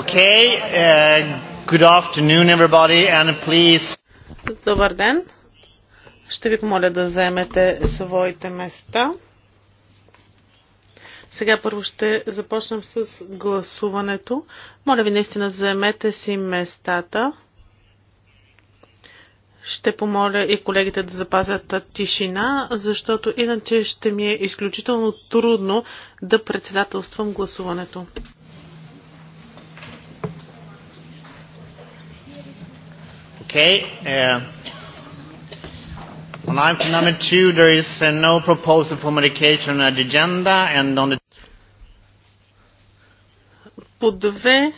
Okay, uh, good afternoon everybody and please... Добър ден. Ще ви помоля да заемете своите места. Сега първо ще започнем с гласуването. Моля ви наистина заемете си местата. Ще помоля и колегите да запазят тишина, защото иначе ще ми е изключително трудно да председателствам гласуването. Okay. Uh, on item number two, there is uh, no proposal for medication on the agenda and on the... По, две,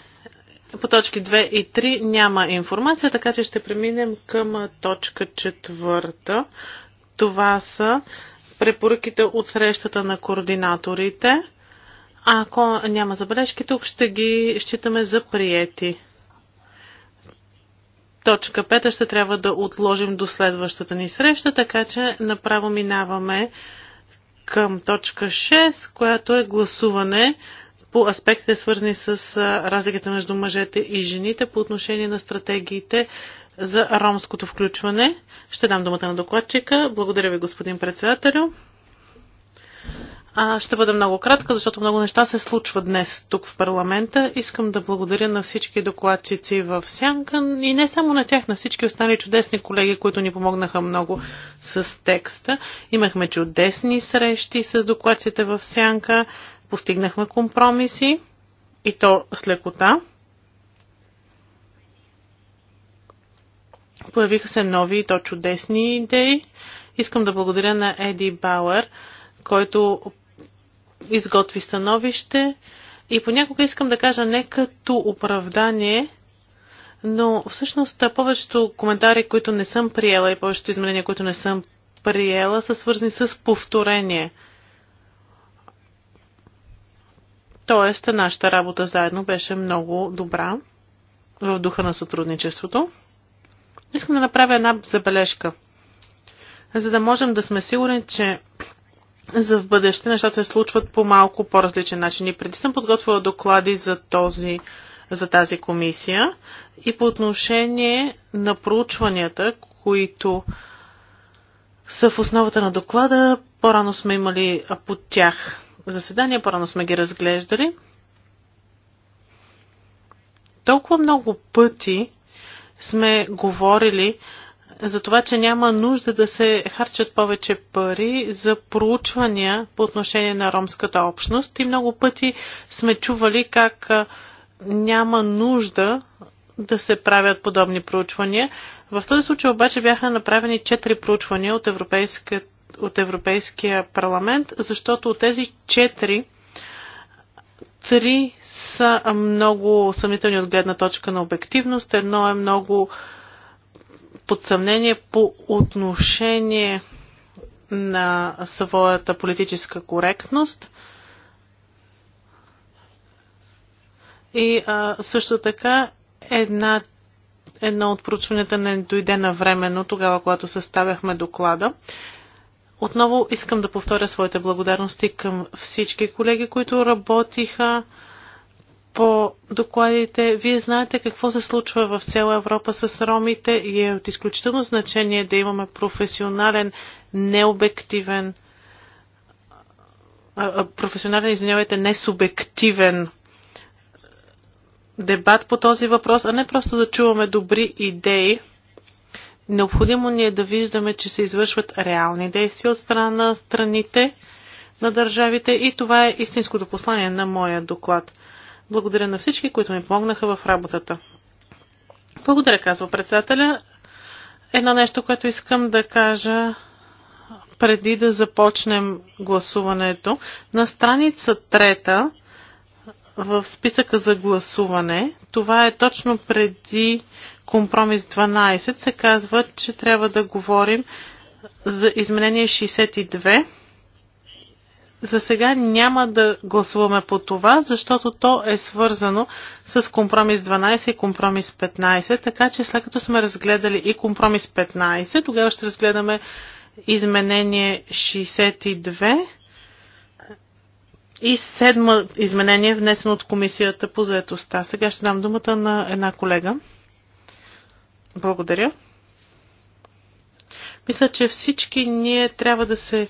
по точки 2 и 3 няма информация, така че ще преминем към точка 4. Това са препоръките от срещата на координаторите. Ако няма забележки, тук ще ги считаме за приети точка 5 ще трябва да отложим до следващата ни среща, така че направо минаваме към точка 6, която е гласуване по аспектите свързани с разликата между мъжете и жените по отношение на стратегиите за ромското включване. Ще дам думата на докладчика. Благодаря ви, господин председателю. А, ще бъда много кратка, защото много неща се случват днес тук в парламента. Искам да благодаря на всички докладчици в Сянка и не само на тях, на всички останали чудесни колеги, които ни помогнаха много с текста. Имахме чудесни срещи с докладците в Сянка, постигнахме компромиси и то с лекота. Появиха се нови и то чудесни идеи. Искам да благодаря на Еди Бауер, който изготви становище и понякога искам да кажа не като оправдание, но всъщност повечето коментари, които не съм приела и повечето изменения, които не съм приела, са свързани с повторение. Тоест, нашата работа заедно беше много добра в духа на сътрудничеството. Искам да направя една забележка, за да можем да сме сигурни, че за в бъдеще нещата се случват по малко по-различен начин. И преди съм подготвила доклади за, този, за тази комисия и по отношение на проучванията, които са в основата на доклада. По-рано сме имали по тях заседания, по-рано сме ги разглеждали. Толкова много пъти сме говорили за това, че няма нужда да се харчат повече пари за проучвания по отношение на ромската общност и много пъти сме чували как няма нужда да се правят подобни проучвания. В този случай обаче бяха направени четири проучвания от, Европейска, от Европейския парламент, защото от тези четири три са много съмнителни от гледна точка на обективност. Едно е много под съмнение по отношение на своята политическа коректност. И а, също така една, едно от проучванията не дойде на но тогава, когато съставяхме доклада. Отново искам да повторя своите благодарности към всички колеги, които работиха по докладите, вие знаете какво се случва в цяла Европа с ромите и е от изключително значение да имаме професионален, необективен, професионален, извинявайте, несубективен дебат по този въпрос, а не просто да чуваме добри идеи. Необходимо ни е да виждаме, че се извършват реални действия от страна на страните, на държавите и това е истинското послание на моя доклад. Благодаря на всички, които ми помогнаха в работата. Благодаря, казва председателя. Едно нещо, което искам да кажа преди да започнем гласуването. На страница трета в списъка за гласуване, това е точно преди компромис 12, се казва, че трябва да говорим за изменение 62 за сега няма да гласуваме по това, защото то е свързано с компромис 12 и компромис 15, така че след като сме разгледали и компромис 15, тогава ще разгледаме изменение 62 и седма изменение, внесено от Комисията по заедостта. Сега ще дам думата на една колега. Благодаря. Мисля, че всички ние трябва да се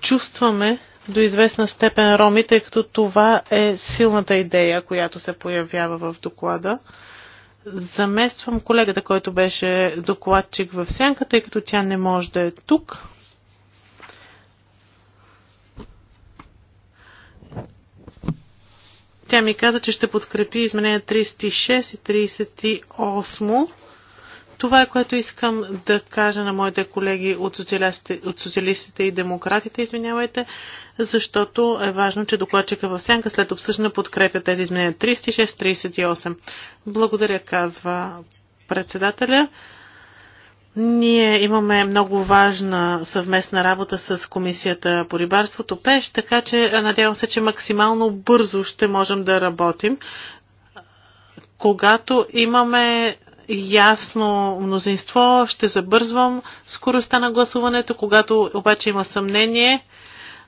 чувстваме до известна степен роми, тъй като това е силната идея, която се появява в доклада. Замествам колегата, който беше докладчик в сянка, тъй като тя не може да е тук. Тя ми каза, че ще подкрепи изменения 36 и 38. Това е което искам да кажа на моите колеги от социалистите, от социалистите и демократите, извинявайте, защото е важно, че докладчика в сянка след обсъждане подкрепя тези изменения 36-38. Благодаря, казва председателя. Ние имаме много важна съвместна работа с Комисията по рибарството ПЕШ, така че надявам се, че максимално бързо ще можем да работим. Когато имаме ясно мнозинство. Ще забързвам скоростта на гласуването. Когато обаче има съмнение,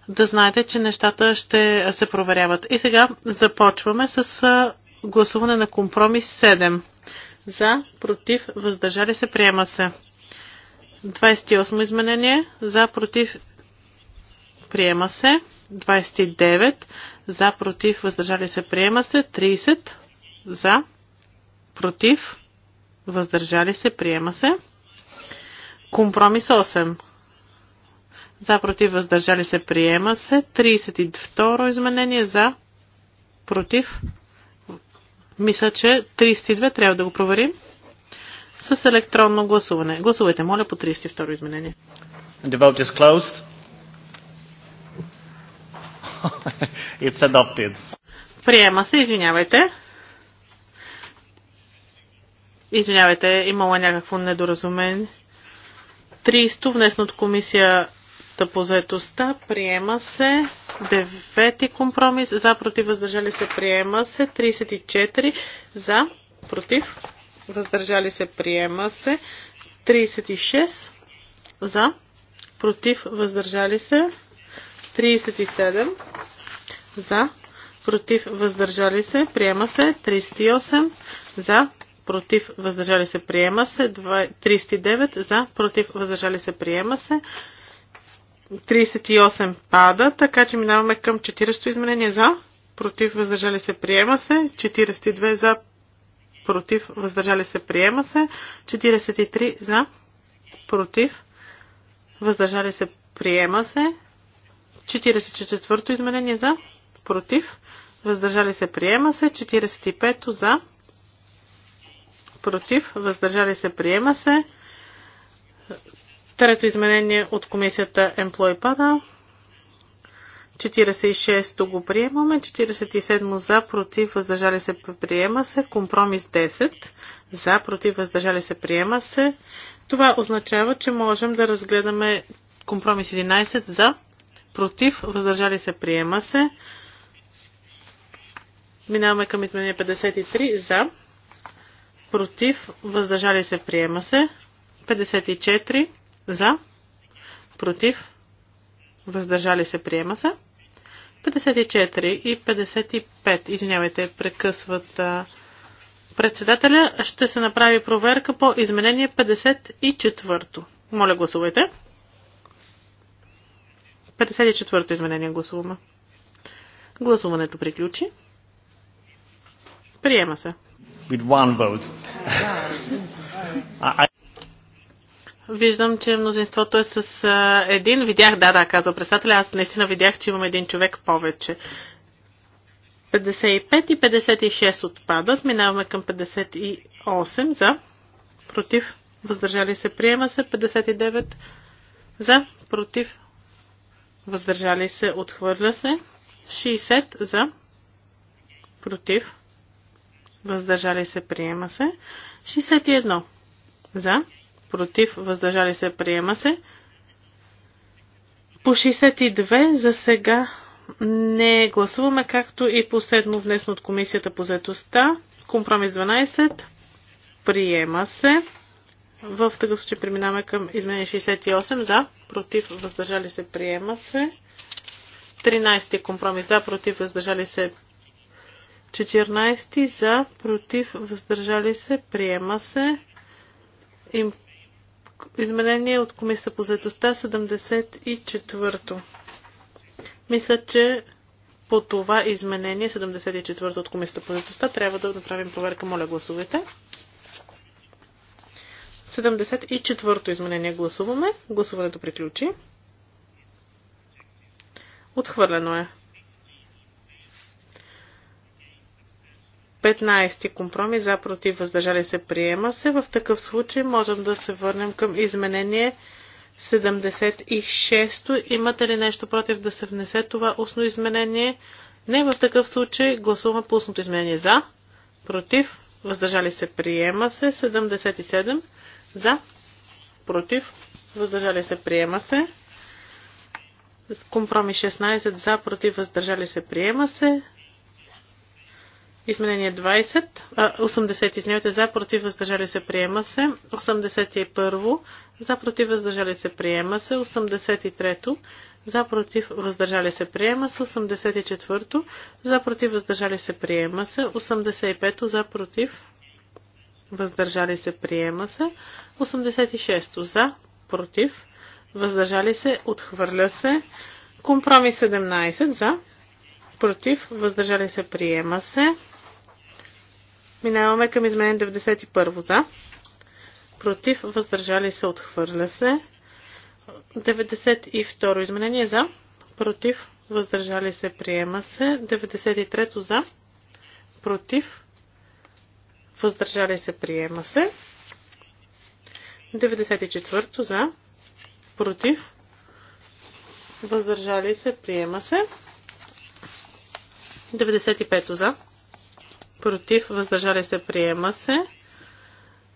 да знаете, че нещата ще се проверяват. И сега започваме с гласуване на компромис 7. За, против, въздържали се, приема се. 28 изменение. За, против, приема се. 29. За, против, въздържали се, приема се. 30. За, против, въздържали се, приема се. Компромис 8. За, против, въздържали се, приема се. 32 изменение за, против. Мисля, че 32 трябва да го проверим с електронно гласуване. Гласувайте, моля, по 32 изменение. And the vote is closed. It's adopted. Приема се, извинявайте. Извинявайте, имало е някакво недоразумение. 30 внесно от комисията по заетостта. Приема се. Девети компромис. За, против, въздържали се. Приема се. 34. За, против, въздържали се. Приема се. 36. За, против, въздържали се. 37. За, против, въздържали се. Приема се. 38. За, против, въздържали се, приема се. 39 за, против, въздържали се, приема се. 38 пада, така че минаваме към 40 изменение за, против, въздържали се, приема се. 42 за, против, въздържали се, приема се. 43 за, против, въздържали се, приема се. 44 изменение за, против, въздържали се, приема се. 45 за, против, въздържали се, приема се. Трето изменение от комисията Емплой пада. 46-то го приемаме, 47-то за, против, въздържали се, приема се, компромис 10, за, против, въздържали се, приема се. Това означава, че можем да разгледаме компромис 11 за, против, въздържали се, приема се. Минаваме към изменение 53 за, против, въздържали се, приема се. 54 за, против, въздържали се, приема се. 54 и 55, извинявайте, прекъсват а, председателя. Ще се направи проверка по изменение 54. Моля, гласувайте. 54 изменение гласуваме. Гласуването приключи. Приема се with one vote. I... Виждам, че мнозинството е с а, един. Видях, да, да, казва председателя. Аз наистина видях, че имам един човек повече. 55 и 56 отпадат. Минаваме към 58 за. Против. Въздържали се. Приема се. 59 за. Против. Въздържали се. Отхвърля се. 60 за. Против въздържали се, приема се. 61 за, против, въздържали се, приема се. По 62 за сега не гласуваме, както и по седмо внесено от Комисията по заедостта. Компромис 12 приема се. В такъв случай преминаваме към изменение 68 за, против, въздържали се, приема се. 13 компромис за, против, въздържали се, 14 за, против, въздържали се, приема се. Им... Изменение от комисията по заедостта 74-то. Мисля, че по това изменение 74 то от комисията по заедостта трябва да направим проверка. Моля, гласувайте. 74-то изменение гласуваме. Гласуването приключи. Отхвърлено е. 15 компромис за против въздържали се приема се. В такъв случай можем да се върнем към изменение 76. Имате ли нещо против да се внесе това устно изменение? Не, в такъв случай гласуваме по устното изменение за, против, въздържали се приема се 77, за, против, въздържали се приема се. Компромис 16 за, против, въздържали се приема се. Изменение 20, а, 80, извинявайте, за, против, въздържали се, приема се. 81, за, против, въздържали се, приема се. 83, за, против, въздържали се, приема се. 84, за, против, въздържали се, приема се. 85, за, против, въздържали се, приема се. 86, за, против, въздържали се, отхвърля се. Компромис 17, за, против, въздържали се, приема се. Минаваме към изменение 91 за. Против, въздържали се, отхвърля се. 92 изменение за. Против, въздържали се, приема се. 93 за. Против, въздържали се, приема се. 94 за. Против, въздържали се, приема се. 95 за против, въздържали се, приема се.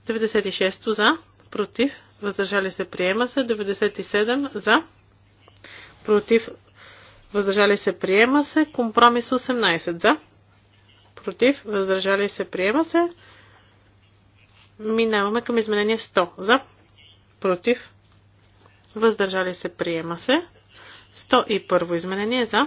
96 за, против, въздържали се, приема се. 97 за, против, въздържали се, приема се. Компромис 18 за, против, въздържали се, приема се. Минаваме към изменение 100 за, против, въздържали се, приема се. 101 изменение за,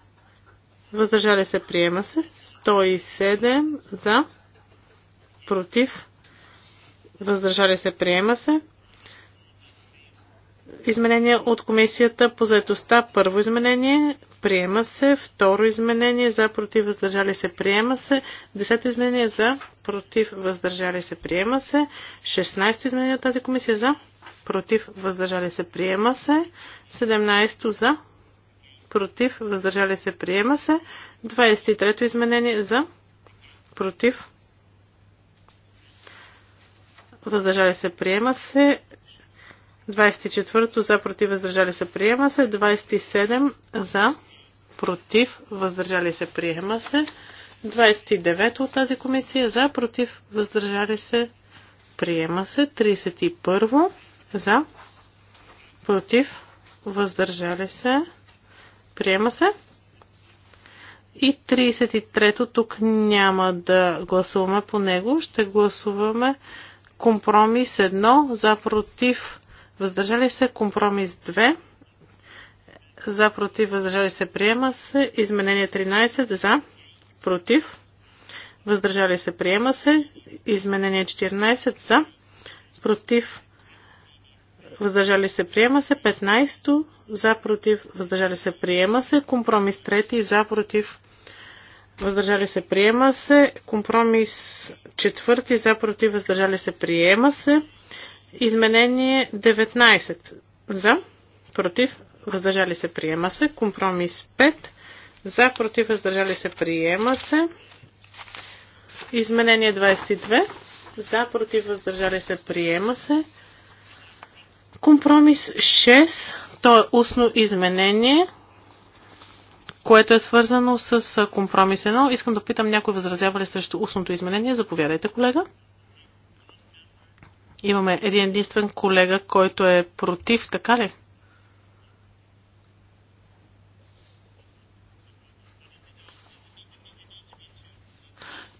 въздържали се, приема се. 107 за, против, въздържали се, приема се. Изменение от комисията по заедостта. Първо изменение приема се. Второ изменение за против въздържали се приема се. Десето изменение за против въздържали се приема се. Шестнайсто изменение от тази комисия за против въздържали се приема се. Седемнайсто за против, въздържали се, приема се. 23-то изменение за, против, въздържали се, приема се. 24-то за, против, въздържали се, приема се. 27 за, против, въздържали се, приема се. 29 от тази комисия за, против, въздържали се, приема се. 31 за, против, въздържали се, Приема се. И 33-то тук няма да гласуваме по него. Ще гласуваме компромис 1 за против въздържали се, компромис 2 за против въздържали се, приема се, изменение 13 за против въздържали се, приема се, изменение 14 за против въздържали се, приема се. 15 за, против, въздържали се, приема се. Компромис 3 за, против, въздържали се, приема се. Компромис 4 за, против, въздържали се, приема се. Изменение 19 за, против, въздържали се, приема се. Компромис 5 за, против, въздържали се, приема се. Изменение 22 за, против, въздържали се, приема се. Компромис 6, то е устно изменение, което е свързано с компромис 1. Искам да питам някой възразява ли срещу устното изменение. Заповядайте, колега. Имаме един единствен колега, който е против, така ли?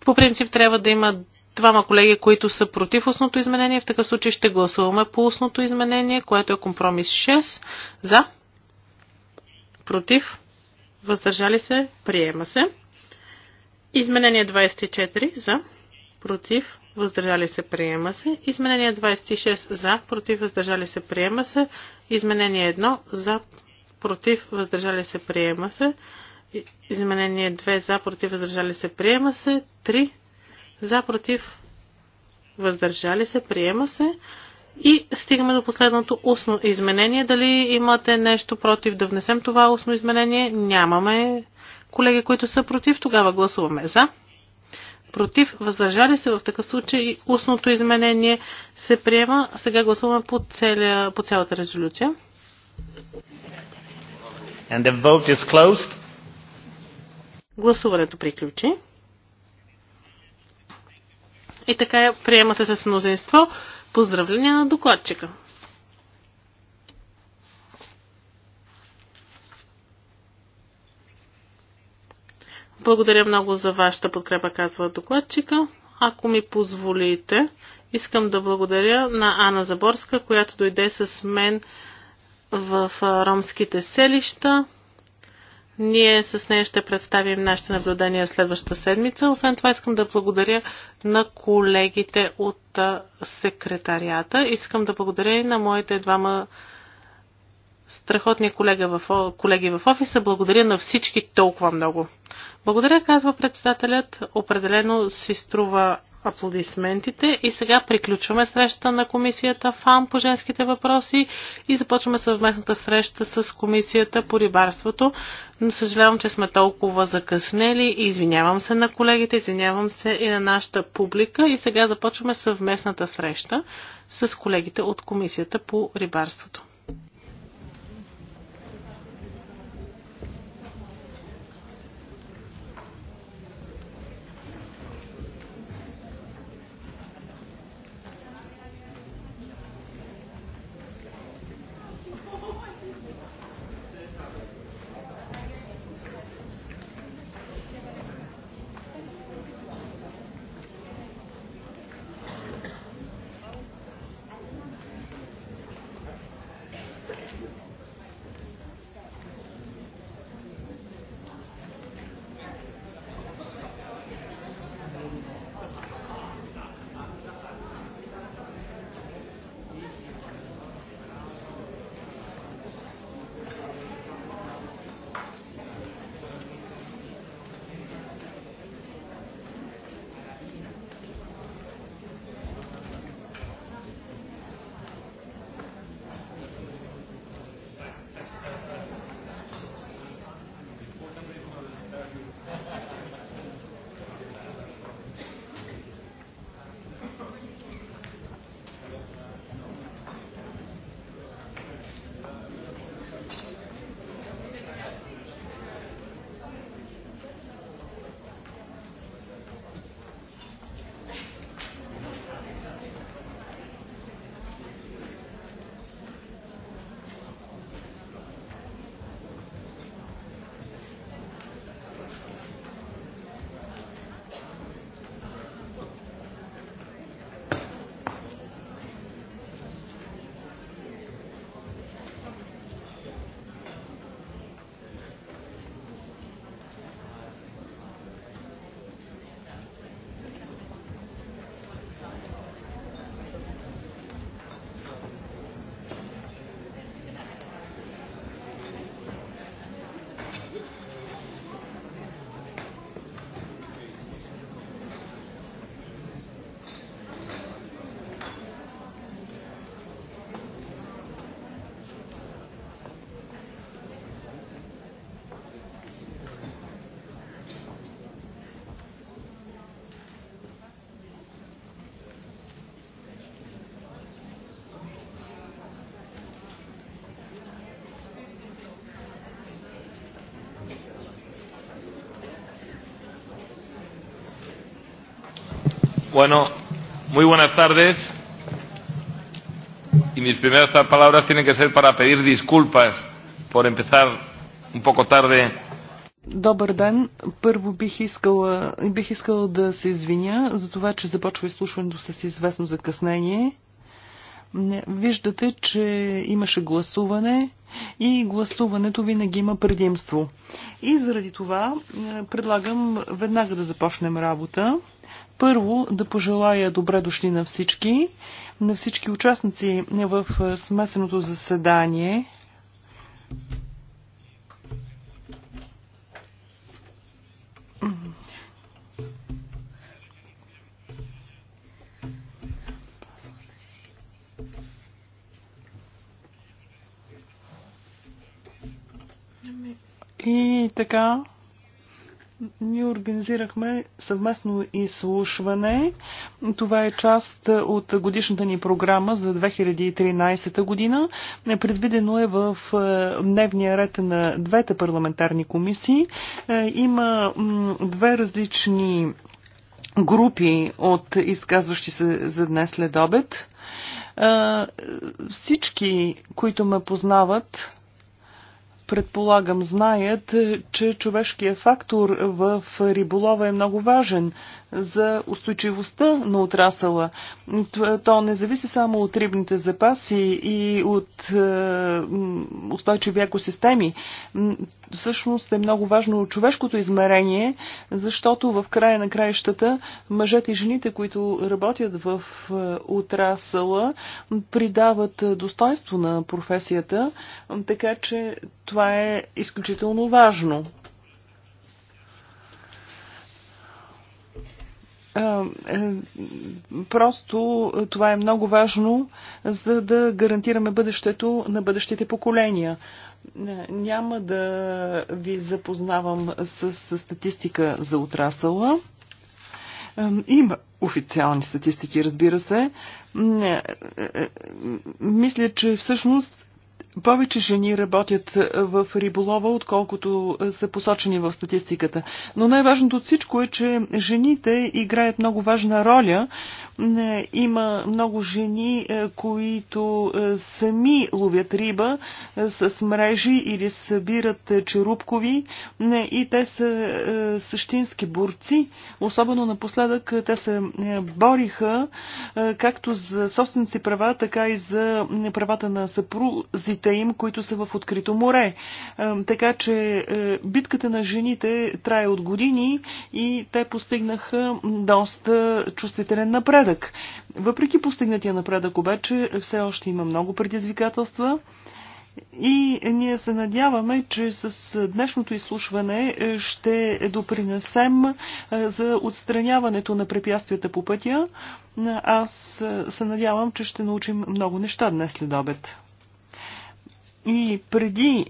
По принцип трябва да има двама колеги, които са против устното изменение. В такъв случай ще гласуваме по устното изменение, което е компромис 6. За. Против. Въздържали се. Приема се. Изменение 24. За. Против. Въздържали се. Приема се. Изменение 26. За. Против. Въздържали се. Приема се. Изменение 1. За. Против. Въздържали се. Приема се. Изменение 2. За. Против. Въздържали се. Приема се. 3 за, против, въздържали се, приема се. И стигаме до последното устно изменение. Дали имате нещо против да внесем това устно изменение? Нямаме колеги, които са против. Тогава гласуваме за. Против, въздържали се в такъв случай устното изменение се приема. Сега гласуваме по, целя, по цялата резолюция. And the vote is closed. Гласуването приключи. И така приема се с мнозинство. Поздравления на докладчика. Благодаря много за вашата подкрепа, казва докладчика. Ако ми позволите, искам да благодаря на Ана Заборска, която дойде с мен в ромските селища. Ние с нея ще представим нашите наблюдения следващата седмица. Освен това искам да благодаря на колегите от секретарията. Искам да благодаря и на моите двама страхотни колега в, колеги в офиса. Благодаря на всички толкова много. Благодаря, казва председателят. Определено си струва аплодисментите. И сега приключваме срещата на комисията ФАМ по женските въпроси и започваме съвместната среща с комисията по рибарството. Съжалявам, че сме толкова закъснели. Извинявам се на колегите, извинявам се и на нашата публика. И сега започваме съвместната среща с колегите от комисията по рибарството. Bueno, muy buenas tardes. Y mis primeras palabras tienen que ser para pedir disculpas por empezar un poco tarde. Добър ден. Първо бих искала, бих искала да се извиня за това, че започва изслушването с известно закъснение. Виждате, че имаше гласуване и гласуването винаги има предимство. И заради това е, предлагам веднага да започнем работа. Първо, да пожелая добре дошли на всички, на всички участници в е, смесеното заседание. И така, ние организирахме съвместно изслушване. Това е част от годишната ни програма за 2013 година. Предвидено е в е, дневния ред на двете парламентарни комисии. Е, има две различни групи от изказващи се за днес след обед. Е, всички, които ме познават, предполагам, знаят, че човешкият фактор в риболова е много важен за устойчивостта на отрасъла. То не зависи само от рибните запаси и от е, устойчиви екосистеми. Всъщност е много важно човешкото измерение, защото в края на краищата мъжете и жените, които работят в е, отрасъла, придават достоинство на професията, така че това е изключително важно. Е, просто това е много важно, за да гарантираме бъдещето на бъдещите поколения. Е, няма да ви запознавам с, статистика за отрасъла. Е, има официални статистики, разбира се. Мисля, че всъщност повече жени работят е, в риболова, отколкото е, са посочени в статистиката. Но най-важното от всичко е, че жените играят много важна роля има много жени, е, които е, сами ловят риба е, с мрежи или събират черупкови и те са същински борци. Особено напоследък те се бориха както за собственици права, така и за правата на съпрузите им, които са в открито море. Така че битката на жените трае от години и те постигнаха доста чувствителен напред напредък. Въпреки постигнатия напредък обаче все още има много предизвикателства. И ние се надяваме, че с днешното изслушване е, ще допринесем е, за отстраняването на препятствията по пътя. Аз е, се надявам, че ще научим много неща днес след обед. И преди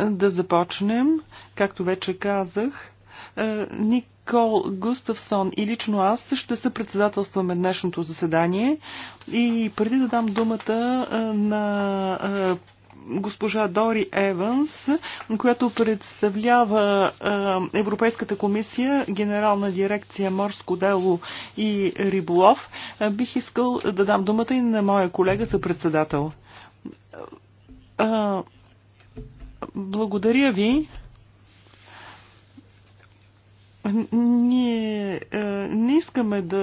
да започнем, както вече казах, Ник Кол Густавсон и лично аз ще се председателстваме днешното заседание. И преди да дам думата на госпожа Дори Еванс, която представлява Европейската комисия, генерална дирекция Морско дело и риболов, бих искал да дам думата и на моя колега за председател. Благодаря ви. Ние е, не искаме да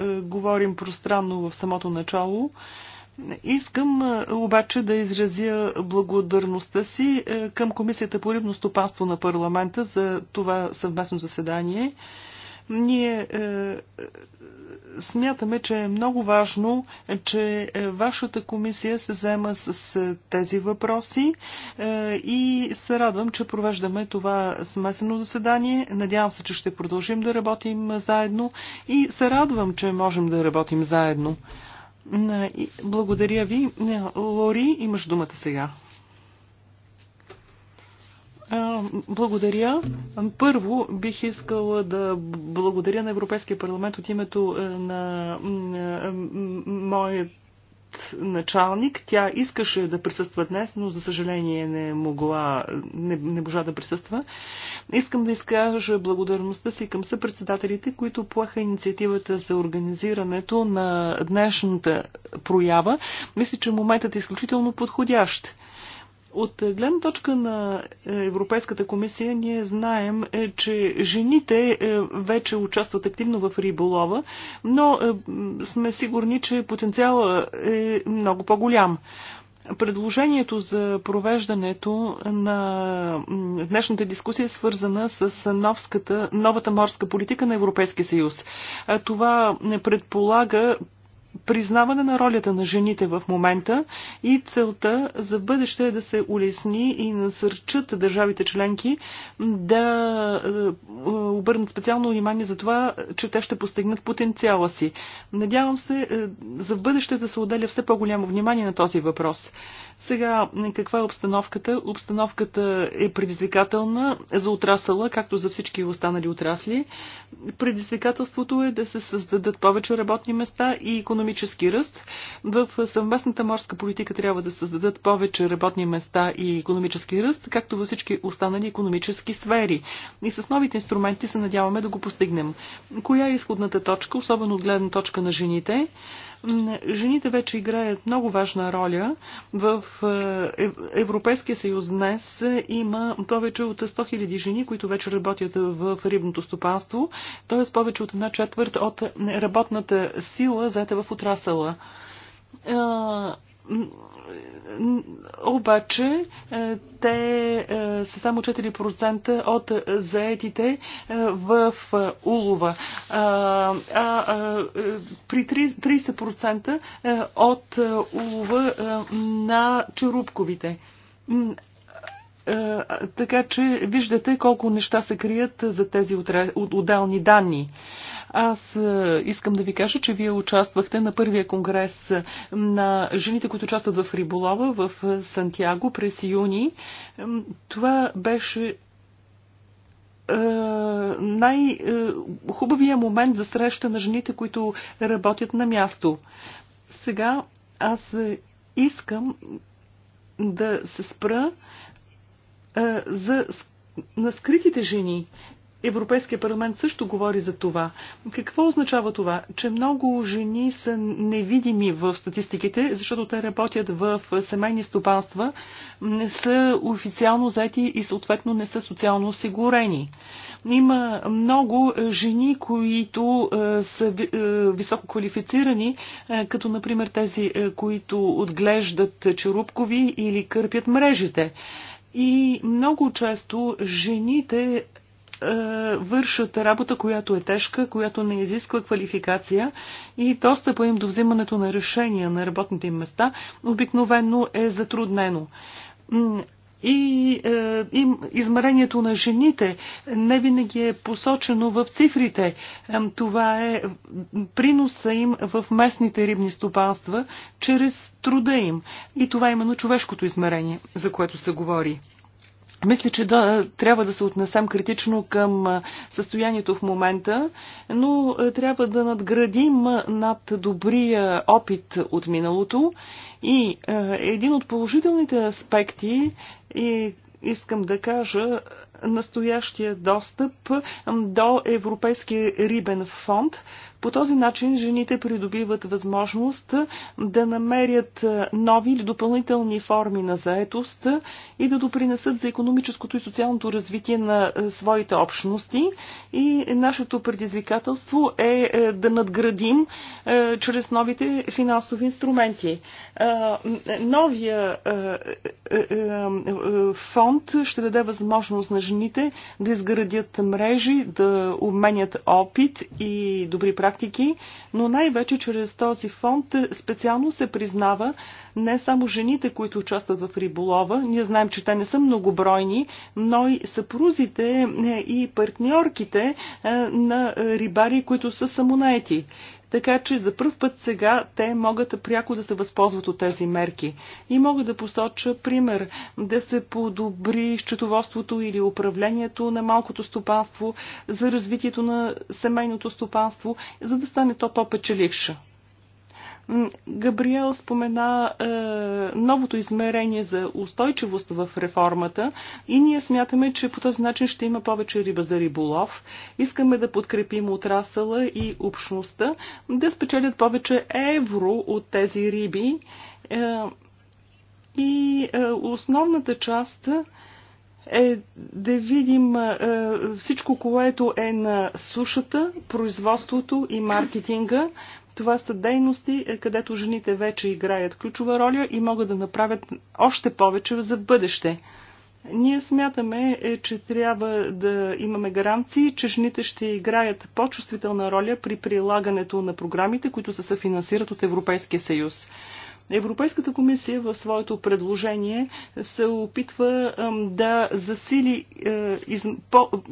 е, говорим пространно в самото начало. Искам е, обаче да изразя благодарността си към Комисията по рибно стопанство на парламента за това съвместно заседание. Ние е, смятаме, че е много важно, че е, вашата комисия се заема с е, тези въпроси и се радвам, че провеждаме това смесено заседание. Надявам се, че ще продължим да работим заедно и се радвам, че можем да работим заедно. Благодаря ви. Лори, имаш думата сега. Благодаря. Първо бих искала да благодаря на Европейския парламент от името е, на е, моят началник. Тя искаше да присъства днес, но за съжаление не могла, не, не можа да присъства. Искам да изкажа благодарността си към съпредседателите, които поеха инициативата за организирането на днешната проява. Мисля, че моментът е изключително подходящ от гледна точка на Европейската комисия ние знаем, е, че жените е, вече участват активно в риболова, но е, сме сигурни, че потенциала е много по-голям. Предложението за провеждането на днешната дискусия е свързана с новската, новата морска политика на Европейския съюз. Това предполага признаване на ролята на жените в момента и целта за бъдеще е да се улесни и насърчат държавите членки да е, е, обърнат специално внимание за това, че те ще постигнат потенциала си. Надявам се е, за бъдеще да се отделя все по-голямо внимание на този въпрос. Сега, каква е обстановката? Обстановката е предизвикателна за отрасъла, както за всички останали отрасли. Предизвикателството е да се създадат повече работни места и економически економически ръст. В съвместната морска политика трябва да създадат повече работни места и економически ръст, както във всички останали економически сфери. И с новите инструменти се надяваме да го постигнем. Коя е изходната точка, особено от гледна точка на жените? Жените вече играят много важна роля. В е, Европейския съюз днес има повече от 100 000 жени, които вече работят в рибното стопанство, т.е. повече от една четвърт от работната сила, заета в отрасъла е, обаче е, те е, са само 4% от заетите е, в улова. При 30% от улова на черупковите. Е, така че виждате колко неща се крият за тези отделни данни. Аз е, искам да ви кажа, че вие участвахте на първия конгрес на жените, които участват в Риболова в е, Сантьяго през юни. Това беше най-хубавия момент за среща на жените, които работят на място. Сега аз искам да се спра за, на скритите жени. Европейския парламент също говори за това. Какво означава това? Че много жени са невидими в статистиките, защото те работят в семейни стопанства, не са официално заети и съответно не са социално осигурени. Има много жени, които са високо квалифицирани, като например тези, които отглеждат черупкови или кърпят мрежите. И много често жените е, вършат работа, която е тежка, която не изисква квалификация и достъпа им до взимането на решения на работните им места обикновено е затруднено и, е, им, измерението на жените не винаги е посочено в цифрите. Това е приноса им в местните рибни стопанства чрез труда им. И това е именно човешкото измерение, за което се говори. Мисля, че да, трябва да се отнесем критично към състоянието в момента, но трябва да надградим над добрия опит от миналото. И е, един от положителните аспекти е, искам да кажа, настоящия достъп до Европейския рибен фонд, по този начин жените придобиват възможност да намерят нови или допълнителни форми на заетост и да допринесат за економическото и социалното развитие на своите общности. И нашето предизвикателство е, е да надградим чрез новите финансови инструменти. Новия фонд ще даде възможност на жените да изградят мрежи, да обменят опит и добри практики практики, но най-вече чрез този фонд специално се признава не само жените, които участват в риболова, ние знаем, че те не са многобройни, но и съпрузите е, и партньорките е, на рибари, които са самонаети. Така че за първ път сега те могат пряко да се възползват от тези мерки. И мога да посоча пример да се подобри счетоводството или управлението на малкото стопанство за развитието на семейното стопанство, за да стане то по-печеливше. Габриел спомена е, новото измерение за устойчивост в реформата и ние смятаме, че по този начин ще има повече риба за риболов. Искаме да подкрепим отрасъла и общността да спечелят повече евро от тези риби. Е, и е, основната част е да видим е, всичко, което е на сушата, производството и маркетинга, това са дейности, е, където жените вече играят ключова роля и могат да направят още повече за бъдеще. Ние смятаме, е, че трябва да имаме гаранции, че жените ще играят по-чувствителна роля при прилагането на програмите, които се съфинансират от Европейския съюз. Европейската комисия в своето предложение се опитва да засили е,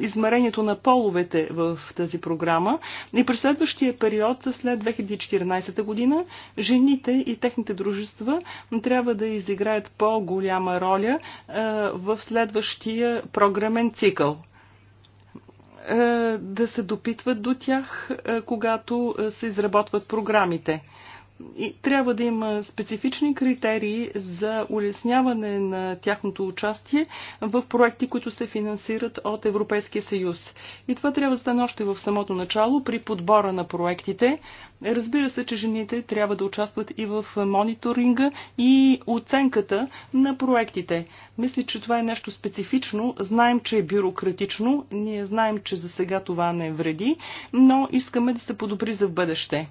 измерението на половете в тази програма и през следващия период след 2014 година жените и техните дружества трябва да изиграят по-голяма роля е, в следващия програмен цикъл е, да се допитват до тях, когато се изработват програмите и трябва да има специфични критерии за улесняване на тяхното участие в проекти, които се финансират от Европейския съюз. И това трябва да стане още в самото начало при подбора на проектите. Разбира се, че жените трябва да участват и в мониторинга и оценката на проектите. Мисля, че това е нещо специфично. Знаем, че е бюрократично. Ние знаем, че за сега това не вреди, но искаме да се подобри за в бъдеще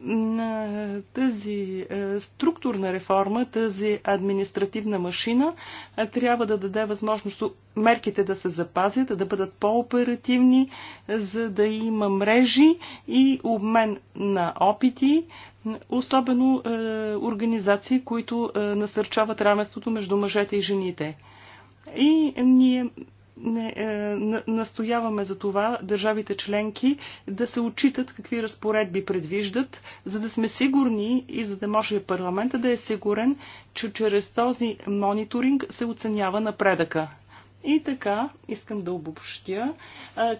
на тази е, структурна реформа, тази административна машина е, трябва да даде възможност мерките да се запазят, да бъдат по-оперативни, за да има мрежи и обмен на опити, особено е, организации, които насърчават равенството между мъжете и жените. И ние не, е, настояваме за това държавите членки да се отчитат какви разпоредби предвиждат, за да сме сигурни и за да може парламента да е сигурен, че чрез този мониторинг се оценява напредъка. И така, искам да обобщя,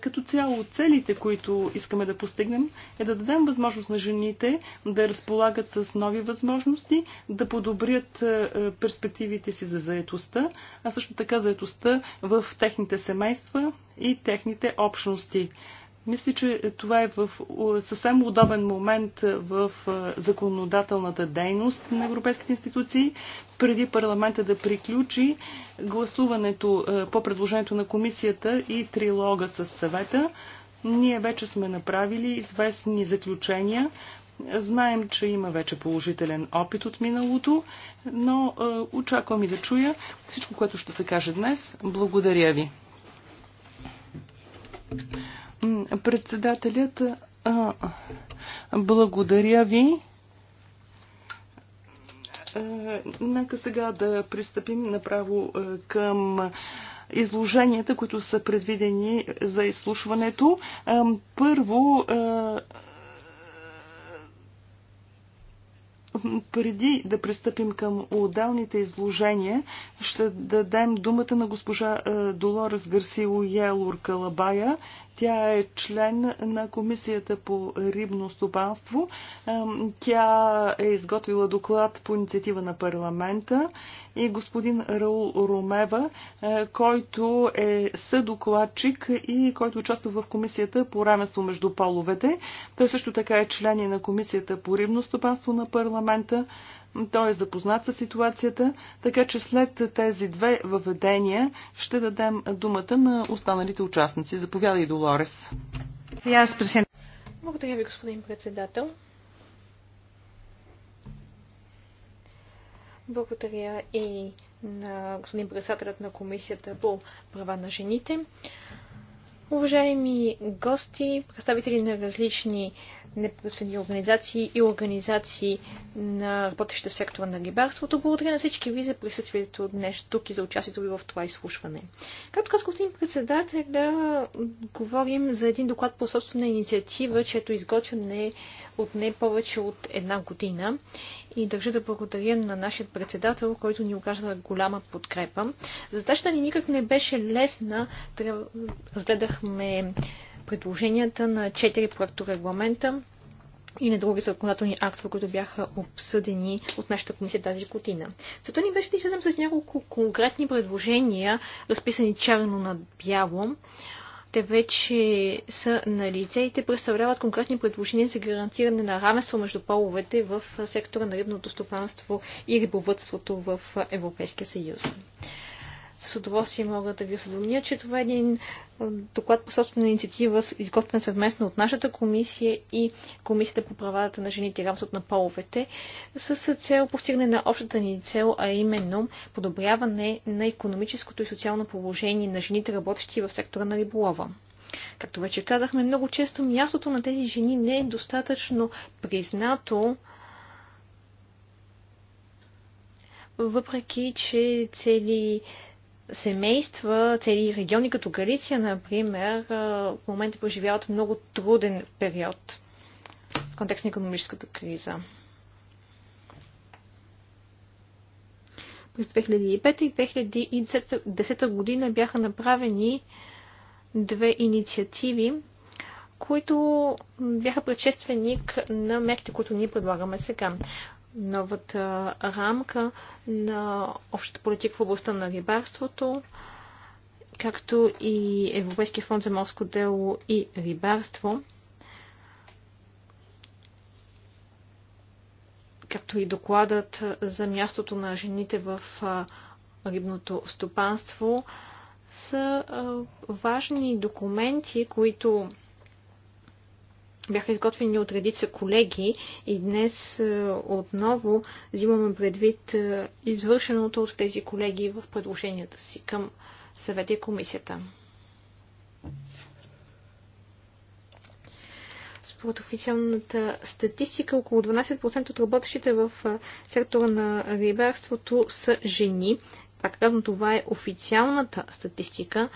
като цяло целите, които искаме да постигнем, е да дадем възможност на жените да разполагат с нови възможности, да подобрят перспективите си за заетостта, а също така заетостта в техните семейства и техните общности. Мисля, че това е в съвсем удобен момент в законодателната дейност на европейските институции, преди парламента да приключи гласуването по предложението на комисията и трилога с съвета. Ние вече сме направили известни заключения. Знаем, че има вече положителен опит от миналото, но очаквам и да чуя всичко, което ще се каже днес. Благодаря ви. Председателят, благодаря ви. Е, нека сега да пристъпим направо е, към изложенията, които са предвидени за изслушването. Е, първо, преди да пристъпим към отделните изложения, ще дадем думата на госпожа Долорес Гарсило Елор Калабая, тя е член на Комисията по рибно стопанство. Тя е изготвила доклад по инициатива на парламента и господин Раул Ромева, е, който е съдокладчик и който участва в Комисията по равенство между половете. Той също така е член на Комисията по рибно стопанство на парламента. Той е запознат с ситуацията, така че след тези две въведения ще дадем думата на останалите участници. Заповядай, Долорес. Благодаря ви, господин председател. Благодаря и на господин председателят на Комисията по права на жените. Уважаеми гости, представители на различни неправителствени организации и организации на работещите в сектора на рибарството. Благодаря на всички ви за присъствието днес тук и за участието ви в това изслушване. Както казах, господин председател, да говорим за един доклад по собствена инициатива, чето изготвяне от не повече от една година. И държа да благодаря на нашия председател, който ни оказа голяма подкрепа. Задачата ни никак не беше лесна. Трябва... Разгледахме предложенията на четири регламента и на други законодателни актове, които бяха обсъдени от нашата комисия тази година. Зато ни беше да с няколко конкретни предложения, разписани черно на бяло. Те вече са на лице и те представляват конкретни предложения за гарантиране на равенство между половете в сектора на рибното стопанство и рибовътството в Европейския съюз. С удоволствие мога да ви осъдомня, че това е един доклад по собствена инициатива, изготвен съвместно от нашата комисия и Комисията по правата на жените и работата на половете, с цел постигане на общата ни цел, а именно подобряване на економическото и социално положение на жените, работещи в сектора на риболова. Както вече казахме, много често мястото на тези жени не е достатъчно признато, въпреки че цели семейства, цели региони, като Галиция, например, в момента преживяват много труден период в контекст на економическата криза. През 2005 и 2010 година бяха направени две инициативи, които бяха предшественик на мерките, които ние предлагаме сега новата рамка на общата политика в областта на рибарството, както и Европейския фонд за морско дело и рибарство, както и докладът за мястото на жените в рибното стопанство, са важни документи, които бяха изготвени от редица колеги и днес е, отново взимаме предвид е, извършеното от тези колеги в предложенията си към съвета и комисията. Според официалната статистика, около 12% от работещите в е, сектора на рибарството са жени. Пак казвам, това е официалната статистика,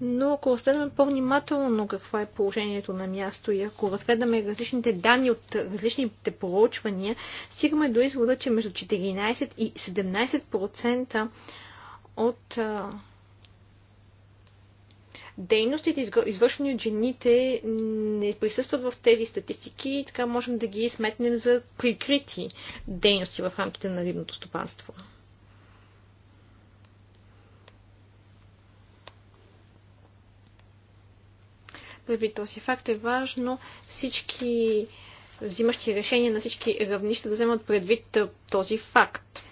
но ако разгледаме по-внимателно какво е положението на място и ако разгледаме различните данни от различните проучвания, стигаме до извода, че между 14 и 17% от дейностите, извършвани от жените, не присъстват в тези статистики и така можем да ги сметнем за прикрити дейности в рамките на рибното стопанство. прави този факт, е важно всички взимащи решения на всички равнища да вземат предвид този факт.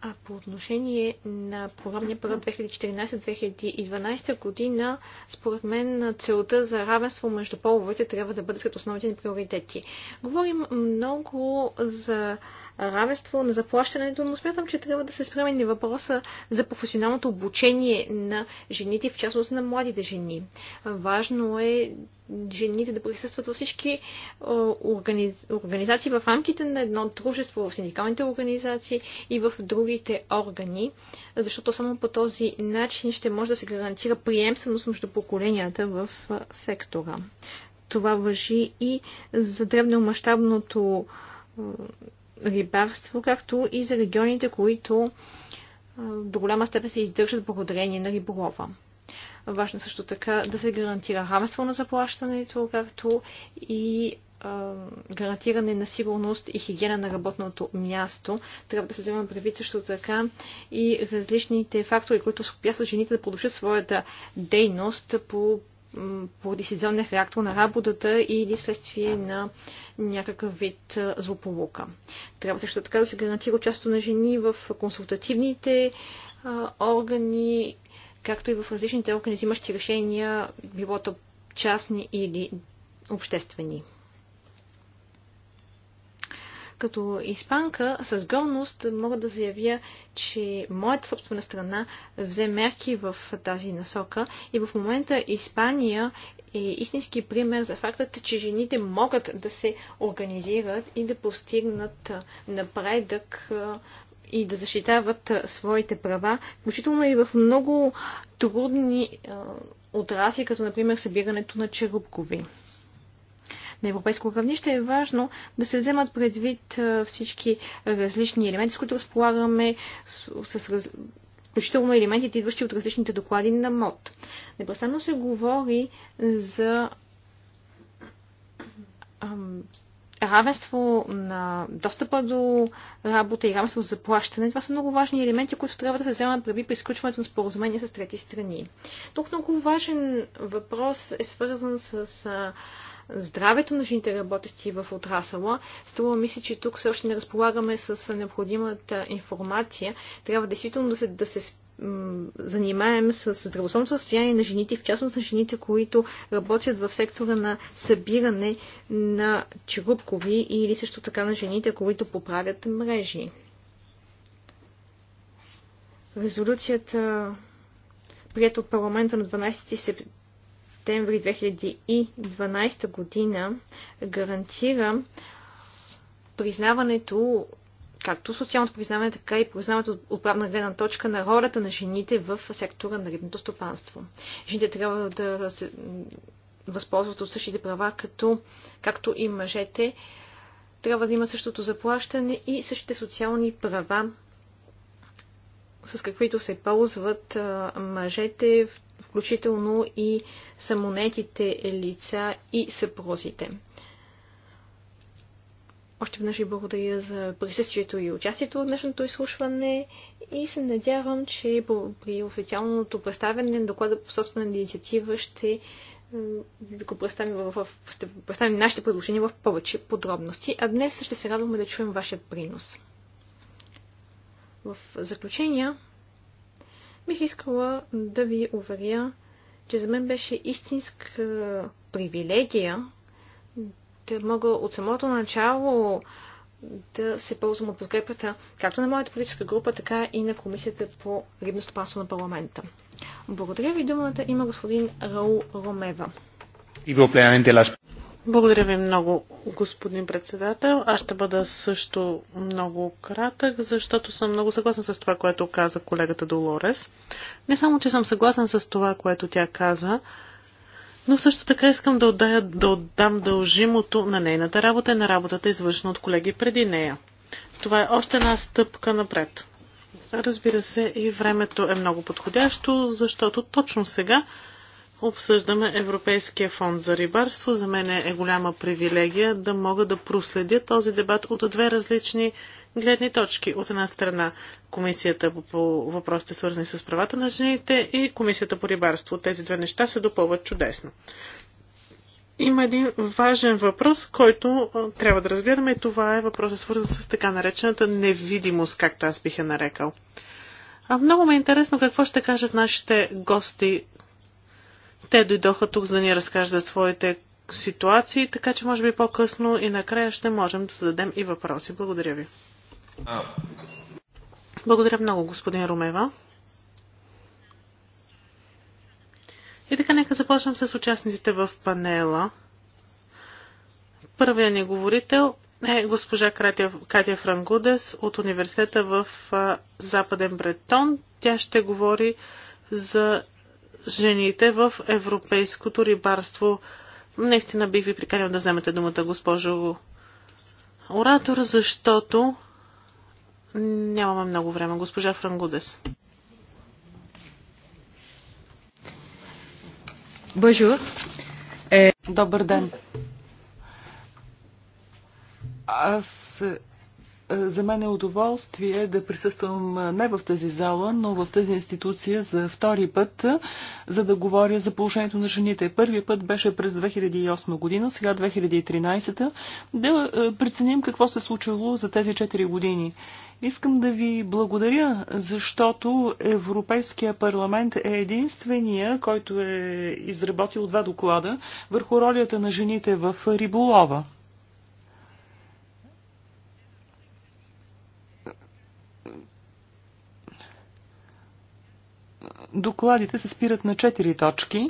А по отношение на програмния период 2014-2012 година, според мен целта за равенство между половете трябва да бъде сред основните ни приоритети. Говорим много за равенство на заплащането, но смятам, че трябва да се спреме на въпроса за професионалното обучение на жените, в частност на младите жени. Важно е жените да присъстват във всички организации в рамките на едно дружество, в синдикалните организации и в другите органи, защото само по този начин ще може да се гарантира приемственост между поколенията в сектора. Това въжи и за древномащабното рибарство, както и за регионите, които до голяма степен се издържат благодарение на риболова. Важно също така да се гарантира равенство на заплащането, както и гарантиране на сигурност и хигиена на работното място. Трябва да се вземем предвид също така и различните фактори, които способстват жените да продължат своята дейност по поради сезонен характер на работата или вследствие на някакъв вид злополука. Трябва също така да се гарантира участието на жени в консултативните а, органи, както и в различните органи, взимащи решения, било то частни или обществени. Като испанка с горност мога да заявя, че моята собствена страна взе мерки в тази насока и в момента Испания е истински пример за фактът, че жените могат да се организират и да постигнат напредък и да защитават своите права, включително и в много трудни отрасли, като например събирането на черупкови на европейско равнище, е важно да се вземат предвид всички различни елементи, с които разполагаме, с, с включително елементите, идващи от различните доклади на МОД. Непрестанно се говори за ам, равенство на достъпа до работа и равенство за заплащане. Това са много важни елементи, които трябва да се вземат преди при изключването на споразумения с трети страни. Тук много важен въпрос е свързан с а, здравето на жените работещи в отрасъла. Струва ми се, че тук все още не разполагаме с необходимата информация. Трябва действително да се, да се занимаем с здравословното състояние на жените, в частност на жените, които работят в сектора на събиране на черупкови или също така на жените, които поправят мрежи. Резолюцията прието от парламента на 12 септември 2012 година гарантира признаването, както социалното признаване, така и признаването от правна гледна точка на ролята на жените в сектора на рибното стопанство. Жените трябва да се възползват от същите права, като, както и мъжете, трябва да има същото заплащане и същите социални права, с каквито се ползват мъжете в включително и самонетите лица и съпрозите. Още веднъж ви благодаря за присъствието и участието в днешното изслушване и се надявам, че при официалното представяне на доклада по собствена инициатива ще ви го представим, в, в, ще представим нашите предложения в повече подробности, а днес ще се радваме да чуем вашия принос. В заключение, Бих искала да ви уверя, че за мен беше истинска привилегия да мога от самото начало да се ползвам от подкрепата както на моята политическа група, така и на комисията по рибно стопанство на парламента. Благодаря ви. Думата има господин Рау Ромева. Благодаря ви много, господин председател. Аз ще бъда също много кратък, защото съм много съгласен с това, което каза колегата Долорес. Не само, че съм съгласен с това, което тя каза, но също така искам да, отдая, да отдам дължимото на нейната работа и на работата, извършена от колеги преди нея. Това е още една стъпка напред. Разбира се, и времето е много подходящо, защото точно сега обсъждаме Европейския фонд за рибарство. За мен е голяма привилегия да мога да проследя този дебат от две различни гледни точки. От една страна Комисията по въпросите свързани с правата на жените и Комисията по рибарство. Тези две неща се допълват чудесно. Има един важен въпрос, който трябва да разгледаме и това е въпросът свързан с така наречената невидимост, както аз бих я е нарекал. А много ме е интересно какво ще кажат нашите гости те дойдоха тук, за да ни разкажат своите ситуации, така че може би по-късно и накрая ще можем да зададем и въпроси. Благодаря ви. Благодаря много, господин Румева. И така, нека започнем с участниците в панела. Първият ни говорител е госпожа Катя, Катя Франгудес от университета в Западен Бретон. Тя ще говори за жените в европейското рибарство. Наистина бих ви приканил да вземете думата, госпожо оратор, защото нямаме много време. Госпожа Франгудес. Бъжур. Е... Добър ден. Аз за мен е удоволствие да присъствам не в тази зала, но в тази институция за втори път, за да говоря за положението на жените. Първият път беше през 2008 година, сега 2013, да преценим какво се е случило за тези 4 години. Искам да ви благодаря, защото Европейския парламент е единствения, който е изработил два доклада върху ролята на жените в риболова. докладите се спират на четири точки.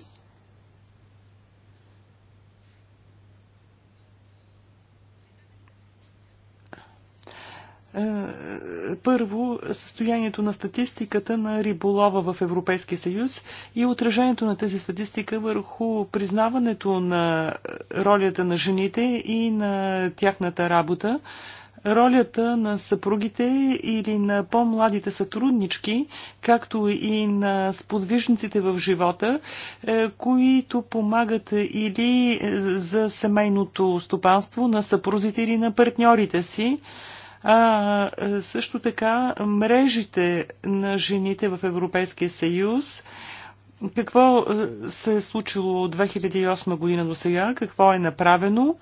Е, първо, състоянието на статистиката на риболова в Европейския съюз и отражението на тази статистика върху признаването на ролята на жените и на тяхната работа Ролята на съпругите или на по-младите сътруднички, както и на сподвижниците в живота, е, които помагат или е, за семейното стопанство на съпрузите или на партньорите си, а е, също така мрежите на жените в Европейския съюз – какво е, се е случило от 2008 година до сега, какво е направено,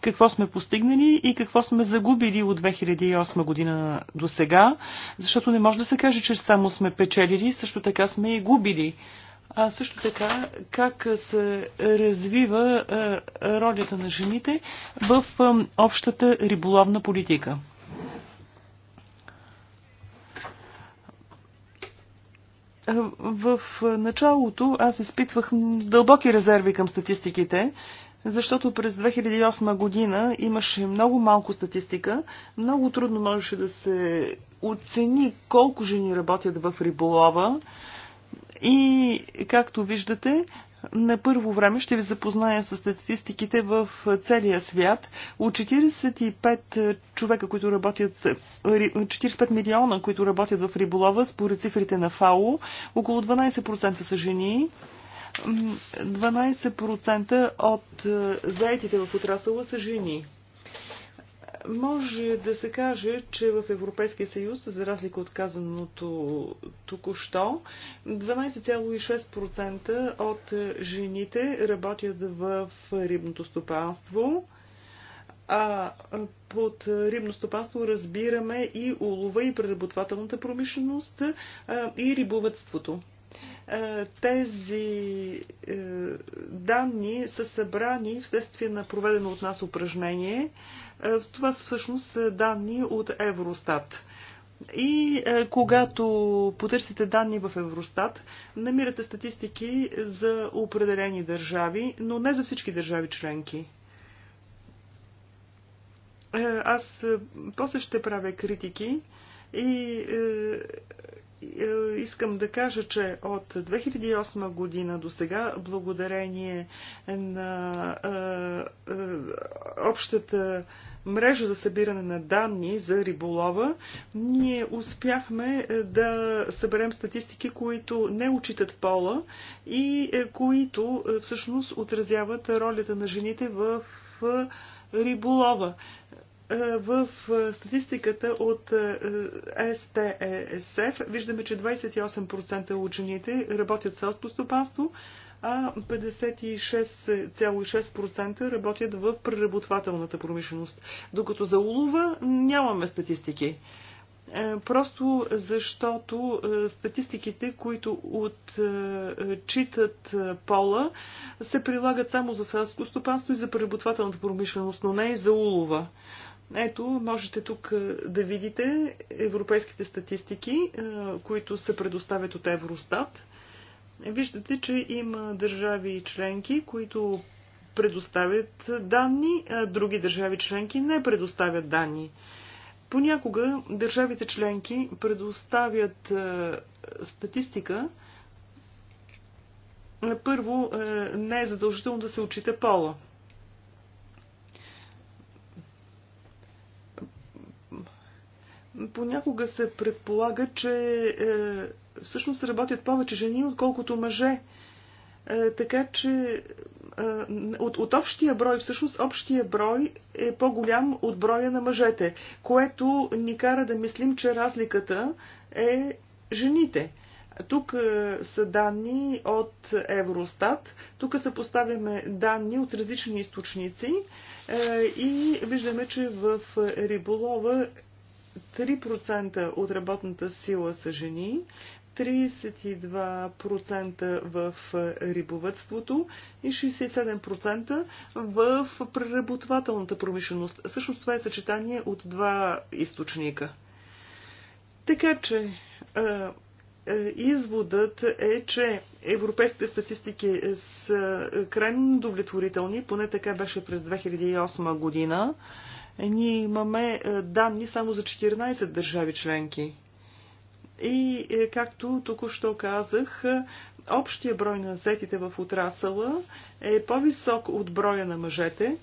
какво сме постигнали и какво сме загубили от 2008 година до сега, защото не може да се каже, че само сме печелили, също така сме и губили. А също така, как се развива е, ролята на жените в е, общата риболовна политика. В началото аз изпитвах дълбоки резерви към статистиките, защото през 2008 година имаше много малко статистика, много трудно можеше да се оцени колко жени работят в риболова и, както виждате, на първо време ще ви запозная с статистиките в целия свят. От 45 е, човека, които работят, 45 е, милиона, които работят в риболова, според цифрите на ФАО, около 12% са жени, 12% от е, заетите в отрасъла са жени. Може да се каже, че в Европейския съюз, за разлика от казаното току-що, 12,6% от жените работят в рибното стопанство. А под рибно стопанство разбираме и улова и преработвателната промишленост и рибовътството. Е, тези е, данни са събрани вследствие на проведено от нас упражнение. Е, това са всъщност данни от Евростат. И когато потърсите данни в Евростат, намирате статистики за определени държави, но не за всички държави членки. аз после ще правя критики и е, искам да кажа, че от 2008 година до сега, благодарение на е, е, общата мрежа за събиране на данни за риболова, ние успяхме да съберем статистики, които не учитат пола и които всъщност отразяват ролята на жените в риболова. Е, в е, статистиката от е, СТЕСФ виждаме, че 28% учените работят в селско стопанство, а 56,6% работят в преработвателната промишленост. Докато за улова нямаме статистики. Просто защото статистиките, които отчитат пола, се прилагат само за селско стопанство и за преработвателната промишленост, но не и за улова. Ето, можете тук е, да видите европейските статистики, е, които се предоставят от Евростат. Виждате, че има държави и членки, които предоставят данни, а други държави членки не предоставят данни. Понякога държавите членки предоставят е, статистика. Първо, не е задължително да се отчита пола. понякога се предполага, че е, всъщност работят повече жени, отколкото мъже. Е, така че е, от, от общия брой, всъщност общия брой е по-голям от броя на мъжете, което ни кара да мислим, че разликата е жените. Тук е, са данни от Евростат. Тук са поставяме данни от различни източници е, и виждаме, че в риболова 3% от работната сила са жени, 32% в рибовътството и 67% в преработвателната промишленост. Също това е съчетание от два източника. Така че е, е, изводът е, че европейските статистики са крайно удовлетворителни, поне така беше през 2008 година. Е, ние имаме е, данни само за 14 държави членки. И, е, както току-що казах, общия брой на зетите в отрасъла е по-висок от броя на мъжете,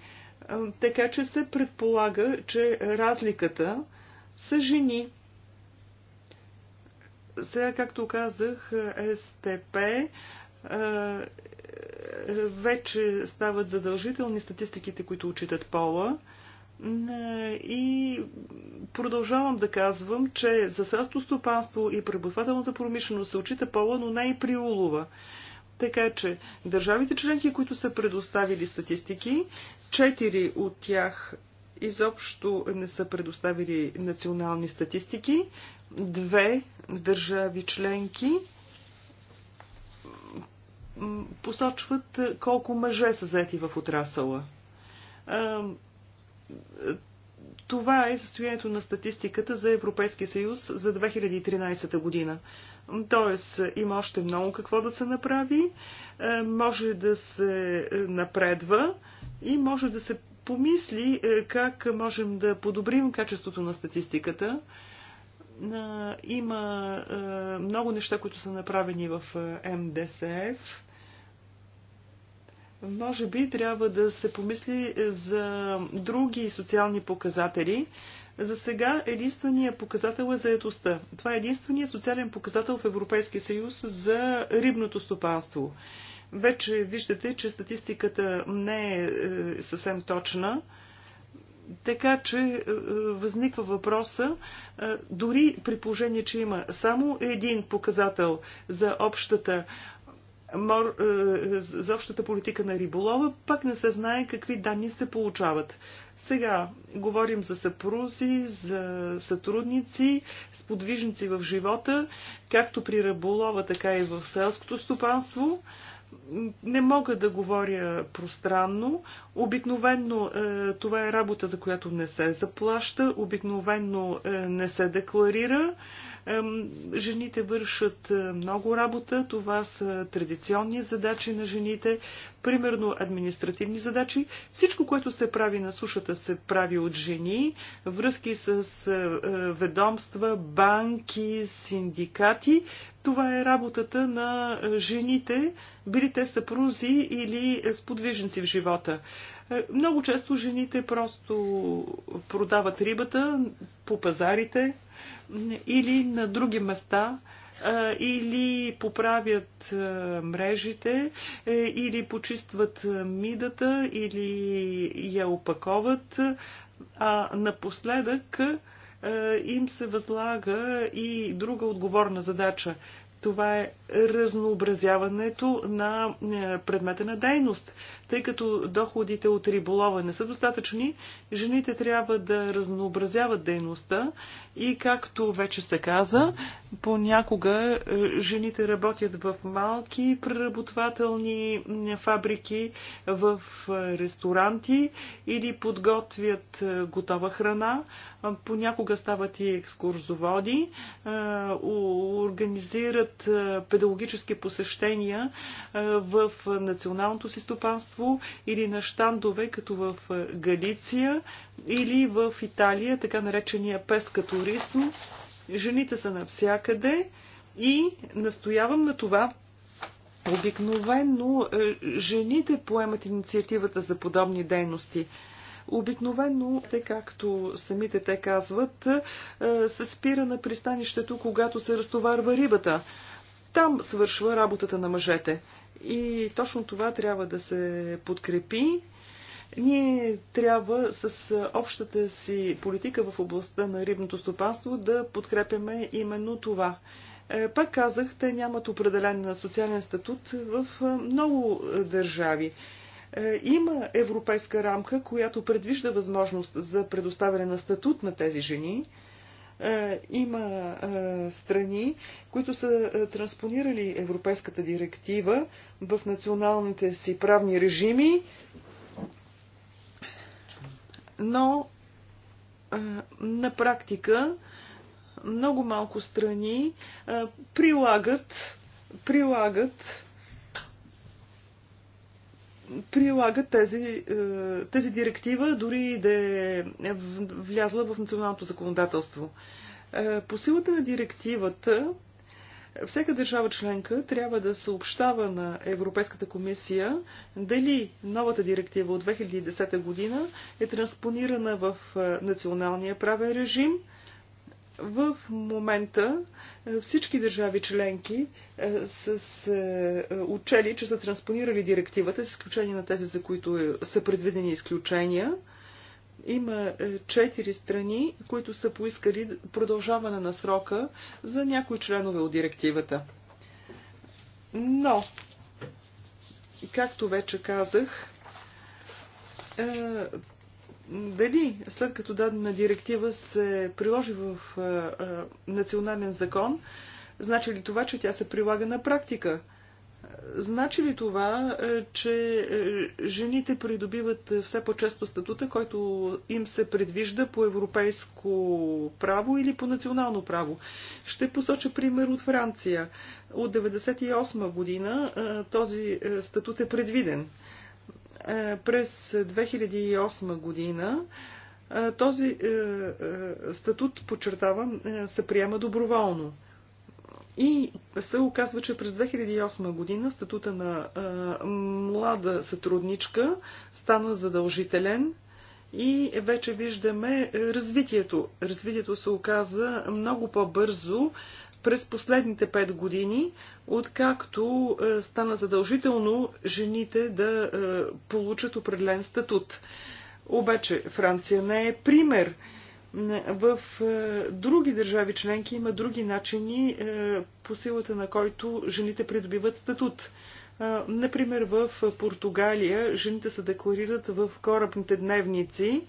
така че се предполага, че разликата са жени. Сега, както казах, СТП вече стават задължителни статистиките, които учитат пола. И продължавам да казвам, че за селско стопанство и преработвателната промишленост се очита пола, но не и при улова. Така че държавите членки, които са предоставили статистики, четири от тях изобщо не са предоставили национални статистики, две държави членки посочват колко мъже са заети в отрасъла това е състоянието на статистиката за Европейския съюз за 2013 година. Тоест, има още много какво да се направи, е, може да се е, напредва и може да се помисли е, как можем да подобрим качеството на статистиката. Има много неща, които са направени в МДСФ може би трябва да се помисли за други социални показатели. За сега единствения показател е заедостта. Това е единствения социален показател в Европейския съюз за рибното стопанство. Вече виждате, че статистиката не е, е съвсем точна. Така че е, е, възниква въпроса, дори при положение, че има само един показател за общата мор, е, за общата политика на риболова, пък не се знае какви данни се получават. Сега говорим за съпрузи, за сътрудници, сподвижници в живота, както при риболова, така и в селското стопанство. Не мога да говоря пространно. Обикновенно е, това е работа, за която не се заплаща, обикновенно е, не се декларира. Жените вършат е, много работа. Това са традиционни задачи на жените, примерно административни задачи. Всичко, което се прави на сушата, се прави от жени. Връзки с е, е, ведомства, банки, синдикати. Това е работата на жените, били те съпрузи или сподвижници в живота. Много често жените просто продават рибата по пазарите, или на други места, или поправят мрежите, е, или почистват мидата, или я опаковат, а напоследък им се възлага и друга отговорна задача. Това е разнообразяването на е, предмета на дейност. Тъй като доходите от риболова не са достатъчни, жените трябва да разнообразяват дейността и както вече се каза, понякога е, жените работят в малки преработвателни фабрики, в е, ресторанти или подготвят е, готова храна. Понякога стават и екскурзоводи, организират педагогически посещения в националното си стопанство, производство или на щандове, като в Галиция или в Италия, така наречения пескатуризм. Жените са навсякъде и настоявам на това, Обикновено жените поемат инициативата за подобни дейности. Обикновено, те, както самите те казват, се спира на пристанището, когато се разтоварва рибата. Там свършва работата на мъжете. И точно това трябва да се подкрепи. Ние трябва с общата си политика в областта на рибното стопанство да подкрепяме именно това. Е, пак казах, те нямат определен социален статут в е, много държави. Е, има европейска рамка, която предвижда възможност за предоставяне на статут на тези жени, е, има е, страни, които са е, транспонирали Европейската директива в националните си правни режими, но на практика много малко страни прилагат, прилагат Прилага тези, е, тези директива, дори и да е влязла в националното законодателство. Е, по силата на директивата, всяка държава членка трябва да съобщава на Европейската комисия дали новата директива от 2010 година е транспонирана в е, националния правен режим – в момента е, всички държави членки са е, се учели, че са транспонирали директивата, с изключение на тези, за които е, са предвидени изключения. Има четири страни, които са поискали продължаване на срока за някои членове от директивата. Но, както вече казах, дали след като дадена директива се приложи в а, а, национален закон, значи ли това, че тя се прилага на практика? Значи ли това, че жените придобиват все по-често статута, който им се предвижда по европейско право или по национално право? Ще посоча пример от Франция. От 1998 година този статут е предвиден. Е, през 2008 година е, този е, статут, подчертавам, се приема доброволно. И се оказва, че през 2008 година статута на млада сътрудничка стана задължителен и вече виждаме развитието. Развитието се оказа много по-бързо през последните пет години, откакто е, стана задължително жените да е, получат определен статут. Обаче Франция не е пример. В е, други държави членки има други начини, по силата на който жените придобиват статут. Например, в Португалия жените се декларират в корабните дневници,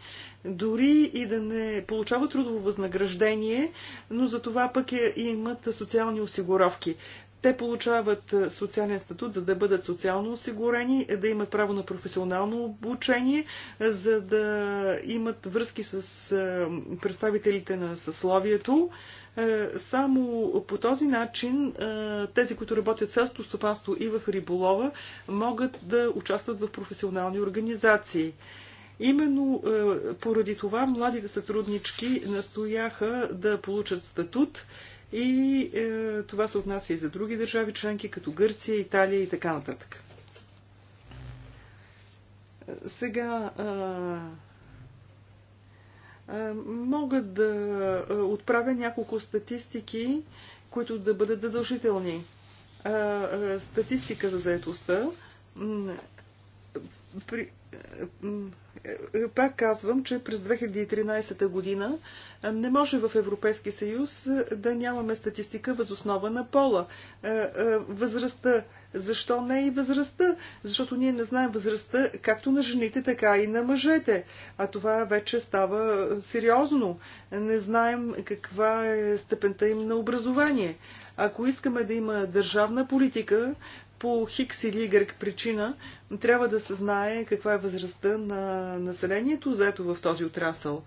дори и да не получават трудово възнаграждение, но за това пък е, имат социални осигуровки. Те получават социален статут, за да бъдат социално осигурени, е, да имат право на професионално обучение, е, за да имат връзки с представителите на съсловието. Е, само по този начин е, тези, които работят с стопанство и в риболова, могат да участват в професионални организации. Именно е, поради това младите сътруднички настояха да получат статут и това се отнася и за други държави членки, като Гърция, Италия и така нататък. Сега Мога да отправя няколко статистики, които да бъдат задължителни. Статистика за заетостта при, е, е, е, пак казвам, че през 2013 година не може в Европейския съюз да нямаме статистика възоснова на пола. Възрастта. Защо не и възрастта? Защото ние не знаем възрастта както на жените, така и на мъжете. А това вече става сериозно. Не знаем каква е степента им на образование. Ако искаме да има държавна политика, по хикс или Y причина трябва да се знае каква е възрастта на населението, заето в този отрасъл.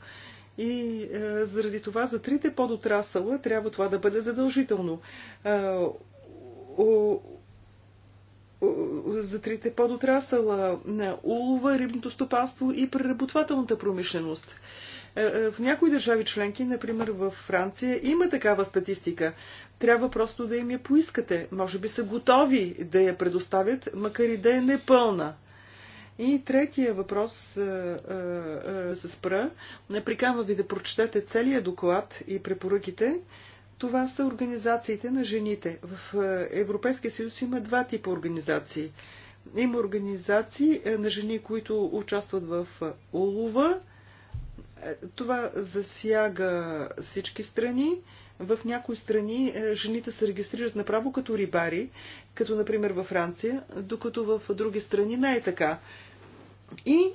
И е, заради това за трите подотрасъла трябва това да бъде задължително. Е, о, за трите подотрасъла на улова, рибното стопанство и преработвателната промишленост. Е, е, е, в някои държави членки, например в Франция, има такава статистика. Трябва просто да им я поискате. Може би са готови да я предоставят, макар и да е непълна. И третия въпрос е, се спра. Приканва ви да прочетете целият доклад и препоръките. Това са организациите на жените. В Европейския съюз има два типа организации. Има организации на жени, които участват в улова това засяга всички страни. В някои страни е, жените се регистрират направо като рибари, като например във Франция, докато в други страни не е така. И е,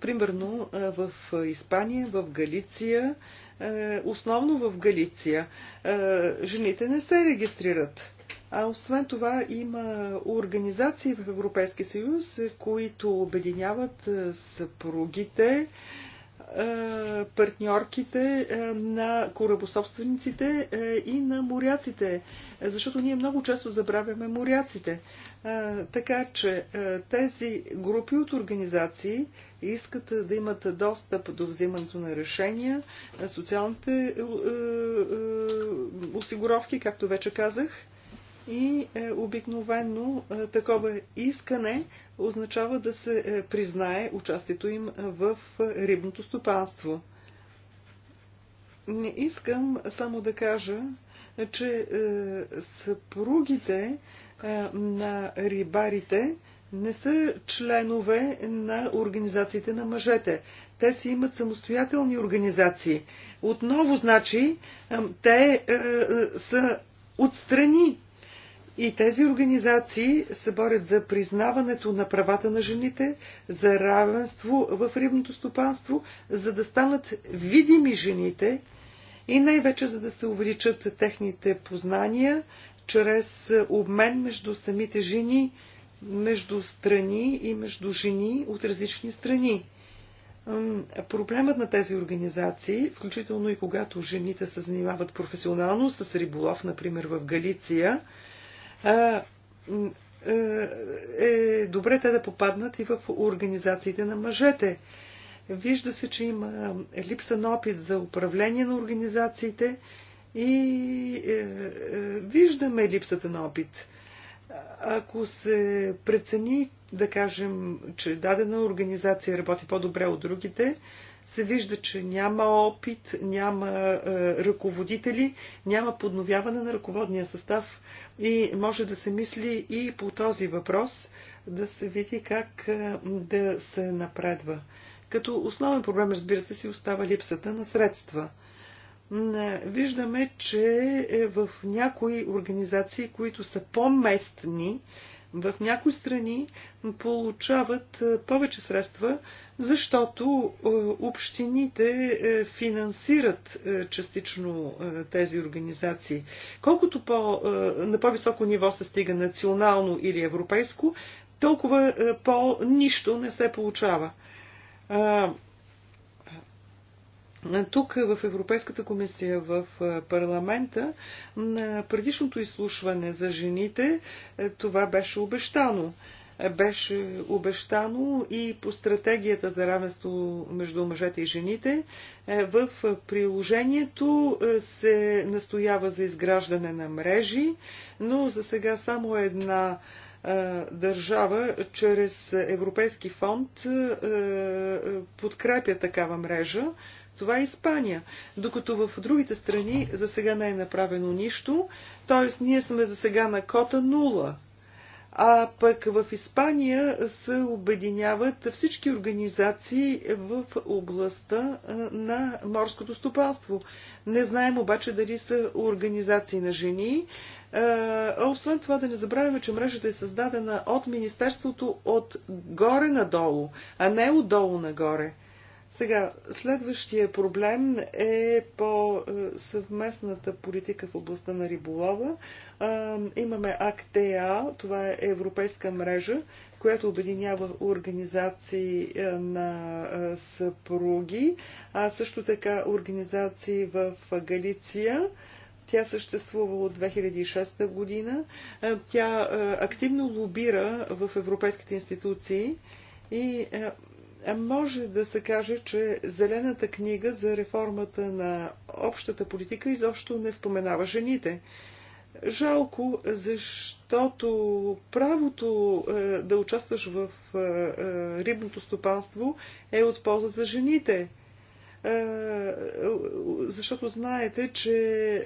примерно е, в Испания, в Галиция, основно в Галиция, жените не се регистрират. А освен това има организации в Европейския съюз, които обединяват съпругите, партньорките на корабособствениците и на моряците, защото ние много често забравяме моряците. Така че тези групи от организации искат да имат достъп до взимането на решения, социалните осигуровки, както вече казах, и е, обикновено е, такова искане означава да се е, признае участието им е, в е, рибното стопанство. Не искам само да кажа, е, че е, съпругите е, на рибарите не са членове на организациите на мъжете. Те си имат самостоятелни организации. Отново, значи, е, те е, са отстрани и тези организации се борят за признаването на правата на жените, за равенство в рибното стопанство, за да станат видими жените и най-вече за да се увеличат техните познания чрез обмен между самите жени, между страни и между жени от различни страни. Проблемът на тези организации, включително и когато жените се занимават професионално с риболов, например в Галиция, е, е добре те да попаднат и в организациите на мъжете. Вижда се, че има липса на опит за управление на организациите и е, е, виждаме липсата на опит. Ако се прецени, да кажем, че дадена организация работи по-добре от другите, се вижда, че няма опит, няма е, ръководители, няма подновяване на ръководния състав и може да се мисли и по този въпрос, да се види как е, да се напредва. Като основен проблем, разбира се, си остава липсата на средства. Е, виждаме, че е, в някои организации, които са по-местни, в някои страни получават е, повече средства, защото е, общините е, финансират частично тези организации. Колкото по, на по-високо ниво се стига национално или европейско, толкова по-нищо не се получава. Тук в Европейската комисия, в парламента, на предишното изслушване за жените, е, това беше обещано е, беше обещано и по стратегията за равенство между мъжете и жените. Е, в приложението се настоява за изграждане на мрежи, но за сега само една държава чрез Европейски фонд подкрепя такава мрежа. Това е Испания. Докато в другите страни за сега не е направено нищо, т.е. ние сме за сега на кота нула. А пък в Испания се обединяват всички организации в областта на морското стопанство. Не знаем обаче дали са организации на жени. А, освен това да не забравяме, че мрежата е създадена от Министерството от горе надолу, а не отдолу нагоре. Сега, следващия проблем е по е, съвместната политика в областта на риболова. Имаме АКТА, това е европейска мрежа, която обединява организации е, на е, съпруги, а също така организации в Галиция. Тя съществува от 2006 година. Тя активно лобира в европейските институции и може да се каже, че Зелената книга за реформата на общата политика изобщо не споменава жените. Жалко, защото правото е, да участваш в е, е, рибното стопанство е от полза за жените. Е, защото знаете, че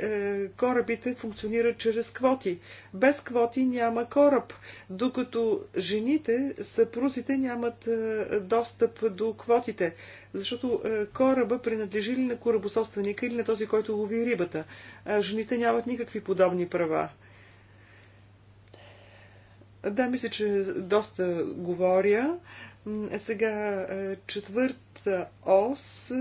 е, корабите функционират чрез квоти. Без квоти няма кораб, докато жените, съпрузите нямат е, достъп до квотите, защото кораба принадлежи ли на корабособственика или на този, който лови рибата. Жените нямат никакви подобни права. Да, мисля, че доста говоря. Сега четвърт ОС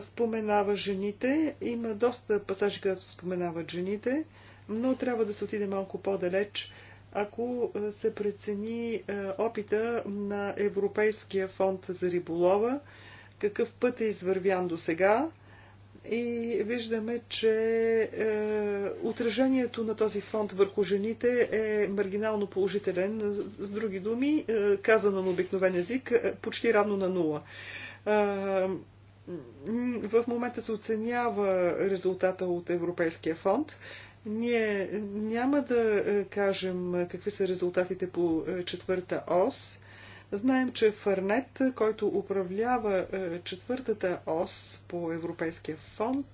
споменава жените. Има доста пасажи, където споменават жените, но трябва да се отиде малко по-далеч, ако се прецени опита на Европейския фонд за риболова, какъв път е извървян до сега. И виждаме, че е, отражението на този фонд върху жените е маргинално положителен. С други думи, е, казано на обикновен език, е, почти равно на нула. Е, в момента се оценява резултата от Европейския фонд. Ние няма да е, кажем какви са резултатите по е, четвърта ОС. Знаем, че Фарнет, който управлява е, четвъртата ОС по Европейския фонд,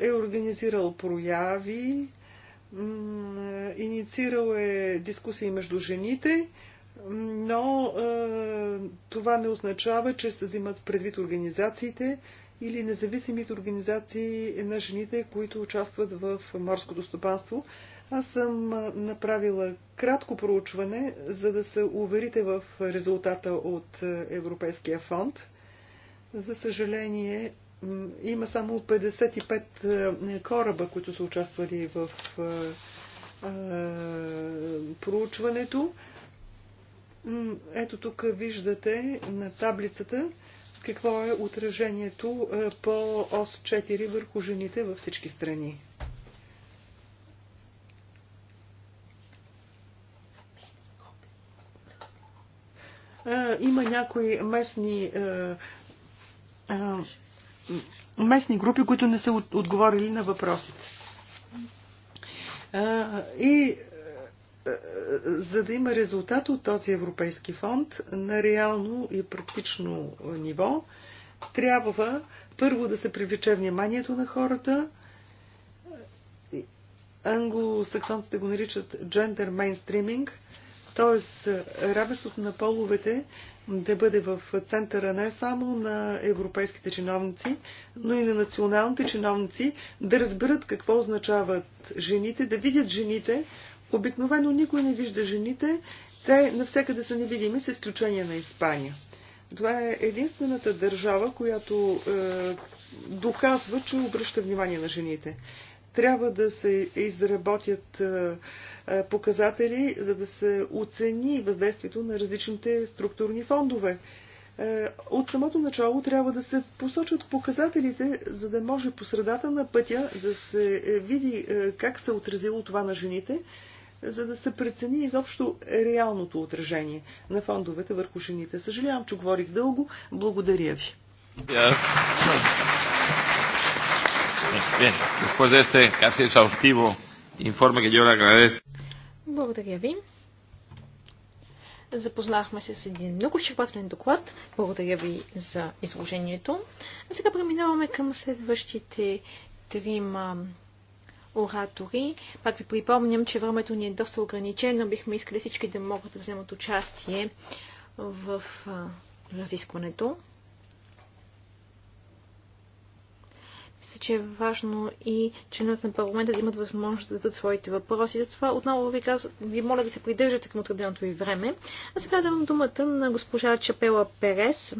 е организирал прояви, инициирал е дискусии между жените но е, това не означава, че се взимат предвид организациите или независимите организации на жените, които участват в морското стопанство. Аз съм е, направила кратко проучване, за да се уверите в резултата от е, Европейския фонд. За съжаление, има само 55 кораба, които са участвали в проучването. Ето тук виждате на таблицата какво е отражението е, по ОС 4 върху жените във всички страни. Е, има някои местни е, местни групи, които не са отговорили на въпросите. И за да има резултат от този европейски фонд на реално и практично ниво, трябва първо да се привлече вниманието на хората. Англосаксонците го наричат gender mainstreaming, т.е. равенството на половете да бъде в центъра не само на европейските чиновници, но и на националните чиновници, да разберат какво означават жените, да видят жените, Обикновено никой не вижда жените, те навсякъде са невидими, с изключение на Испания. Това е единствената държава, която е, доказва, че обръща внимание на жените. Трябва да се изработят е, е, показатели, за да се оцени въздействието на различните структурни фондове. Е, от самото начало трябва да се посочат показателите, за да може по средата на пътя да се е, види е, как се отразило това на жените за да се прецени изобщо реалното отражение на фондовете върху жените. Съжалявам, че говорих дълго. Благодаря ви. Благодаря ви. Запознахме се с един много изчерпателен доклад. Благодаря ви за изложението. А сега преминаваме към следващите трима оратори. Пак ви припомням, че времето ни е доста ограничено. Бихме искали всички да могат да вземат участие в разискването. Мисля, че е важно и членовете на парламента да имат възможност да дадат своите въпроси. Затова отново ви, каз... ви моля да се придържате към отреденото ви време. А сега давам думата на госпожа Чапела Перес,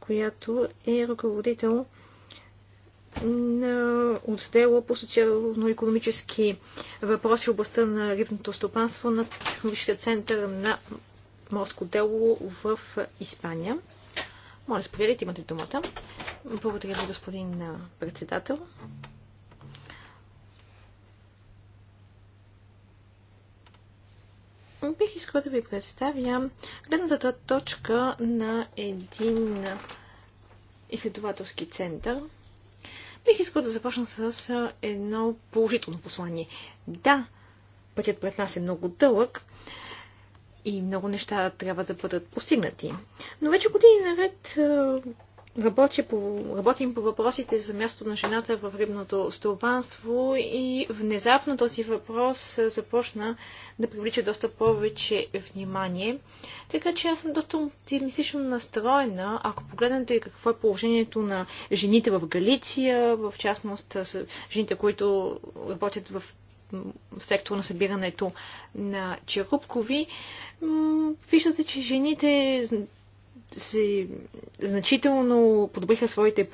която е ръководител на отдела по социално-економически въпроси в областта на рибното стопанство на технологичния център на морско дело в Испания. Моля, споделите, имате думата. Благодаря ви, господин председател. Бих искала да ви представя гледната точка на един изследователски център, Бих искал да започна с едно положително послание. Да, пътят пред нас е много дълъг и много неща трябва да бъдат постигнати. Но вече години наред Работя по, работим по въпросите за място на жената в рибното стопанство и внезапно този въпрос започна да привлича доста повече внимание. Така че аз съм доста оптимистично настроена, ако погледнете какво е положението на жените в Галиция, в частност жените, които работят в сектор на събирането на черупкови, виждате, че жените се значително подобриха своите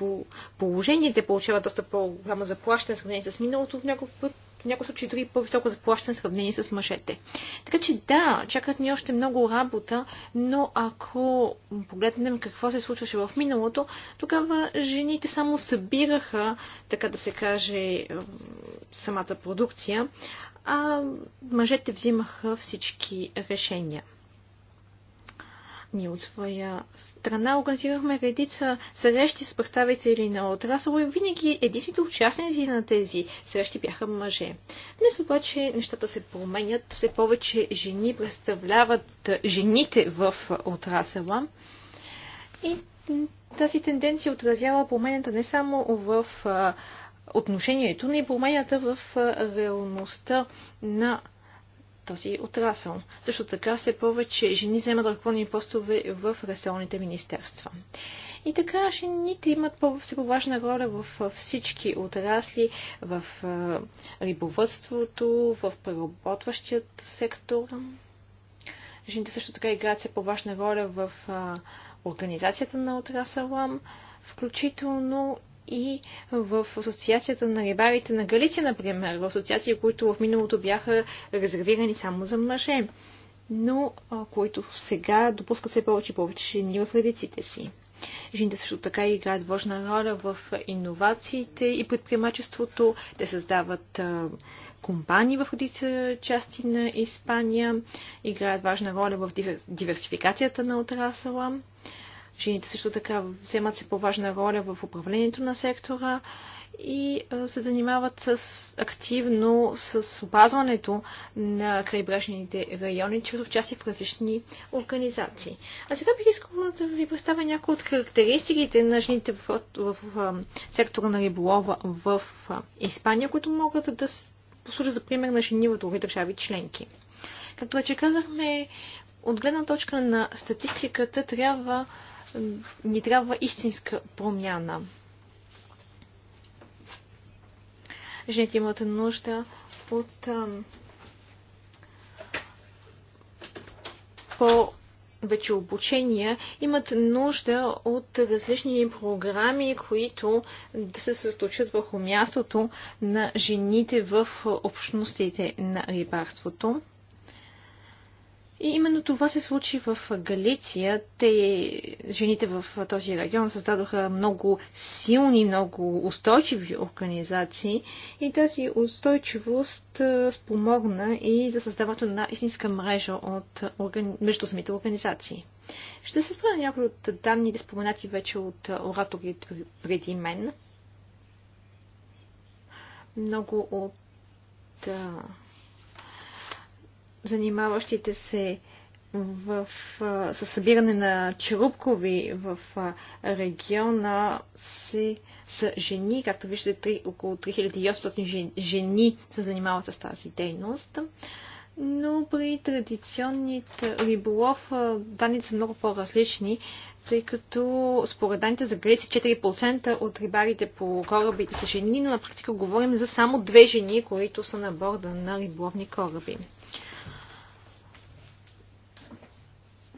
положения, те получават доста по-голяма заплащане в сравнение с миналото, в някой път в някои случаи дори по-високо заплащане в сравнение с мъжете. Така че да, чакат ни още много работа, но ако погледнем какво се случваше в миналото, тогава жените само събираха, така да се каже, самата продукция, а мъжете взимаха всички решения. Ние от своя страна организирахме редица срещи с представители на отрасъл и винаги единствените участници на тези срещи бяха мъже. Днес обаче нещата се променят, все повече жени представляват жените в отрасъла и тази тенденция отразява промената не само в отношението, но и променята в реалността на този отрасъл. Също така се повече жени вземат ръководни постове в ресорните министерства. И така жените имат все по-важна роля в всички отрасли, в рибовътството, в преработващият сектор. Жените също така играят все по-важна роля в организацията на отрасъла, включително и в Асоциацията на рибарите на Галиция, например, в асоциации, които в миналото бяха резервирани само за мъже, но а, които сега допускат все повече и повече жени в редиците си. Жените също така играят важна роля в иновациите и предприемачеството. Те създават а, компании в редица части на Испания, играят важна роля в диверсификацията на отрасъла. Жените също така вземат се по-важна роля в управлението на сектора и се занимават с, активно с опазването на крайбрежните райони, чрез участие в различни организации. А сега бих искала да ви представя някои от характеристиките на жените в, в, в, в сектора на риболова в Испания, които могат да послужат за пример на жени в други държави членки. Както вече казахме, от гледна точка на статистиката трябва ни трябва истинска промяна. Жените имат нужда от по вече обучения имат нужда от различни програми, които да се състочат върху мястото на жените в общностите на рибарството. И именно това се случи в Галиция. Те, жените в този регион, създадоха много силни, много устойчиви организации и тази устойчивост спомогна и за създаването на истинска мрежа от органи... между самите организации. Ще се спра някои от данните, споменати вече от ораторите преди мен. Много от занимаващите се в, със събиране на черупкови в региона се, са жени. Както виждате, три, около 3800 жени се занимават с тази дейност. Но при традиционните риболов данните са много по-различни, тъй като според данните за греци 4% от рибарите по корабите са жени, но на практика говорим за само две жени, които са на борда на риболовни кораби.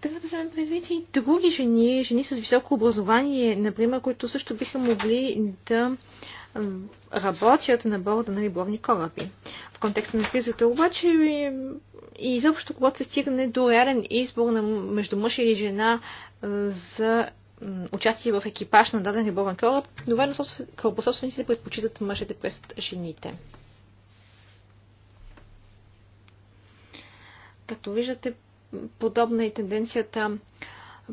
трябва да вземем предвид и други жени, жени с високо образование, например, които също биха могли да работят на борда на рибовни кораби. В контекста на кризата обаче и изобщо, когато се стигне до реален избор на между мъж или жена за участие в екипаж на даден рибовен кораб, обикновено кълбособствениците предпочитат мъжете през жените. Както виждате, подобна е тенденцията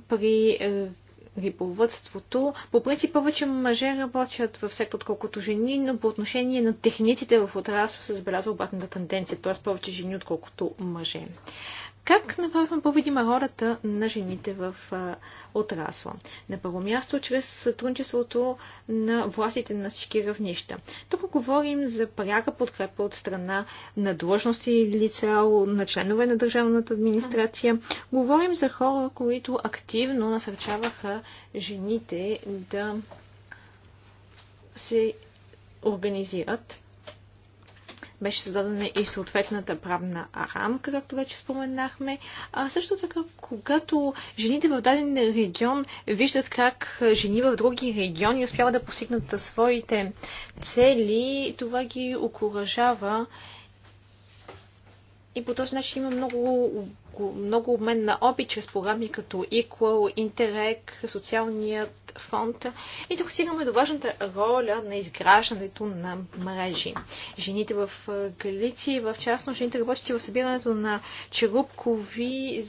при е, рибовътството. По принцип повече мъже работят в сектор, отколкото жени, но по отношение на техниците в отрасъл се забелязва обратната тенденция, т.е. повече жени, отколкото мъже. Как направихме по ролята на жените в а, отрасла? На първо място, чрез сътрудничеството на властите на всички равнища. Тук говорим за пряка подкрепа от страна на длъжности лица, на членове на държавната администрация. Говорим за хора, които активно насърчаваха жените да се организират беше създадена и съответната правна рамка, както вече споменахме. А също така, когато жените в даден регион виждат как жени в други региони успяват да постигнат своите цели, това ги окоръжава и по този начин има много много, много обмен на опит чрез програми като Equal, Interreg, социалният фонд. И тук стигаме до важната роля на изграждането на мрежи. Жените в Галиция и в частност жените работещи в събирането на черупкови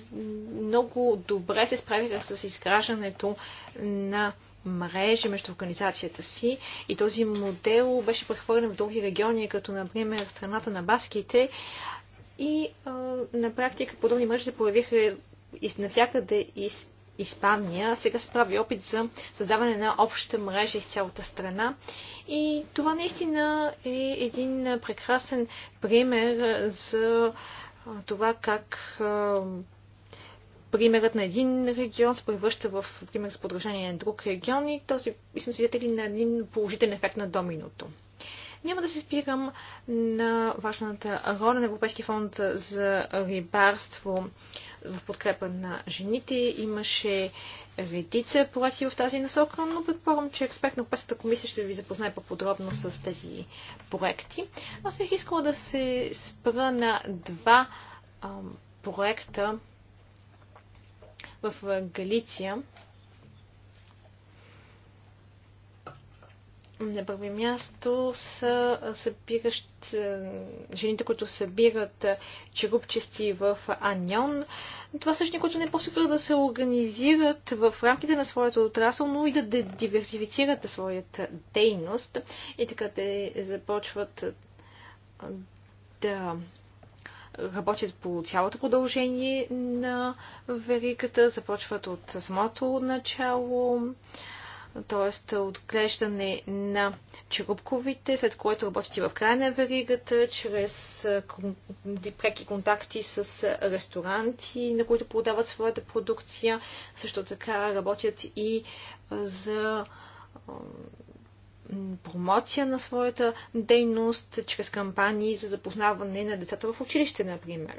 много добре се справиха с изграждането на мрежи между организацията си и този модел беше прехвърлен в други региони, като например страната на баските, и а, на практика подобни мрежи се появиха из, навсякъде из Испания. Сега се прави опит за създаване на обща мрежа из цялата страна. И това наистина е един прекрасен пример за това как а, примерът на един регион се превръща в пример за подражание на друг регион и този сме свидетели на един положителен ефект на доминото. Няма да се спирам на важната роля на Европейския фонд за рибарство в подкрепа на жените. Имаше редица проекти в тази насока, но предполагам, че експерт на Пъстата комисия ще ви запознае по-подробно с тези проекти. Аз бих искала да се спра на два проекта в Галиция, На първи място са събиращ, жените, които събират черупчести в Аньон. Това са жени, които не просто да се организират в рамките на своята отрасъл, но и да диверсифицират своята дейност. И така те започват да работят по цялото продължение на веригата, започват от самото начало, т.е. отглеждане на черупковите, след което работите в края на веригата, чрез преки контакти с ресторанти, на които продават своята продукция. Също така работят и за промоция на своята дейност чрез кампании за запознаване на децата в училище, например.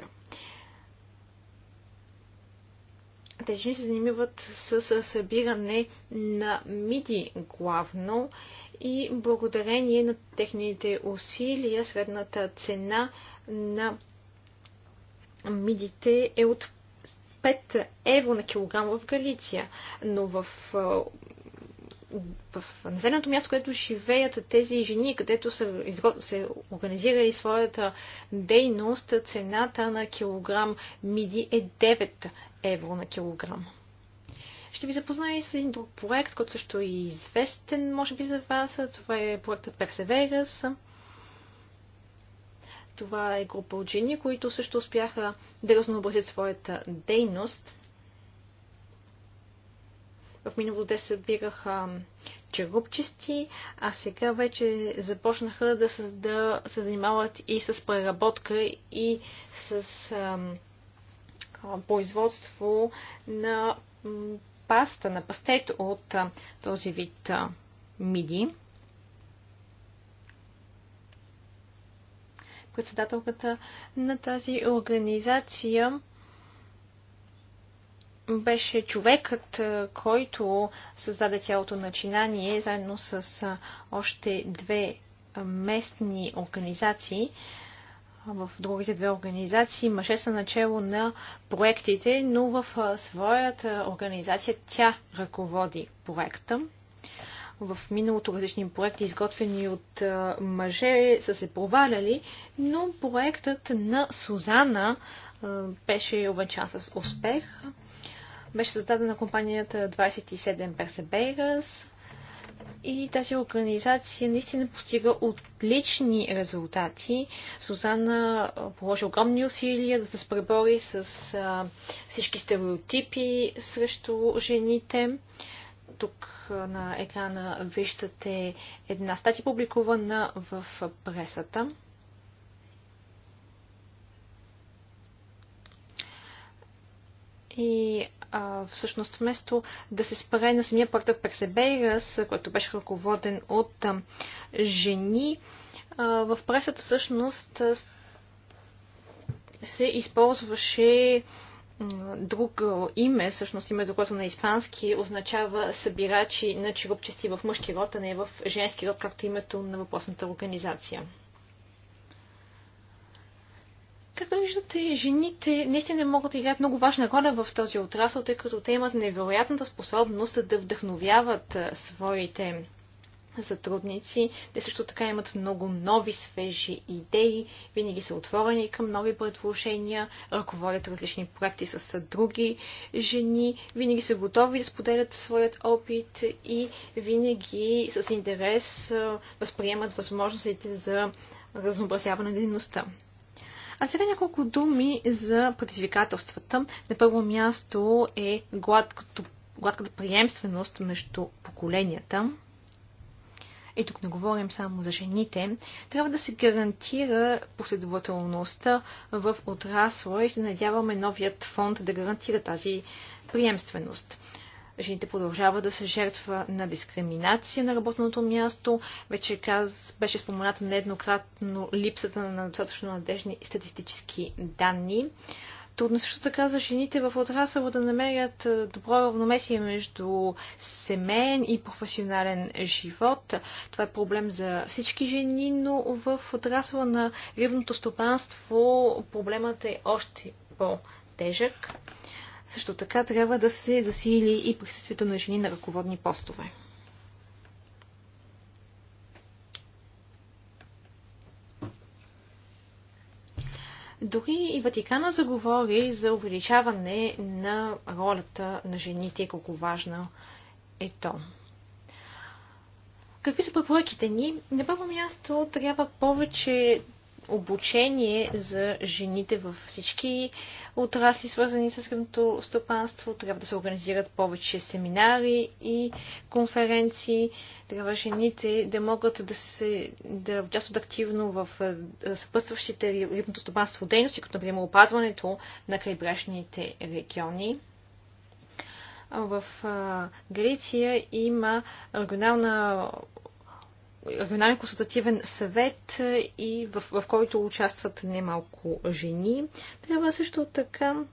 Те жени се занимават с събиране на миди главно и благодарение на техните усилия средната цена на мидите е от 5 евро на килограм в Галиция, но в в населеното място, където живеят тези жени, където са, изгод... са организирали своята дейност, цената на килограм миди е 9 евро на килограм. Ще ви запозная и с един друг проект, който също е известен, може би, за вас. Това е проектът Perseverus. Това е група от жени, които също успяха да разнообразят своята дейност – в миналото те събираха черупчести, а сега вече започнаха да, се, да се занимават и с преработка и с ам, производство на паста, на пастет от а, този вид а, миди. Председателката на тази организация беше човекът, е, който създаде цялото начинание, заедно с е, още две местни организации. В другите две организации мъже са начало на проектите, но в е, своята организация тя ръководи проекта. В миналото различни проекти, изготвени от мъже, са се проваляли, но проектът на Сузана беше обечан с успех беше създадена компанията 27 Perseverance и тази организация наистина постига отлични резултати. Сузана положи огромни усилия да се пребори с а, всички стереотипи срещу жените. Тук на екрана виждате една статия публикувана в пресата. И а, всъщност вместо да се спре на самия проектът Персебейрас, който беше ръководен от а, жени, а, в пресата всъщност се използваше друго име, всъщност името, което на испански означава събирачи на черупчести в мъжки род, а не в женски род, както името на въпросната организация. Както виждате, жените наистина могат да играят много важна роля в този отрасъл, тъй като те имат невероятната способност да вдъхновяват своите сътрудници. Те също така имат много нови, свежи идеи, винаги са отворени към нови предложения, ръководят различни проекти с други жени, винаги са готови да споделят своят опит и винаги с интерес възприемат възможностите за разнообразяване на дейността. А сега няколко думи за предизвикателствата. На първо място е гладкото, гладката приемственост между поколенията. И тук не говорим само за жените. Трябва да се гарантира последователността в отрасла и се надяваме новият фонд да гарантира тази приемственост. Жените продължават да са жертва на дискриминация на работното място. Вече каз, беше спомената нееднократно липсата на достатъчно надежни статистически данни. Трудно също така за жените в отрасъла да намерят добро равномесие между семейен и професионален живот. Това е проблем за всички жени, но в отрасъла на рибното стопанство проблемът е още по-тежък. Също така трябва да се засили и присъствието на жени на ръководни постове. Дори и Ватикана заговори за увеличаване на ролята на жените колко важно е то. Какви са препоръките ни? На първо място трябва повече обучение за жените във всички отрасли, свързани с гъмто стопанство. Трябва да се организират повече семинари и конференции. Трябва жените да могат да, се, да участват активно в е, съпътстващите рибното стопанство дейности, като например опазването на крайбрежните региони в Греция има регионална регионален консултативен съвет е, и в, в който участват немалко жени. Трябва също така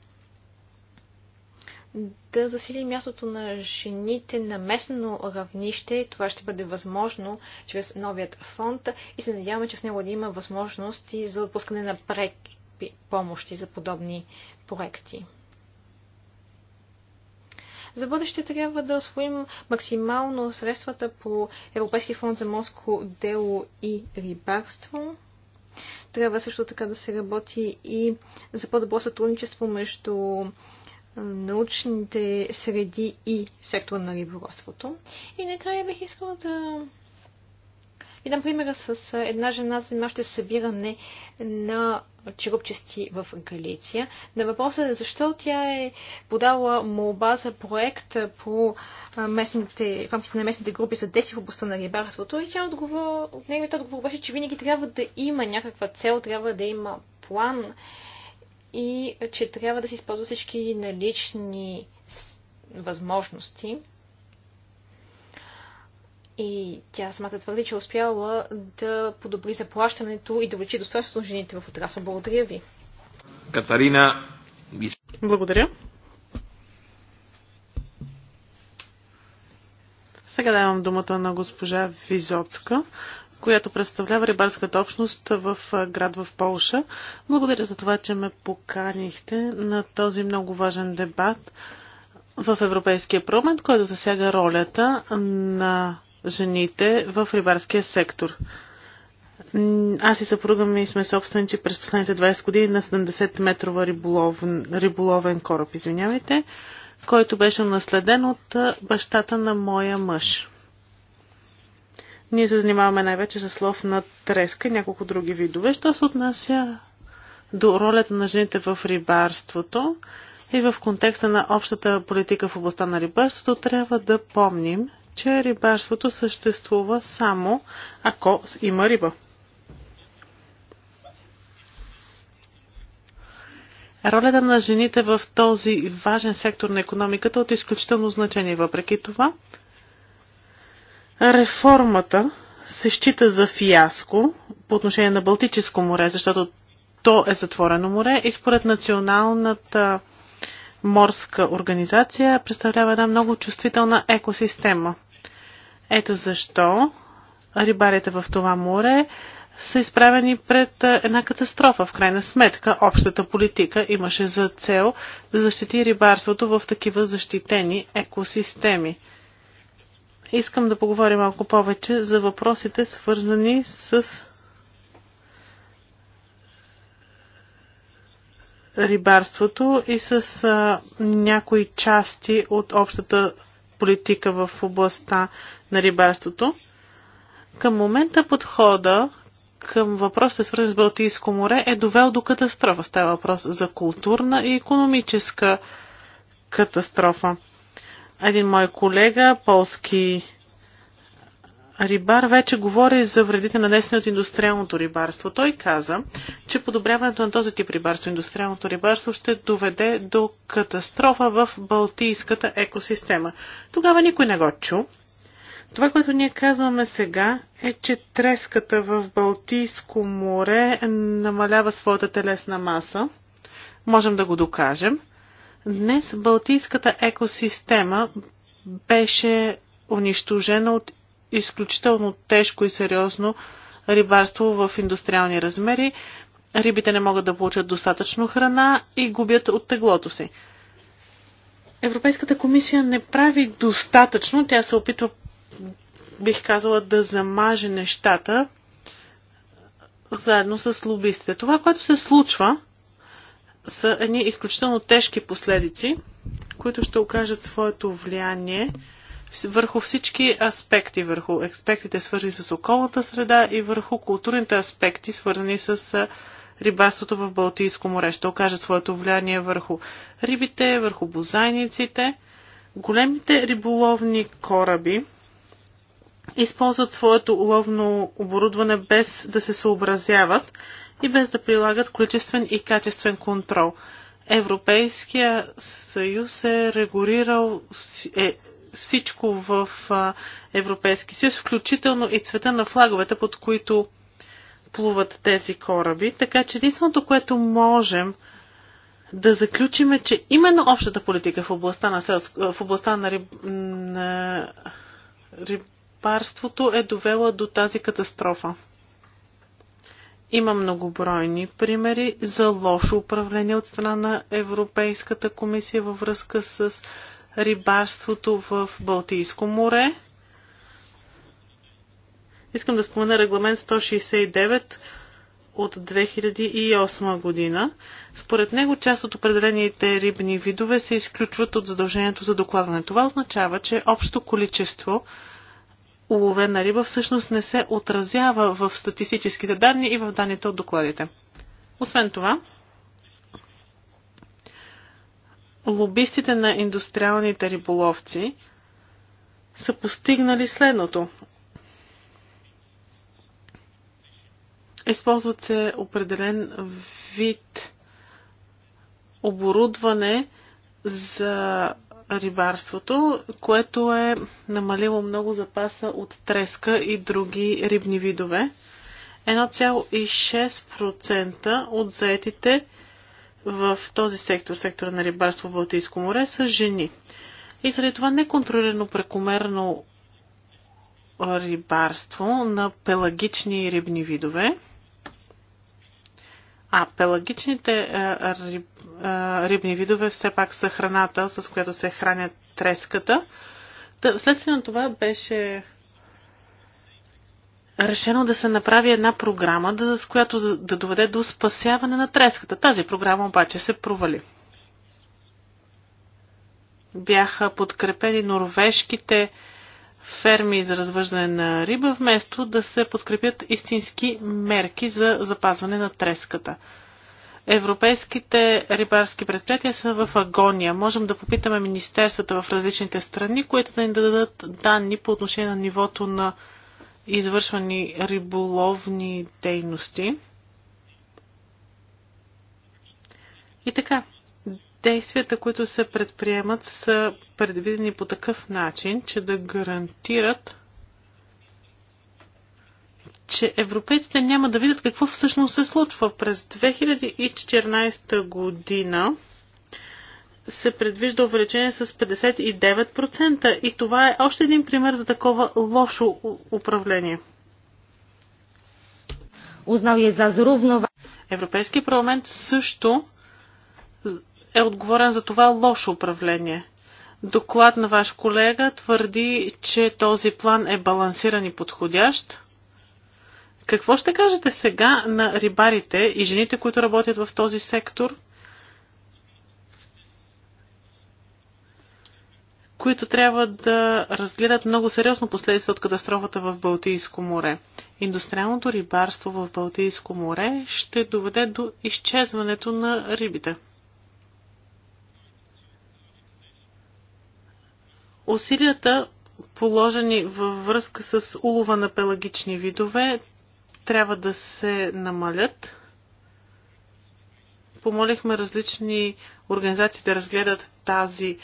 да засили мястото на жените на местно равнище. Това ще бъде възможно чрез новият фонд и се надяваме, че с него да има възможности за отпускане на преки помощи за подобни проекти. За бъдеще трябва да освоим максимално средствата по Европейския фонд за морско дело и рибарство. Трябва също така да се работи и за по-добро сътрудничество между научните среди и сектора на риборството. И накрая бих искала да и дам примера с една жена, занимаваща се събиране на черупчести в Галиция. На въпроса е защо тя е подала молба за проект по местните, в рамките на местните групи за 10 в областта на рибарството и тя отговор, от неговият отговор беше, че винаги трябва да има някаква цел, трябва да има план и че трябва да се използва всички налични възможности. И тя самата твърди, че е успяла да подобри заплащането и да увеличи достоинството на жените в отрасъл. Благодаря ви. Катарина. Благодаря. Сега давам думата на госпожа Визоцка, която представлява рибарската общност в град в Полша. Благодаря за това, че ме поканихте на този много важен дебат в Европейския парламент, който засяга ролята на жените в рибарския сектор. Аз и съпруга ми сме собственици през последните 20 години на 70-метрова риболов, риболовен кораб, извинявайте, който беше наследен от бащата на моя мъж. Ние се занимаваме най-вече с лов на треска и няколко други видове. Що се отнася до ролята на жените в рибарството и в контекста на общата политика в областта на рибарството, трябва да помним, че рибарството съществува само ако има риба. Ролята на жените в този важен сектор на економиката е от изключително значение. Въпреки това, реформата се счита за фиаско по отношение на Балтическо море, защото то е затворено море и според националната морска организация представлява една много чувствителна екосистема. Ето защо рибарите в това море са изправени пред една катастрофа. В крайна сметка, общата политика имаше за цел да защити рибарството в такива защитени екосистеми. Искам да поговоря малко повече за въпросите, свързани с рибарството и с а, някои части от общата политика в областта на рибарството. Към момента подхода към въпроса, свързан с Балтийско море, е довел до катастрофа. Става въпрос за културна и економическа катастрофа. Един мой колега, полски Рибар вече говори за вредите нанесени от индустриалното рибарство. Той каза, че подобряването на този тип рибарство, индустриалното рибарство, ще доведе до катастрофа в Балтийската екосистема. Тогава никой не го чу. Това, което ние казваме сега, е, че треската в Балтийско море намалява своята телесна маса. Можем да го докажем. Днес Балтийската екосистема беше унищожена от изключително тежко и сериозно рибарство в индустриални размери. Рибите не могат да получат достатъчно храна и губят от теглото си. Европейската комисия не прави достатъчно. Тя се опитва, бих казала, да замаже нещата заедно с лобистите. Това, което се случва, са едни изключително тежки последици, които ще окажат своето влияние върху всички аспекти, върху аспектите свързани с околната среда и върху културните аспекти, свързани с рибарството в Балтийско море. Ще окаже своето влияние върху рибите, върху бозайниците. Големите риболовни кораби използват своето уловно оборудване без да се съобразяват и без да прилагат количествен и качествен контрол. Европейския съюз е регулирал, е всичко в Европейски съюз, включително и цвета на флаговете, под които плуват тези кораби. Така че единственото, което можем да заключим е, че именно общата политика в областта на, селско, в областта на, риб, на рибарството е довела до тази катастрофа. Има многобройни примери за лошо управление от страна на Европейската комисия във връзка с рибарството в Балтийско море. Искам да спомена регламент 169 от 2008 година. Според него част от определените рибни видове се изключват от задължението за докладване. Това означава, че общо количество уловена риба всъщност не се отразява в статистическите данни и в данните от докладите. Освен това, лобистите на индустриалните риболовци са постигнали следното. Използват се определен вид оборудване за рибарството, което е намалило много запаса от треска и други рибни видове. 1,6% от заетите в този сектор, сектора на рибарство в Балтийско море, са жени. И заради това неконтролирано прекомерно рибарство на пелагични рибни видове. А пелагичните е, риб, е, рибни видове все пак са храната, с която се хранят треската. Вследствие на това беше решено да се направи една програма, да, с която да доведе до спасяване на треската. Тази програма обаче се провали. Бяха подкрепени норвежките ферми за развъждане на риба, вместо да се подкрепят истински мерки за запазване на треската. Европейските рибарски предприятия са в агония. Можем да попитаме министерствата в различните страни, които да ни дадат данни по отношение на нивото на извършвани риболовни дейности. И така, действията, които се предприемат, са предвидени по такъв начин, че да гарантират, че европейците няма да видят какво всъщност се случва. През 2014 година се предвижда увеличение с 59% и това е още един пример за такова лошо управление. Узнал е за зрубнова. Европейски парламент също е отговорен за това лошо управление. Доклад на ваш колега твърди, че този план е балансиран и подходящ. Какво ще кажете сега на рибарите и жените, които работят в този сектор – които трябва да разгледат много сериозно последствията от катастрофата в Балтийско море. Индустриалното рибарство в Балтийско море ще доведе до изчезването на рибите. Усилията, положени във връзка с улова на пелагични видове, трябва да се намалят. Помолихме различни организации да разгледат тази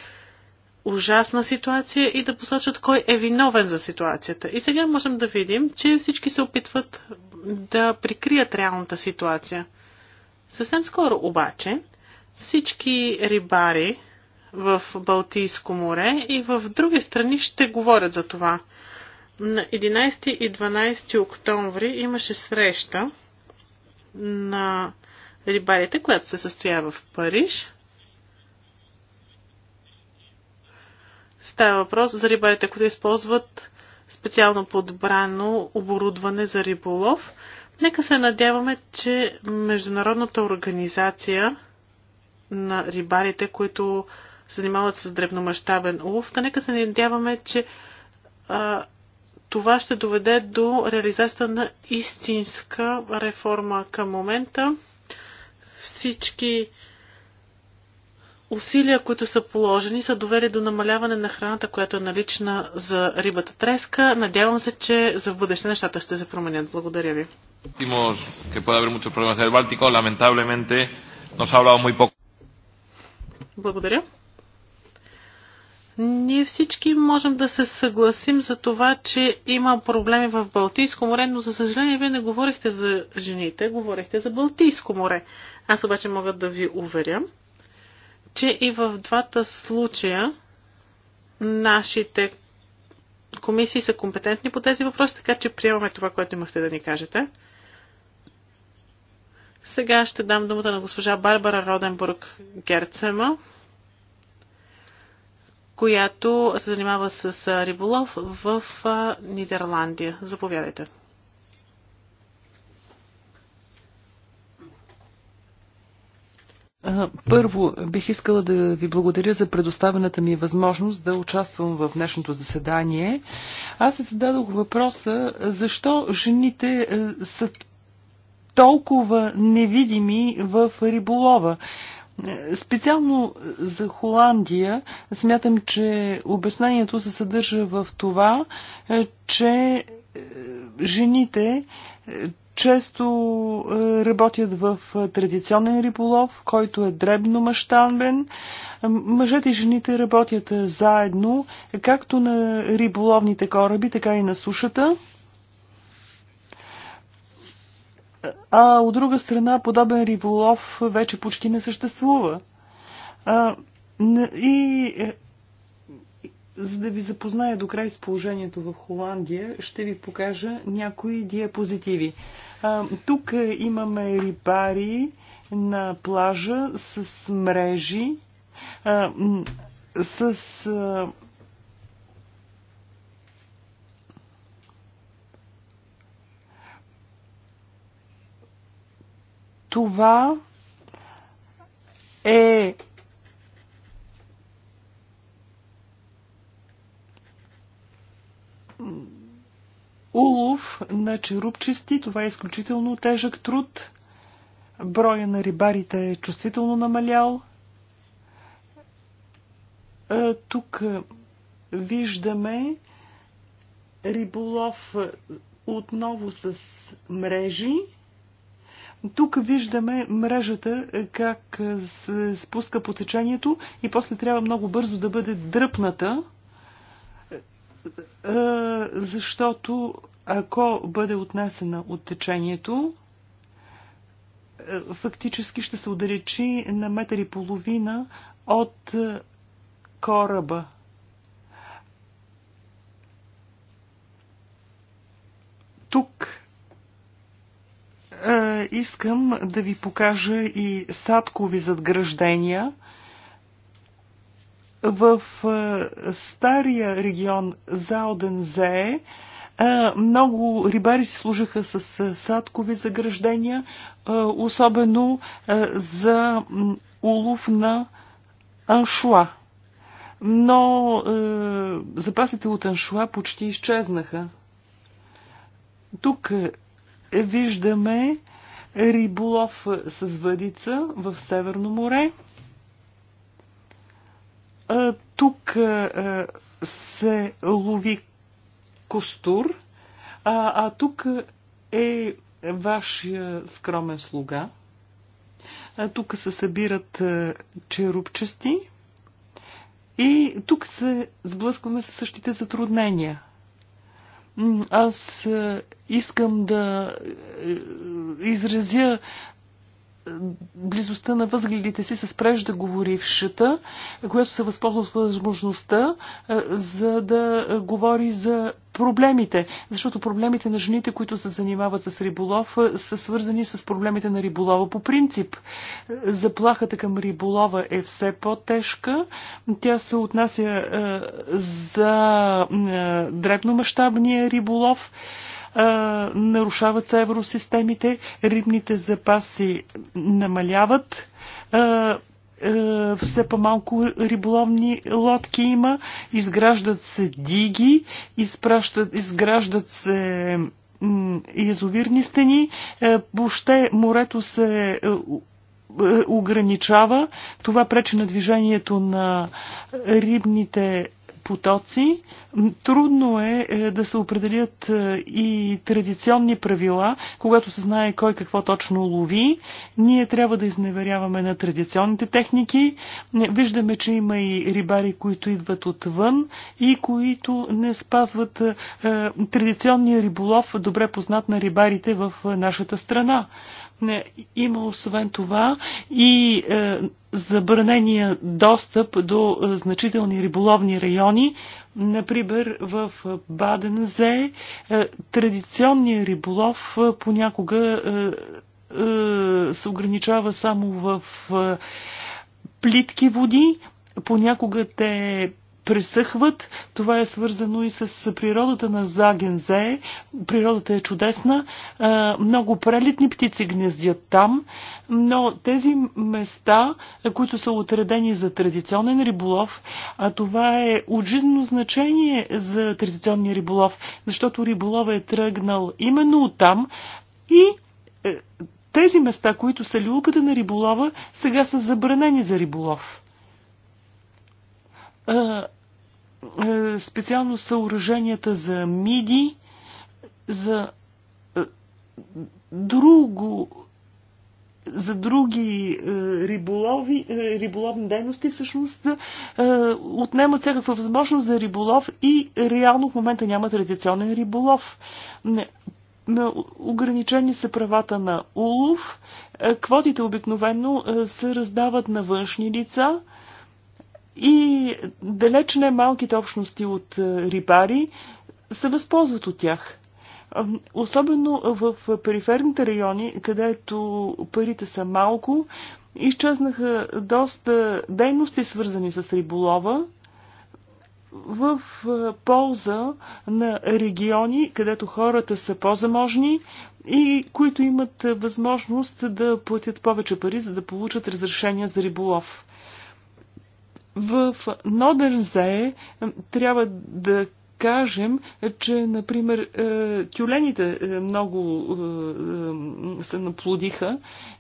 ужасна ситуация и да посочат кой е виновен за ситуацията. И сега можем да видим, че всички се опитват да прикрият реалната ситуация. Съвсем скоро обаче всички рибари в Балтийско море и в други страни ще говорят за това. На 11 и 12 октомври имаше среща на рибарите, която се състоя в Париж – Става въпрос за рибарите, които използват специално подбрано оборудване за риболов. Нека се надяваме, че Международната организация на рибарите, които се занимават с древномащабен улов, да нека се надяваме, че а, това ще доведе до реализацията на истинска реформа към момента. Всички усилия, които са положени, са довели до намаляване на храната, която е налична за рибата треска. Надявам се, че за в бъдеще нещата ще се променят. Благодаря ви. Благодаря. Ние всички можем да се съгласим за това, че има проблеми в Балтийско море, но за съжаление вие не говорихте за жените, говорихте за Балтийско море. Аз обаче мога да ви уверя, че и в двата случая нашите комисии са компетентни по тези въпроси, така че приемаме това, което имахте да ни кажете. Сега ще дам думата на госпожа Барбара Роденбург Герцема, която се занимава с риболов в Нидерландия. Заповядайте. Първо, бих искала да ви благодаря за предоставената ми възможност да участвам в днешното заседание. Аз се зададох въпроса, защо жените е, са толкова невидими в риболова. Е, специално за Холандия смятам, че обяснението се съдържа в това, е, че жените често е, работят в е, традиционен риболов, който е дребно мащабен. Мъжете и жените работят е, заедно, както на риболовните кораби, така и на сушата. А от друга страна, подобен риболов вече почти не съществува. И за да ви запозная до край с положението в Холандия, ще ви покажа някои диапозитиви. Тук е, имаме рибари на плажа с мрежи, с това е улов на черупчести. Това е изключително тежък труд. Броя на рибарите е чувствително намалял. Е, тук е, виждаме риболов е, отново с мрежи. Тук виждаме мрежата как се спуска по течението и после трябва много бързо да бъде дръпната защото ако бъде отнесена от течението, фактически ще се отдалечи на метър и половина от кораба. Тук искам да ви покажа и садкови задграждения – в е, стария регион Заодензее много рибари си служиха с садкови заграждения, е, особено е, за улов на аншуа. Но запасите от аншуа почти изчезнаха. Тук виждаме риболов с въдица в Северно море. се лови костур, а, а тук е вашия скромен слуга. А, тук се събират черупчести и тук се сблъскваме с същите затруднения аз искам да изразя близостта на възгледите си с преждаговорившата, която се възползва от възможността, за да говори за проблемите. Защото проблемите на жените, които се занимават с риболов, са свързани с проблемите на риболова по принцип. Заплахата към риболова е все по-тежка. Тя се отнася за дребномащабния риболов нарушават евросистемите, рибните запаси намаляват, все по-малко риболовни лодки има, изграждат се диги, изграждат се язовирни стени, въобще морето се ограничава. Това пречи на движението на рибните потоци. Трудно е, е да се определят е, и традиционни правила, когато се знае кой какво точно лови. Ние трябва да изневеряваме на традиционните техники. Виждаме, че има и рибари, които идват отвън и които не спазват е, традиционния риболов, добре познат на рибарите в нашата страна. Не, има освен това и е, забранения достъп до е, значителни риболовни райони. Например, в Бадензе е, традиционният риболов е, понякога е, е, се ограничава само в е, плитки води. Понякога те пресъхват. Това е свързано и с природата на Загензе. Природата е чудесна. Много прелетни птици гнездят там, но тези места, които са отредени за традиционен риболов, а това е от жизнено значение за традиционния риболов, защото риболов е тръгнал именно от там и е, тези места, които са люлката на риболова, сега са забранени за риболов специално съоръженията за миди, за друго за други риболови, риболовни дейности всъщност отнемат всякаква възможност за риболов и реално в момента няма традиционен риболов. Не, На ограничени са правата на улов. квотите обикновено се раздават на външни лица и далеч не малките общности от е, рибари се възползват от тях. Особено в периферните райони, където парите са малко, изчезнаха доста дейности, свързани с риболова, в е, полза на региони, където хората са по-заможни и които имат е, възможност да платят повече пари, за да получат разрешения за риболов. В Нодерзе трябва да кажем, че, например, е, тюлените е, много е, се наплодиха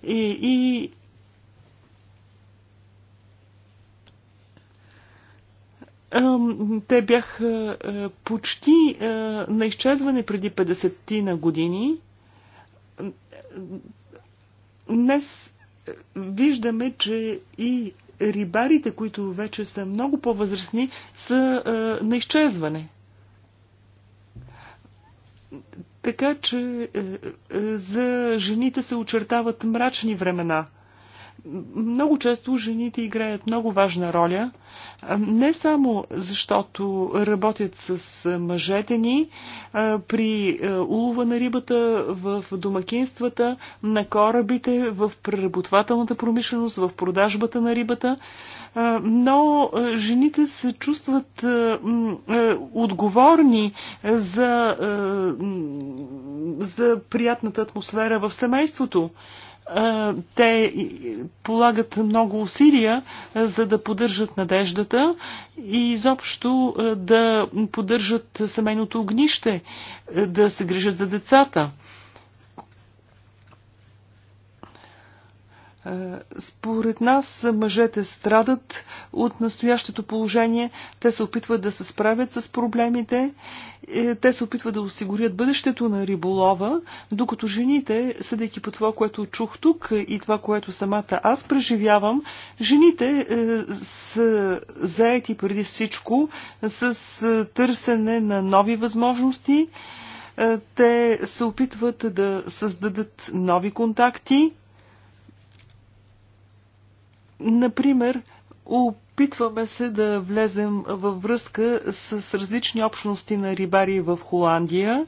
и, и те бяха почти на изчезване преди 50-ти на години. Днес виждаме, че и рибарите, които вече са много по-възрастни, са е, на изчезване. Така че е, е, за жените се очертават мрачни времена много често жените играят много важна роля, не само защото работят с мъжете ни при улова на рибата, в домакинствата, на корабите, в преработвателната промишленост, в продажбата на рибата, но жените се чувстват отговорни за, за приятната атмосфера в семейството те полагат много усилия, за да поддържат надеждата и изобщо да поддържат семейното огнище, да се грижат за децата. Според нас мъжете страдат от настоящето положение, те се опитват да се справят с проблемите, е, те се опитват да осигурят бъдещето на риболова, докато жените, съдейки по това, което чух тук и това, което самата аз преживявам, жените е, са заети преди всичко с е, търсене на нови възможности, те се опитват да създадат нови контакти, Например, опитваме се да влезем във връзка с различни общности на рибари в Холандия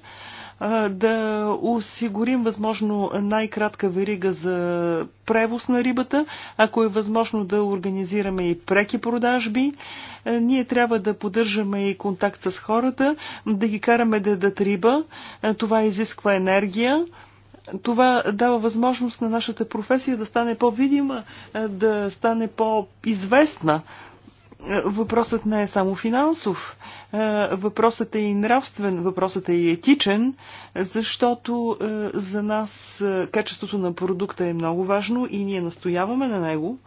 да осигурим възможно най-кратка верига за превоз на рибата, ако е възможно да организираме и преки продажби. Ние трябва да поддържаме и контакт с хората, да ги караме да дадат риба. Това изисква енергия това дава възможност на нашата професия да стане по-видима, е, да стане по-известна. Е, въпросът не е само финансов, е, въпросът е и нравствен, въпросът е и етичен, защото за нас качеството на продукта е много важно и ние настояваме на него.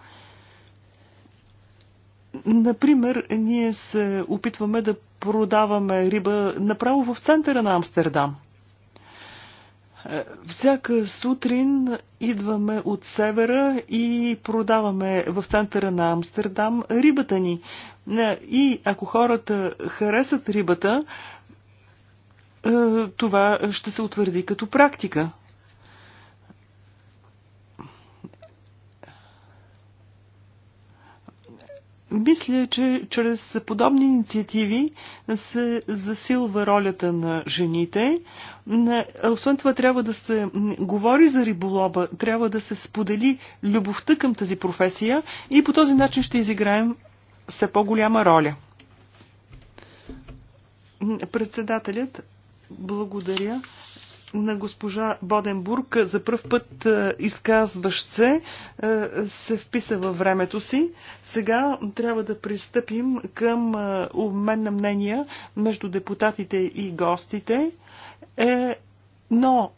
Например, ние се опитваме да продаваме риба направо в центъра на Амстердам – е, всяка сутрин идваме от севера и продаваме в центъра на Амстердам рибата ни. Е, и ако хората харесат рибата, е, това ще се утвърди като практика. Мисля, че чрез подобни инициативи се засилва ролята на жените. Освен това трябва да се говори за риболоба, трябва да се сподели любовта към тази професия и по този начин ще изиграем все по-голяма роля. Председателят, благодаря на госпожа Боденбург, за първ път е, изказващ се, е, се вписа във времето си. Сега трябва да пристъпим към е, обмен на мнения между депутатите и гостите. Но,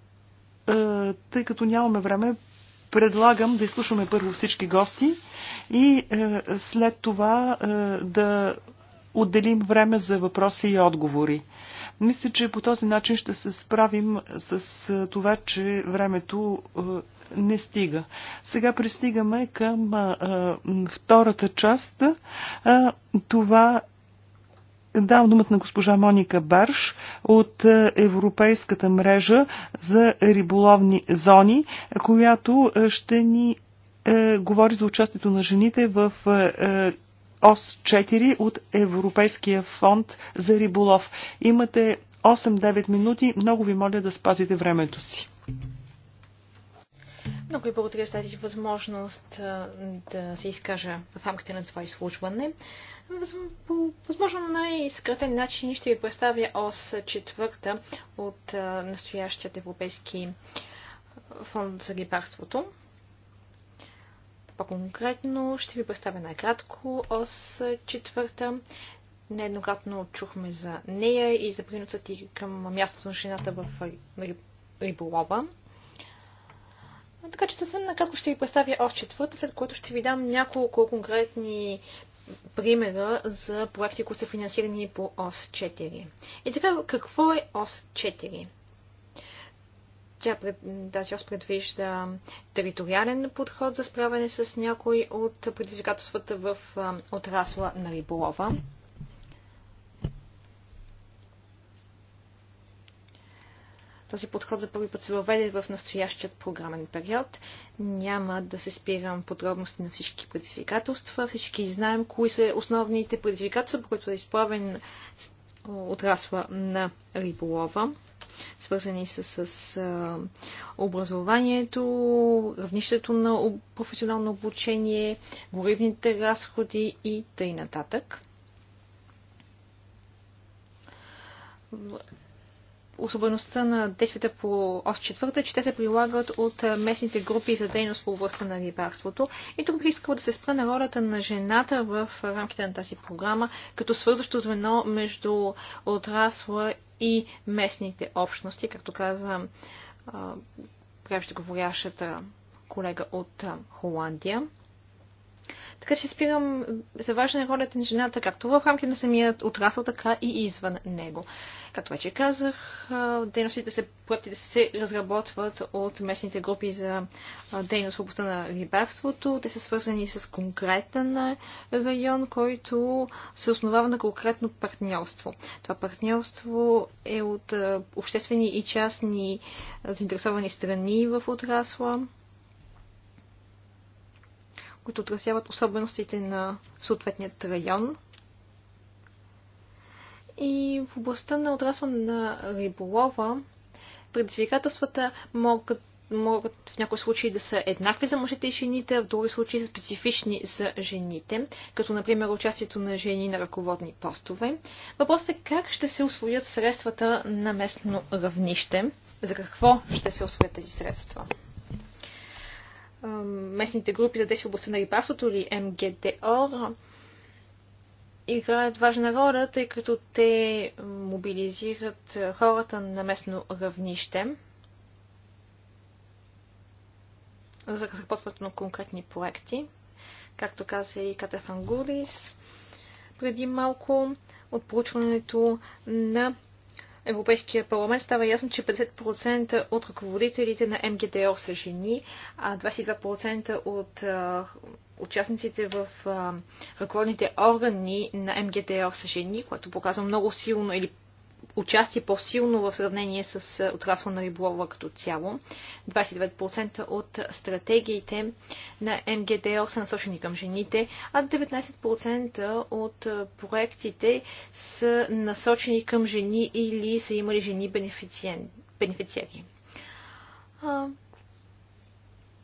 тъй като нямаме време, предлагам да изслушаме първо всички гости и след това да отделим време за въпроси и отговори. Мисля, че по този начин ще се справим с това, че времето не стига. Сега пристигаме към втората част. Това Давам думата на госпожа Моника Барш от Европейската мрежа за риболовни зони, която ще ни говори за участието на жените в ОС 4 от Европейския фонд за риболов. Имате 8-9 минути. Много ви моля да спазите времето си. Много ви благодаря за тази възможност да се изкажа в рамките на това изслужване. По възможно най-съкратен начин ще ви представя ОС четвърта от настоящият Европейски фонд за рибарството. По-конкретно ще ви представя накратко ОС четвърта. Нееднократно чухме за нея и за приносът и към мястото на шината в нали, риболова. Така че съвсем накратко ще ви представя ОС четвърта, след което ще ви дам няколко конкретни примера за проекти, които са финансирани по ОС 4. И така, какво е ОС 4? Тя тази ос предвижда териториален подход за справяне с някои от предизвикателствата в отрасла на риболова. Този подход за първи път се въведе в настоящият програмен период. Няма да се спирам подробности на всички предизвикателства. Всички знаем кои са основните предизвикателства, по които е изправен отрасла на риболова свързани с, с, с образованието, равнището на професионално обучение, горивните разходи и т.н. Особеността на действията по ОС 4 е, че те се прилагат от местните групи за дейност в областта на рибарството. И тук бих искала да се спра на ролята на жената в рамките на тази програма, като свързващо звено между отрасла и местните общности, както каза преждеговорящата колега от Холандия. Така че спирам за важна е ролята на жената, както в рамките на самият отрасъл, така и извън него. Както вече казах, дейностите се, проектите се разработват от местните групи за дейност в областта на рибарството. Те са свързани с конкретен район, който се основава на конкретно партньорство. Това партньорство е от обществени и частни заинтересовани страни в отрасла които отразяват особеностите на съответният район. И в областта на отрасъл на риболова предизвикателствата могат могат в някои случаи да са еднакви за мъжете и жените, а в други случаи са специфични за жените, като например участието на жени на ръководни постове. Въпросът е как ще се освоят средствата на местно равнище, за какво ще се освоят тези средства местните групи за действие в областта на рибарството или МГДОР играят важна роля, тъй като те мобилизират хората на местно равнище за разработването на конкретни проекти. Както каза и Катефан Гурис преди малко, от проучването на Европейския парламент става ясно, че 50% от ръководителите на МГТО са жени, а 22% от а, участниците в а, ръководните органи на МГТО са жени, което показва много силно или участие по-силно в сравнение с е, отрасла на риболова като цяло. 29% от стратегиите на МГДО са насочени към жените, а 19% от е, проектите са насочени към жени или са имали жени бенефициари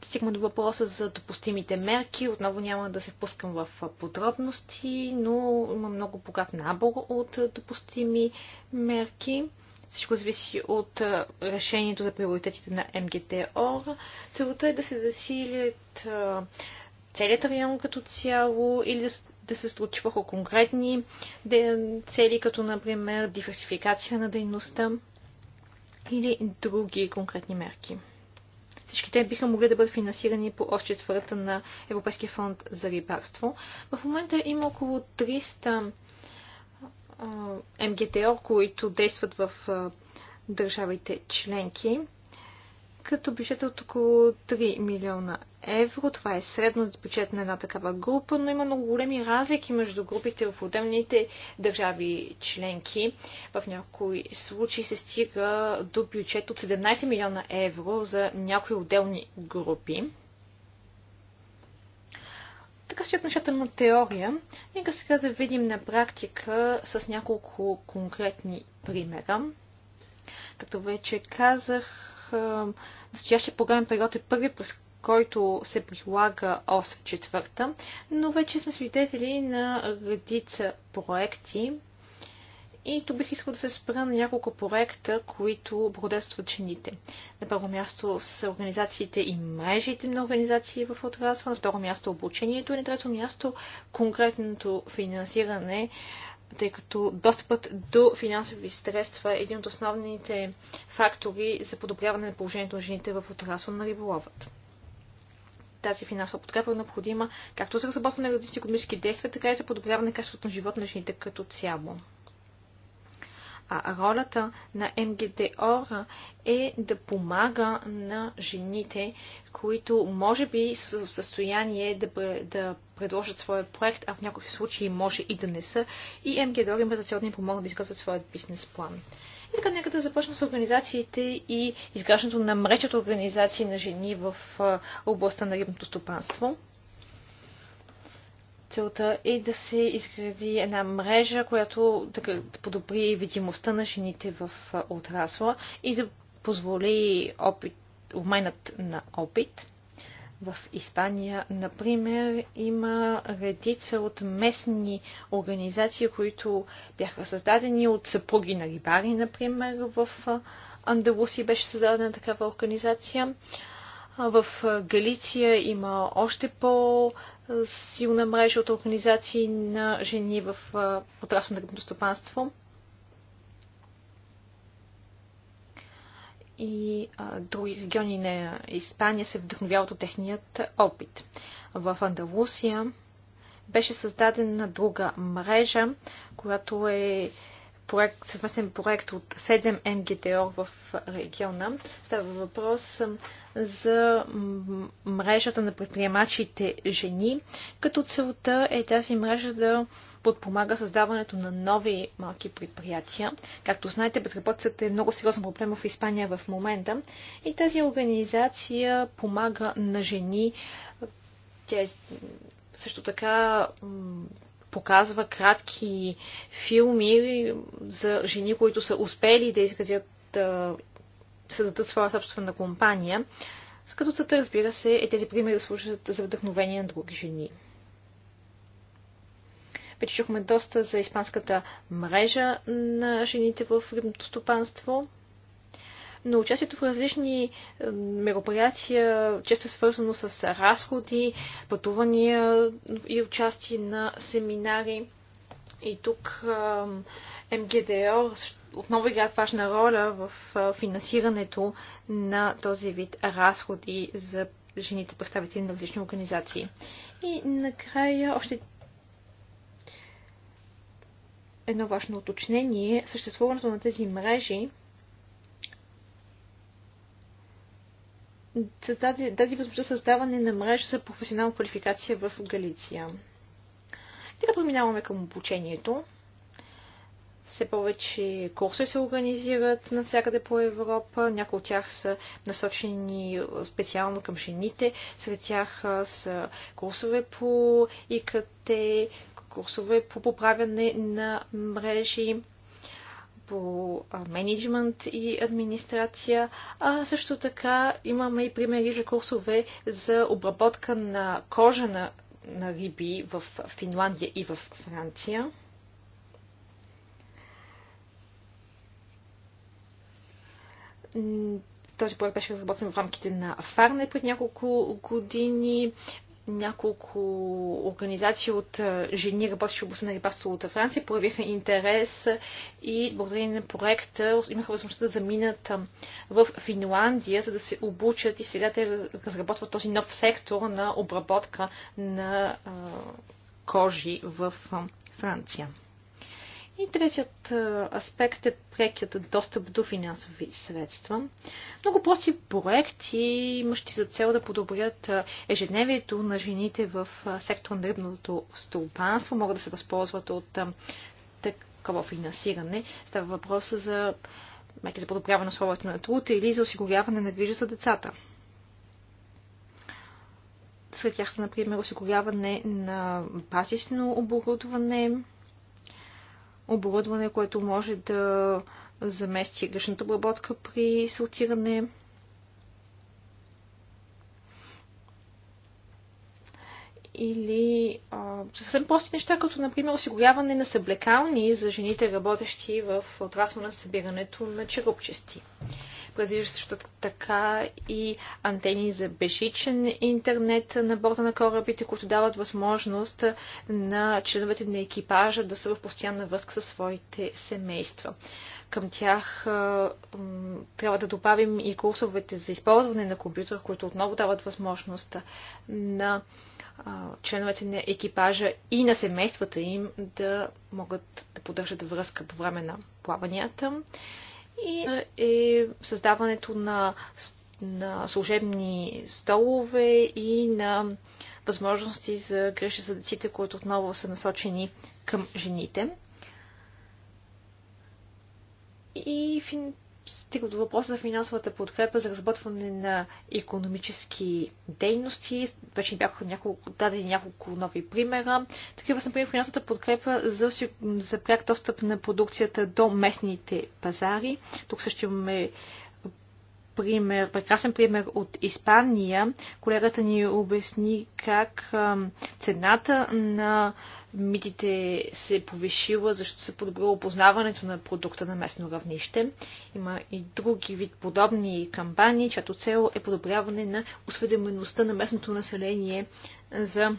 стигна до въпроса за допустимите мерки. Отново няма да се впускам в подробности, но има много богат набор от допустими мерки. Всичко зависи от решението за приоритетите на МГТОР. Целта е да се засилят целият район като цяло или да се случи върху конкретни цели, като например диверсификация на дейността или други конкретни мерки. Всички те биха могли да бъдат финансирани по още четвърта на Европейския фонд за рибарство. В момента има около 300 МГТО, които действат в държавите членки като бюджет е от около 3 милиона евро. Това е средно бюджет на една такава група, но има много големи разлики между групите в отделните държави членки. В някои случаи се стига до бюджет от 17 милиона евро за някои отделни групи. Така стоят нещата на теория. Нека сега да видим на практика с няколко конкретни примера. Като вече казах, е, настоящия програмен период е първият през който се прилага ОС четвърта, но вече сме свидетели на редица проекти. И тук бих искал да се спра на няколко проекта, които благодарстват жените. На първо място са организациите и мрежите на организации в отрасъл, на второ място обучението и на трето място конкретното финансиране тъй като достъпът до финансови средства е един от основните фактори за подобряване на положението на жените в отрасъл на риболовът. Тази финансова подкрепа е необходима както за разработване на различни економически действия, така и за подобряване на качеството на живот на жените като цяло. А ролята на МГДОР е да помага на жените, които може би са в състояние да, да предложат своя проект, а в някои случаи може и да не са. И МГДОР има за им помогна да изготвят своят бизнес план. И така, нека да започнем с организациите и изграждането на мрежата организации на жени в областта на рибното стопанство. Целта е да се изгради една мрежа, която да подобри видимостта на жените в отрасла и да позволи опит, обменът на опит. В Испания, например, има редица от местни организации, които бяха създадени от съпруги на рибари, например, в Андалуси беше създадена такава организация. В Галиция има още по- силна мрежа от организации на жени в отрасъл на гъбното стопанство. и а, други региони на Испания се вдъхновяват от техният опит. В Андалусия беше създадена друга мрежа, която е проект, съвместен проект от 7 МГТО в региона. Става въпрос за мрежата на предприемачите жени, като целта е тази мрежа да подпомага създаването на нови малки предприятия. Както знаете, безработицата е много сериозен проблем в Испания в момента и тази организация помага на жени. Тя е също така показва кратки филми за жени, които са успели да изградят, да създадат своя собствена компания. С като цата, разбира се, е тези примери да служат за вдъхновение на други жени. Вече чухме доста за испанската мрежа на жените в рибното стопанство но участието в различни мероприятия често е свързано с разходи, пътувания и участие на семинари. И тук МГДО отново играят важна роля в е, финансирането на този вид разходи за жените представители на различни организации. И накрая още едно важно уточнение. Съществуването на тези мрежи тази, даде възможност създаване на мрежа за професионална квалификация в Галиция. И така преминаваме към обучението. Все повече курсове се организират навсякъде по Европа. Някои от тях са насочени специално към жените. Сред тях са курсове по ИКТ, курсове по поправяне на мрежи по менеджмент и администрация, а също така имаме и примери за курсове за обработка на кожа на, на риби в Финландия и в Франция. Този проект беше разработен в рамките на Фарне пред няколко години няколко организации от е, жени, работещи в областта на рибарството от Франция, проявиха интерес и благодарение на проекта имаха възможността да заминат е, в Финландия, за да се обучат и сега те разработват този нов сектор на обработка на е, кожи в Франция. И третият аспект е прекият достъп до финансови средства. Много прости проекти, имащи за цел да подобрят ежедневието на жените в сектор на рибното стопанство, могат да се възползват от такова финансиране. Става въпроса за меки за подобряване на условията на труд или за осигуряване на грижа за децата. Сред тях са, например, осигуряване на базисно оборудване, оборудване, което може да замести гъшната обработка при сортиране. Или а, съвсем прости неща, като например осигуряване на съблекални за жените, работещи в отрасъл на събирането на черупчести предвижда също така и антени за бежичен интернет на борда на корабите, които дават възможност на членовете на екипажа да са в постоянна връзка със своите семейства. Към тях трябва да добавим и курсовете за използване на компютър, които отново дават възможност на членовете на екипажа и на семействата им да могат да поддържат връзка по време на плаванията и е създаването на, на служебни столове и на възможности за грижи за деците, които отново са насочени към жените. И стига до въпроса за финансовата подкрепа за разработване на економически дейности. Вече бяха няколко, дадени няколко нови примера. Такива са, например, финансовата подкрепа за, за пряк достъп на продукцията до местните пазари. Тук също имаме пример, прекрасен пример от Испания. Колегата ни обясни как цената на митите се е повишила, защото се подобрило опознаването на продукта на местно равнище. Има и други вид подобни кампании, чиято цел е подобряване на осведомеността на местното население за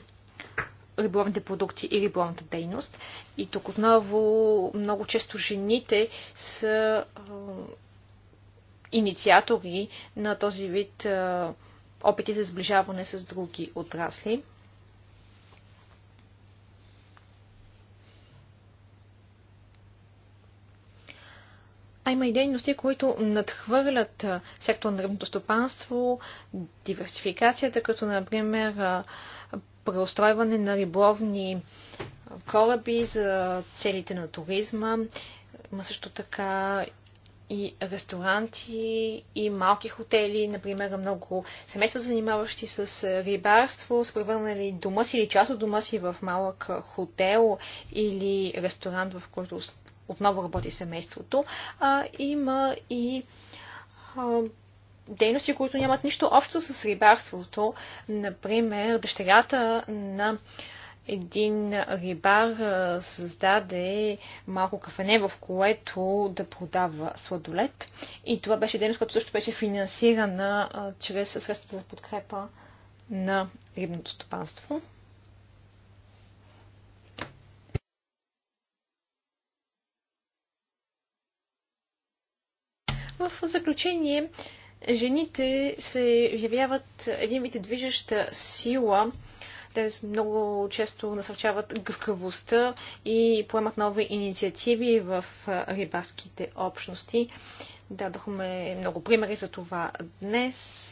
риболовните продукти и риболовната дейност. И тук отново много често жените са инициатори на този вид опити за сближаване с други отрасли. а има и дейности, които надхвърлят сектор на рибното стопанство, диверсификацията, като например преустройване на рибловни кораби за целите на туризма. Има също така и ресторанти, и малки хотели, например, много семейства, занимаващи с рибарство, с превърнали дома си или част от дома си в малък хотел или ресторант, в който отново работи семейството. А, има и а, дейности, които нямат нищо общо с рибарството. Например, дъщерята на а, един рибар създаде малко кафене, в което да продава сладолет. И това беше дейност, която също беше финансирана чрез средствата за подкрепа на рибното стопанство. В заключение, жените се явяват един вид движеща сила те много често насърчават гъвкавостта и поемат нови инициативи в рибарските общности. Дадохме много примери за това днес.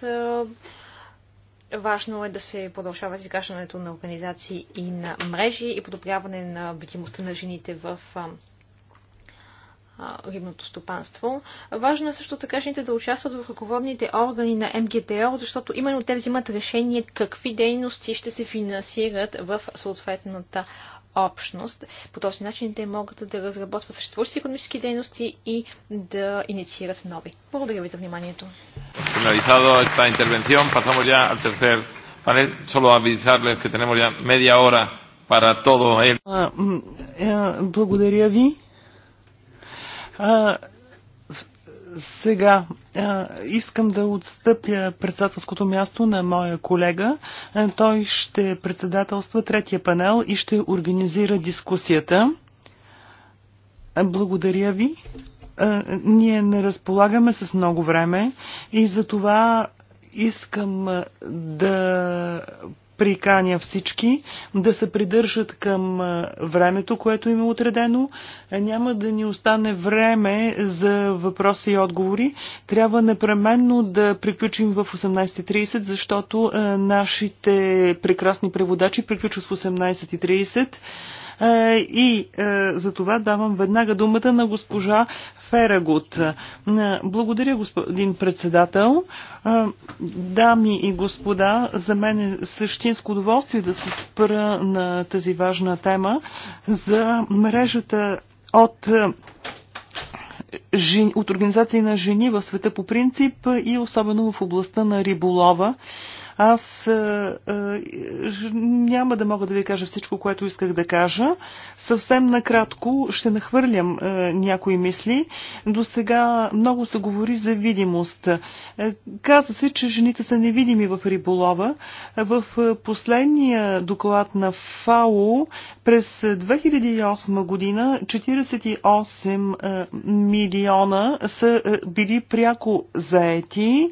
Важно е да се продължава изграждането на организации и на мрежи и подобряване на видимостта на жените в рибното стопанство. Важно е също така жените да участват в ръководните органи на МГТО, защото именно те взимат решение какви дейности ще се финансират в съответната общност. По този начин те могат да разработват съществуващи економически дейности и да инициират нови. Благодаря ви за вниманието. Finalizado esta intervención, pasamos ya al tercer panel. Solo avisarles que tenemos ya media hora para todo el... Ah, mm, eh, благодаря ви. А, сега а, искам да отстъпя председателското място на моя колега. А, той ще председателства третия панел и ще организира дискусията. А, благодаря ви. А, ние не разполагаме с много време и за това искам да приканя всички да се придържат към времето, което им е отредено. Е, няма да ни остане време за въпроси и отговори. Трябва непременно да приключим в 18.30, защото нашите прекрасни преводачи приключват в 18.30. Е, и е, за това давам веднага думата на госпожа Ферагут. Е, благодаря, господин председател. Дами и господа, за мен е същинско удоволствие да се спра на тази важна тема за мрежата от от организации на жени в света по принцип и особено в областта на риболова. Аз е, е, няма да мога да ви кажа всичко, което исках да кажа. Съвсем накратко ще нахвърлям е, някои мисли. До сега много се говори за видимост. Е, каза се, че жените са невидими в риболова. В е, последния доклад на ФАО през 2008 година 48 е, милиона са е, били пряко заети,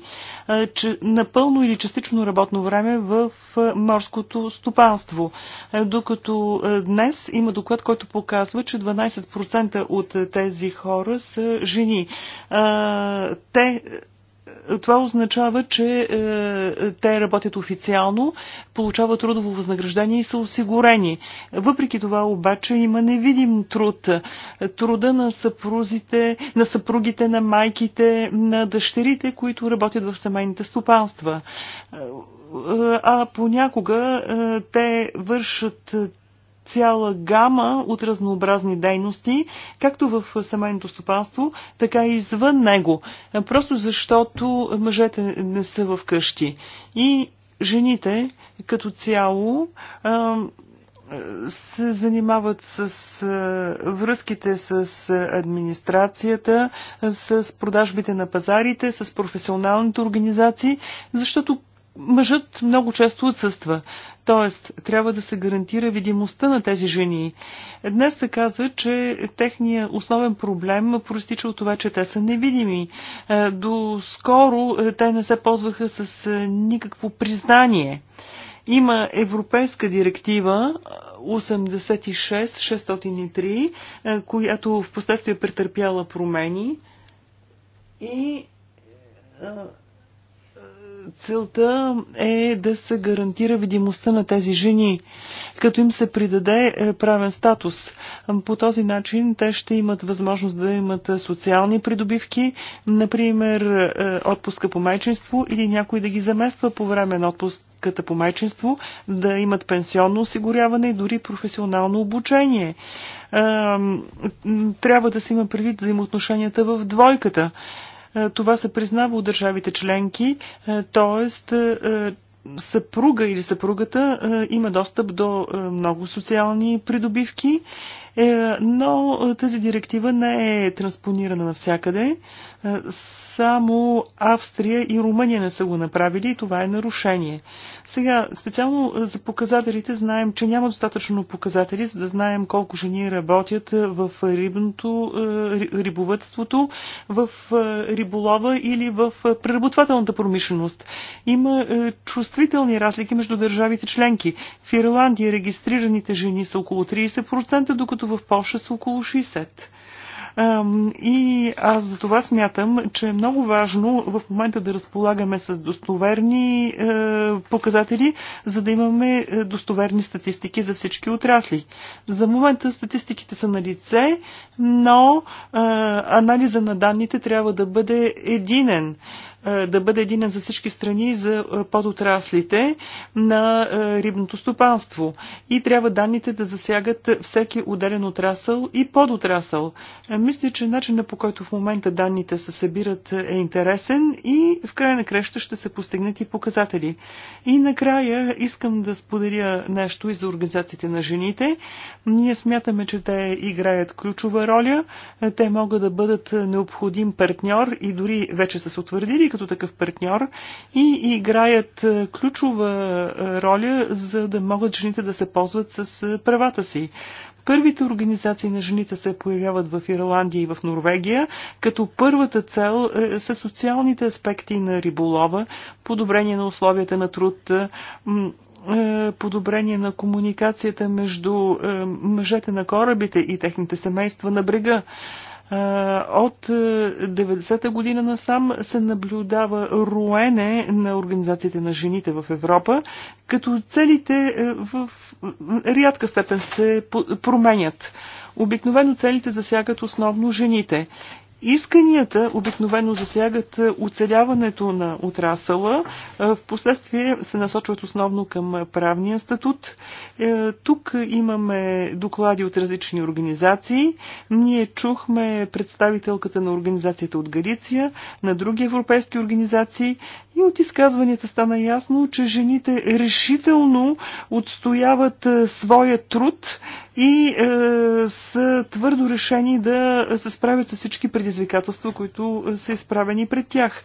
е, че напълно или частично работят работно време в е, морското стопанство. Е, докато е, днес има доклад, който показва, че 12% от тези хора са жени. Те това означава, че е, те работят официално, получават трудово възнаграждение и са осигурени. Въпреки това обаче има невидим труд. Труда на съпрузите, на съпругите, на майките, на дъщерите, които работят в семейните стопанства. Е, е, а понякога е, те вършат цяла гама от разнообразни дейности, както в семейното стопанство, така и извън него. Просто защото мъжете не са в къщи. И жените като цяло се занимават с връзките с администрацията, с продажбите на пазарите, с професионалните организации, защото мъжът много често отсъства. Тоест, трябва да се гарантира видимостта на тези жени. Днес се каза, че техният основен проблем проистича от това, че те са невидими. Е, До скоро е, те не се ползваха с е, никакво признание. Има европейска директива 86-603, която в последствие претърпяла промени и целта е да се гарантира видимостта на тези жени, като им се придаде е, правен статус. По този начин те ще имат възможност да имат е, социални придобивки, например е, отпуска по майчинство или някой да ги замества по време на отпуската по майчинство, да имат пенсионно осигуряване и дори професионално обучение. Трябва да се има предвид взаимоотношенията в двойката. Е, това се признава от държавите членки, т.е е, е, съпруга или съпругата има достъп до много социални придобивки е, но тази директива не е транспонирана навсякъде. Е, само Австрия и Румъния не са го направили и това е нарушение. Сега, специално за показателите знаем, че няма достатъчно показатели, за да знаем колко жени работят в рибното, е, рибовътството, в риболова или в преработвателната промишленост. Има чувствителни разлики между държавите членки. В Ирландия регистрираните жени са около 30%, докато като в Польша са около 60. И аз за това смятам, че е много важно в момента да разполагаме с достоверни е, показатели, за да имаме е, достоверни статистики за всички отрасли. За момента статистиките са на лице, но е, анализа на данните трябва да бъде единен. Е, да бъде един за всички страни за е, подотраслите на е, рибното стопанство. И трябва данните да засягат всеки отделен отрасъл и подотрасъл. Мисля, че начинът по който в момента данните се събират е интересен и в край на креща ще се постигнат и показатели. И накрая искам да споделя нещо и за организациите на жените. Ние смятаме, че те играят ключова роля. Те могат да бъдат необходим партньор и дори вече са се утвърдили като такъв партньор и играят е, ключова е, роля, за да могат жените да се ползват с е, правата си. Първите организации на жените се появяват в Ирландия и в Норвегия, като първата цел са социалните аспекти на риболова, подобрение на условията на труд, подобрение на комуникацията между мъжете на корабите и техните семейства на брега. От 90-та е, година насам се наблюдава роене на организациите на жените в Европа, като целите е, в е, рядка степен се променят. Обикновено целите засягат основно жените. Исканията обикновено засягат е, оцеляването на отрасъла, е, в последствие се насочват основно към правния статут. Е, тук имаме доклади от различни организации. Ние чухме представителката на организацията от Галиция, на други европейски организации и от изказванията стана ясно, че жените решително отстояват своя труд и е, са твърдо решени да се справят с всички предизвикателства, които е, са изправени пред тях.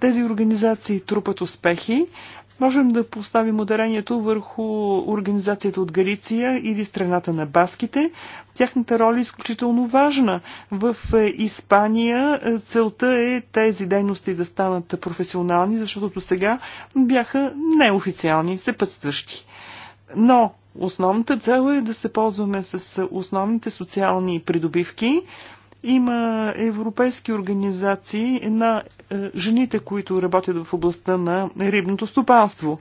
Тези организации трупат успехи. Можем да поставим ударението върху организацията от Галиция или страната на баските. Тяхната роля е изключително важна. В е, Испания е, целта е тези дейности да станат професионални, защото сега бяха неофициални, съпътстващи. Но основната цел е да се ползваме с основните социални придобивки. Има европейски организации на е, жените, които работят в областта на рибното стопанство.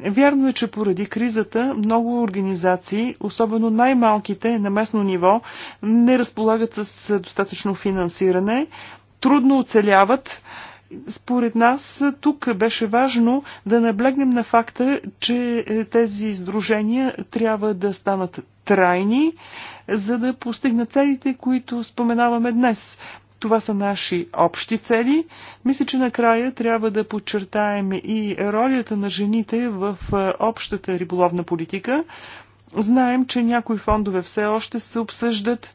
Вярно е, че поради кризата много организации, особено най-малките на местно ниво, не разполагат с достатъчно финансиране, трудно оцеляват, според нас тук беше важно да наблегнем на факта, че е, тези издружения трябва да станат трайни, за да постигнат целите, които споменаваме днес. Това са наши общи цели. Мисля, че накрая трябва да подчертаем и ролята на жените в е, общата риболовна политика. Знаем, че някои фондове все още се обсъждат,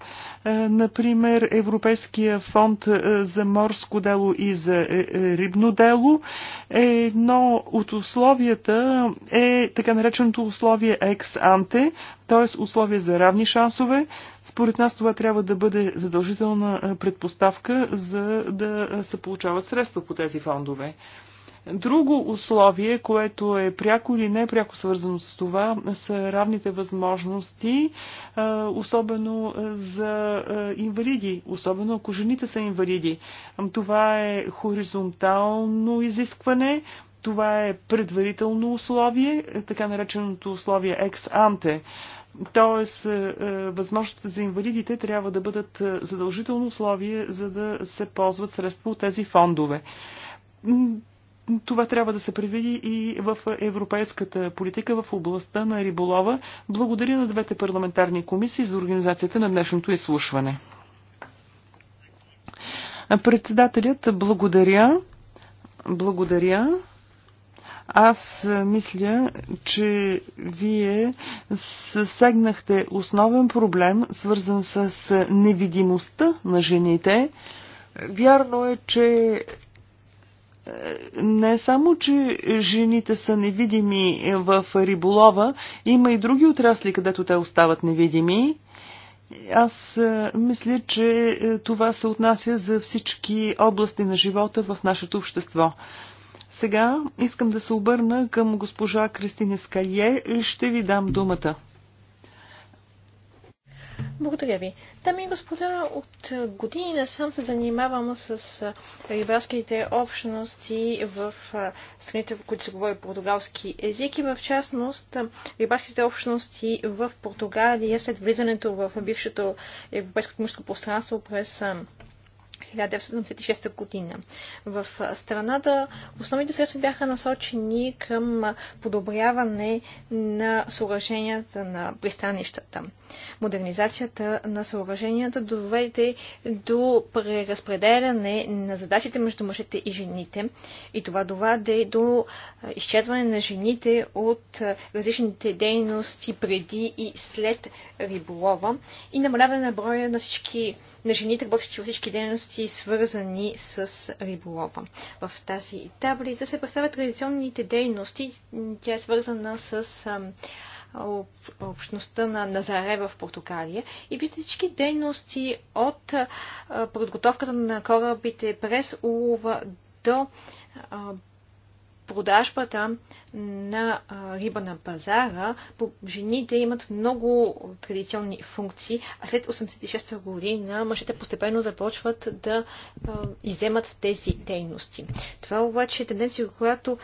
е, например Европейския фонд е, за морско дело и за е, рибно дело. Едно от условията е така нареченото условие ex-ante, т.е. условие за равни шансове. Според нас това трябва да бъде задължителна предпоставка за да се получават средства по тези фондове. Друго условие, което е пряко или не пряко свързано с това, са равните възможности, е, особено е, за е, инвалиди, особено ако жените са инвалиди. Това е хоризонтално изискване, това е предварително условие, така нареченото условие ex-ante. Тоест, възможностите за инвалидите трябва да бъдат задължително условие, за да се ползват средства от тези фондове това трябва да се предвиди и в европейската политика в областта на риболова. Благодаря на двете парламентарни комисии за организацията на днешното изслушване. Председателят, благодаря. Благодаря. Аз мисля, че вие съсегнахте основен проблем, свързан с невидимостта на жените. Вярно е, че не само, че жените са невидими в риболова, има и други отрасли, където те остават невидими. Аз е, мисля, че е, това се отнася за всички области на живота в нашето общество. Сега искам да се обърна към госпожа Кристина Скалие. Ще ви дам думата. Благодаря ви. Дами и господа, от години насам се занимавам с рибарските общности в страните, в които се говори португалски език и в частност рибарските общности в Португалия след влизането в бившето европейско комунистическо пространство през 1976 година. В страната основните средства бяха насочени към подобряване на съоръженията на пристанищата. Модернизацията на съоръженията доведе до преразпределяне на задачите между мъжете и жените и това доведе до изчезване на жените от различните дейности преди и след риболова и намаляване на броя на всички на жените, работещи във всички дейности, свързани с риболова. В тази таблица се представят традиционните дейности. Тя е свързана с общността на Назаре в Португалия. И виждате всички дейности от подготовката на корабите през улова до продажбата на риба на пазара, жените имат много традиционни функции, а след 86-та година мъжете постепенно започват да иземат тези дейности. Това обаче е тенденция, която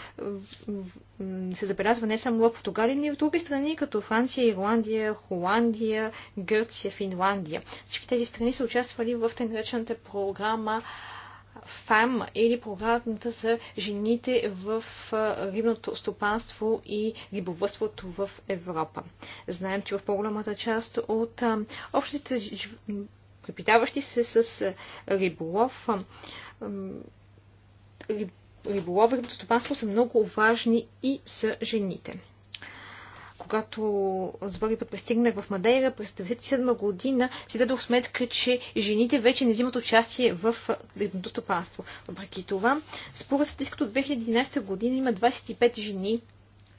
се забелязва не само в Португалия, но и в други страни, като Франция, Ирландия, Холандия, Гърция, Финландия. Всички тези страни са участвали в тъй наречената програма ФАМ или програмата за жените в рибното стопанство и рибовътството в Европа. Знаем, че в по-голямата част от общите препитаващи се с риболов, риболов и рибото стопанство са много важни и за жените. Когато за първи път пристигнах в Мадейра през 1997 година, си дадох сметка, че жените вече не взимат участие в рибното стопанство. Въпреки това, според статистиката от 2011 година има 25 жени,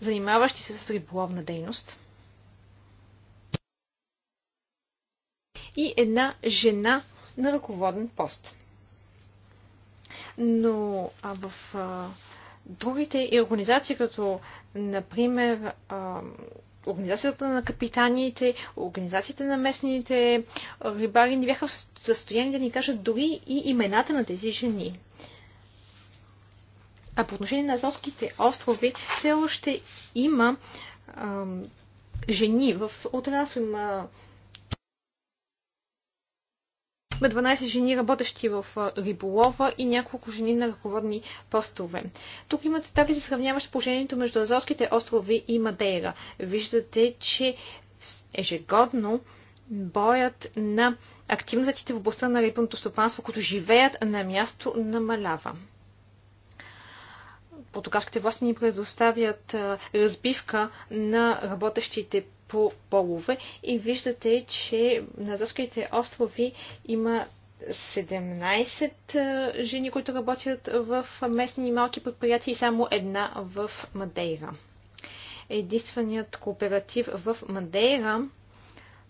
занимаващи се с риболовна дейност. И една жена на ръководен пост. Но а в а, другите и организации, като, например, Организацията на капитаните, организацията на местните рибари не бяха в състояние да ни кажат дори и имената на тези жени. А по отношение на Азорските острови все още има ам, жени в отрасъл, има има 12 жени работещи в риболова и няколко жени на ръководни постове. Тук имате таблица, сравняващ положението между Азорските острови и Мадейра. Виждате, че ежегодно боят на активностите в областта на рибното стопанство, които живеят на място намалява. Португалските власти ни предоставят разбивка на работещите по полове и виждате, че на Азорските острови има 17 жени, които работят в местни малки предприятия и само една в Мадейра. Единственият кооператив в Мадейра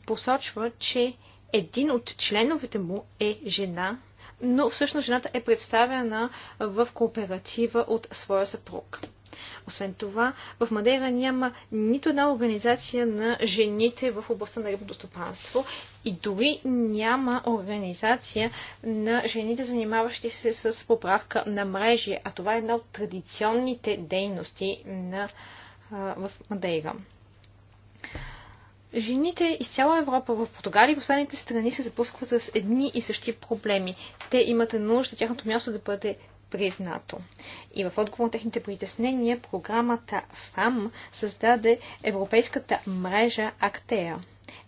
посочва, че един от членовете му е жена, но всъщност жената е представена в кооператива от своя съпруг. Освен това, в Мадейра няма нито една организация на жените в областта на рибното стопанство и дори няма организация на жените, занимаващи се с поправка на мрежи, а това е една от традиционните дейности на, а, в Мадейра. Жените из цяла Европа, в Португалия и в останалите страни се запускват с едни и същи проблеми. Те имат нужда тяхното място да бъде признато. И в отговор на техните притеснения, програмата ФАМ създаде Европейската мрежа Актея.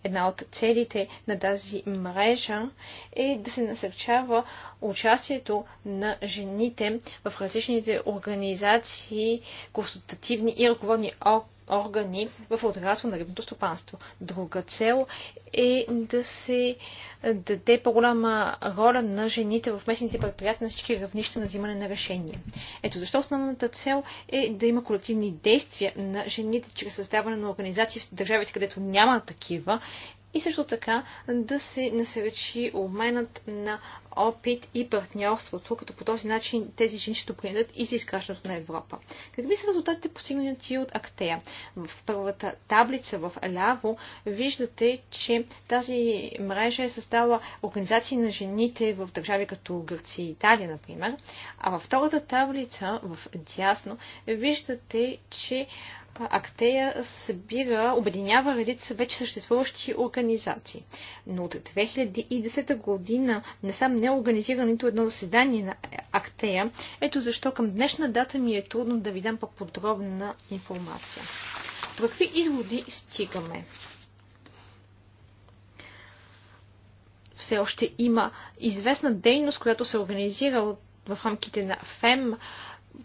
Една от целите на тази мрежа е да се насърчава участието на жените в различните организации, консултативни и ръководни органи в отрасъл на рибното стопанство. Друга цел е да се даде по-голяма роля на жените в местните предприятия на всички равнища на взимане на решения. Ето защо основната цел е да има колективни действия на жените чрез създаване на организации в държавите, където няма такива и също така да се насърчи обменът на опит и партньорството, като по този начин тези жени ще допринесат и за изграждането на Европа. Какви са резултатите постигнати от Актея? В първата таблица в ляво виждате, че тази мрежа е създала организации на жените в държави като Гърция и Италия, например. А във втората таблица в дясно виждате, че Актея събира, обединява редица вече съществуващи организации. Но от 2010 година не сам не е организира нито едно заседание на Актея. Ето защо към днешна дата ми е трудно да ви дам по-подробна информация. До какви изводи стигаме? Все още има известна дейност, която се е организира в рамките на ФЕМ,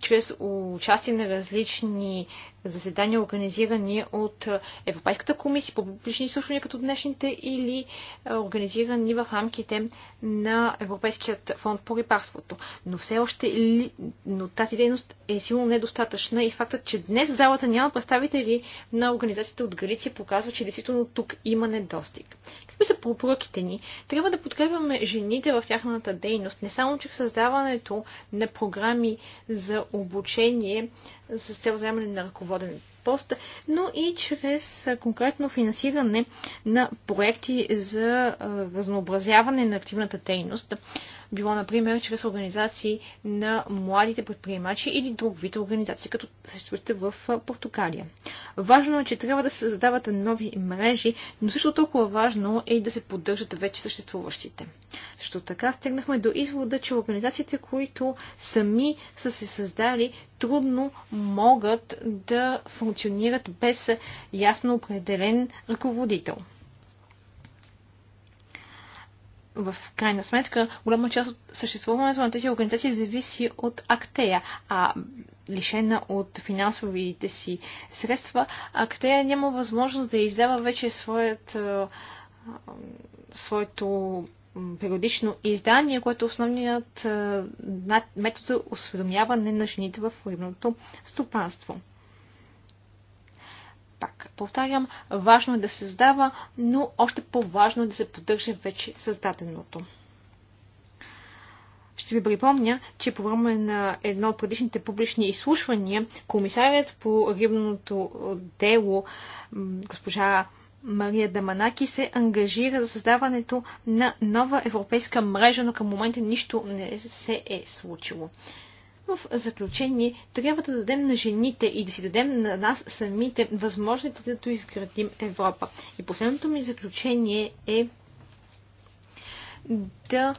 чрез участие на различни заседания, организирани от Европейската комисия по публични изслушвания като днешните или е, организирани в рамките на Европейският фонд по рибарството. Но все още ли... но тази дейност е силно недостатъчна и фактът, че днес в залата няма представители на организацията от Галиция показва, че действително тук има недостиг. Какви са пропоръките ни? Трябва да подкрепяме жените в тяхната дейност, не само чрез създаването на програми за обучение, с цел заемане на ръководен пост, но и чрез конкретно финансиране на проекти за разнообразяване на активната дейност било, например, чрез организации на младите предприемачи или друг вид организации, като съществувате в Португалия. Важно е, че трябва да се създават нови мрежи, но също толкова важно е и да се поддържат вече съществуващите. Също така стигнахме до извода, че организациите, които сами са се създали, трудно могат да функционират без ясно определен ръководител в крайна сметка, голяма част от съществуването на тези организации зависи от Актея, а лишена от финансовите си средства, Актея няма възможност да издава вече своят, своето периодично издание, което е основният метод за осведомяване на жените в рибното стопанство пак повтарям, важно е да се създава, но още по-важно е да се поддържа вече създаденото. Ще ви припомня, че по време на едно от предишните публични изслушвания, комисарят по рибното дело, госпожа Мария Даманаки се ангажира за създаването на нова европейска мрежа, но към момента нищо не се е случило. В заключение, трябва да дадем на жените и да си дадем на нас самите възможности, да изградим Европа. И последното ми заключение е да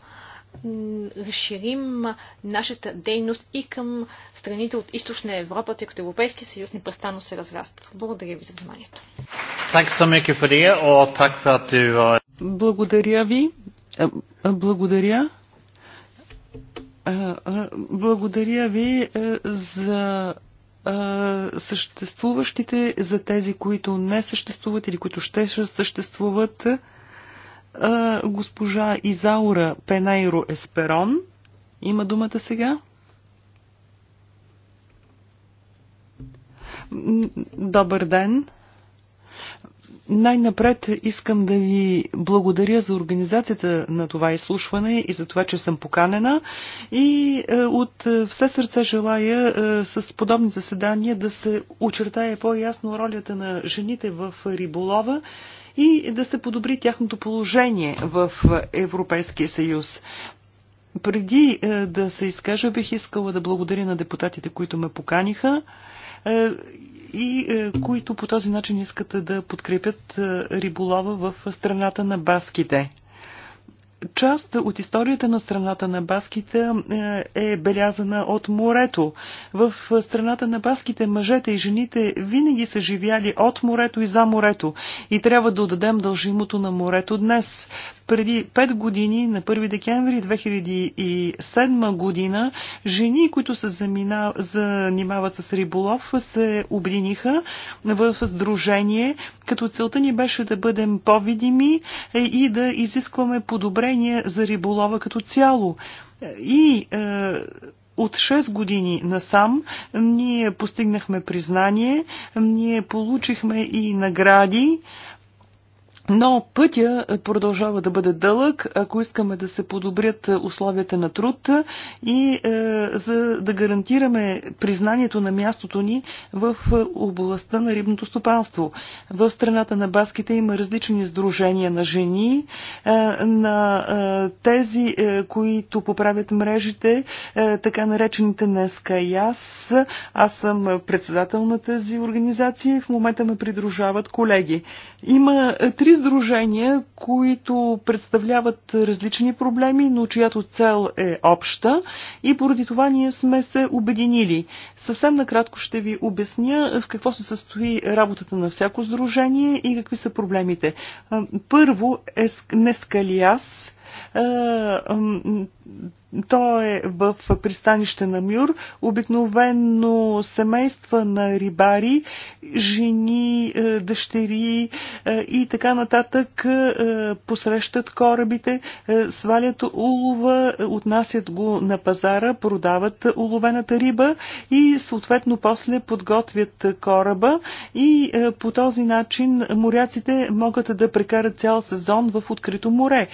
разширим нашата дейност и към страните от източна Европа, тъй като Европейския съюз непрестанно се разраства. Благодаря ви за вниманието. Благодаря ви. Благодаря. Благодаря ви е, за съществуващите, за тези, които не съществуват или които ще съществуват. Госпожа Изаура Пенайро Есперон има думата сега. Добър ден! Най-напред искам да ви благодаря за организацията на това изслушване и за това, че съм поканена. И е, от все сърце желая е, с подобни заседания да се очертая по-ясно ролята на жените в риболова и да се подобри тяхното положение в Европейския съюз. Преди е, да се изкажа, бих искала да благодаря на депутатите, които ме поканиха и е, които по този начин искат да подкрепят е, риболова в страната на баските. Част от историята на страната на баските е, е белязана от морето. В страната на баските мъжете и жените винаги са живяли от морето и за морето. И трябва да отдадем дължимото на морето днес. Преди 5 години, на 1 декември 2007 година, жени, които се замина... занимават с риболов, се обединиха в сдружение, като целта ни беше да бъдем по-видими е, и да изискваме подобрение одобрение за риболова като цяло. И е, от 6 години насам ние постигнахме признание, ние получихме и награди. Но пътя е, продължава да бъде дълъг, ако искаме да се подобрят е, условията на труд е, и е, за да гарантираме признанието на мястото ни в областта на рибното стопанство. В страната на баските има различни сдружения на жени, е, на е, тези, е, които поправят мрежите, е, така наречените днеска и аз. Аз съм председател на тази организация в момента ме придружават колеги. Има три сдружения, които представляват различни проблеми, но чиято цел е обща и поради това ние сме се обединили. Съвсем накратко ще ви обясня в какво се състои работата на всяко сдружение и какви са проблемите. Първо е Нескалиас, то е в пристанище на Мюр. Обикновено семейства на рибари, жени, дъщери и така нататък посрещат корабите, свалят улова, отнасят го на пазара, продават уловената риба и съответно после подготвят кораба и по този начин моряците могат да прекарат цял сезон в открито море.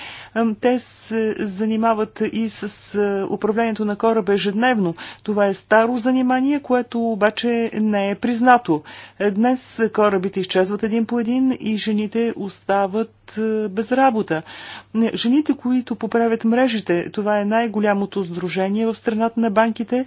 Те се занимават и с е, управлението на кораба ежедневно. Това е старо занимание, което обаче не е признато. Днес корабите изчезват един по един и жените остават е, без работа. Жените, които поправят мрежите, това е най-голямото сдружение в страната на банките.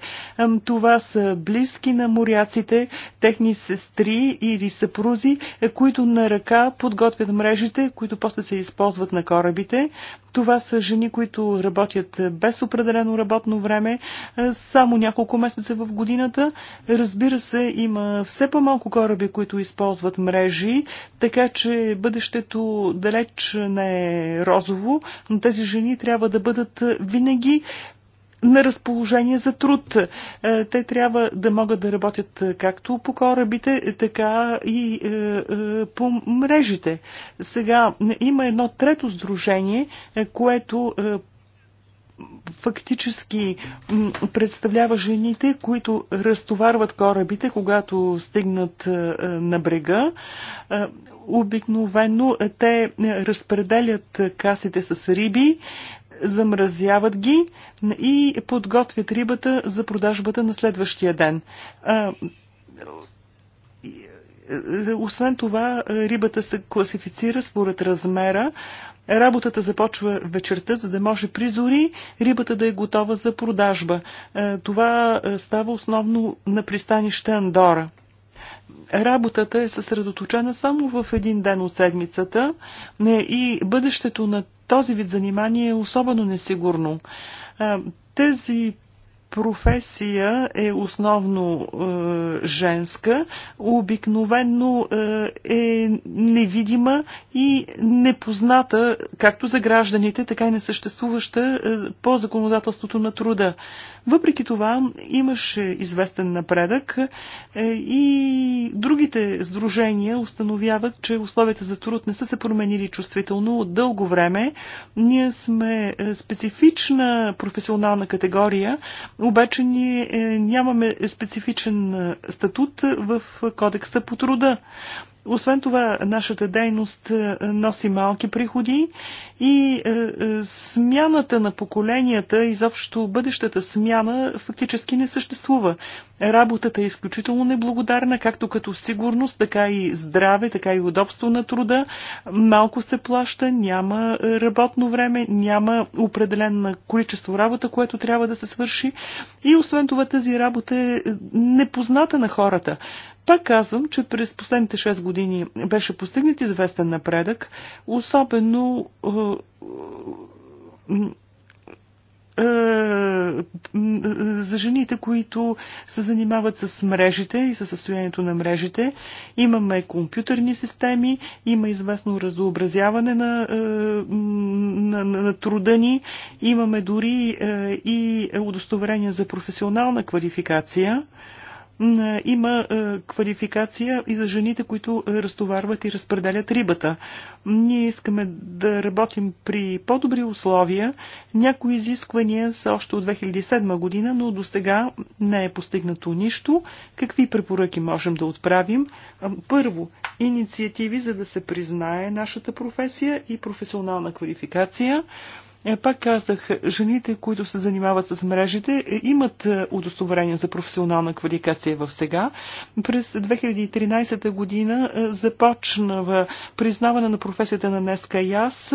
Това са близки на моряците, техни сестри или съпрузи, е, които на ръка подготвят мрежите, които после се използват на корабите. Това са жени, които работят без определено работно време, е, само няколко месеца в годината. Разбира се, има все по-малко кораби, които използват мрежи, така че бъдещето да далеч не е розово, но тези жени трябва да бъдат винаги на разположение за труд. Е, те трябва да могат да работят както по корабите, така и е, е, по мрежите. Сега има едно трето сдружение, което фактически представлява жените, които разтоварват корабите, когато стигнат е, на брега. Е, обикновено е, те разпределят касите с риби, замразяват ги и подготвят рибата за продажбата на следващия ден. Освен това, рибата се класифицира според размера, Работата започва вечерта, за да може при зори рибата да е готова за продажба. Е, това е, става основно на пристанище Андора. Работата е съсредоточена само в един ден от седмицата е, и бъдещето на този вид занимание е особено несигурно. Тези професия е основно е, женска, обикновенно е, е невидима и непозната както за гражданите, така и несъществуваща е, по законодателството на труда. Въпреки това имаше известен напредък е, и другите сдружения установяват, че условията за труд не са се променили чувствително от дълго време. Ние сме е, специфична професионална категория, обаче ние е, нямаме специфичен е, статут в Кодекса по труда. Освен това, нашата дейност е, носи малки приходи и е, е, смяната на поколенията, изобщо бъдещата смяна, фактически не съществува. Работата е изключително неблагодарна, както като сигурност, така и здраве, така и удобство на труда. Малко се плаща, няма работно време, няма определено количество работа, което трябва да се свърши. И освен това тази работа е непозната на хората. Пак казвам, че през последните 6 години беше постигнат известен напредък, особено е, е, е, за жените, които се занимават с мрежите и със състоянието на мрежите. Имаме компютърни системи, има известно разнообразяване на, на, на, на труда ни, имаме дори и удостоверения за професионална квалификация има е, квалификация и за жените, които е, разтоварват и разпределят рибата. Ние искаме да работим при по-добри условия. Някои изисквания са още от 2007 година, но до сега не е постигнато нищо. Какви препоръки можем да отправим? Първо, инициативи за да се признае нашата професия и професионална квалификация. Е, пак казах, жените, които се занимават с мрежите, е, имат е, удостоверение за професионална квалификация в сега. През 2013 година започна в признаване на професията на днеска и аз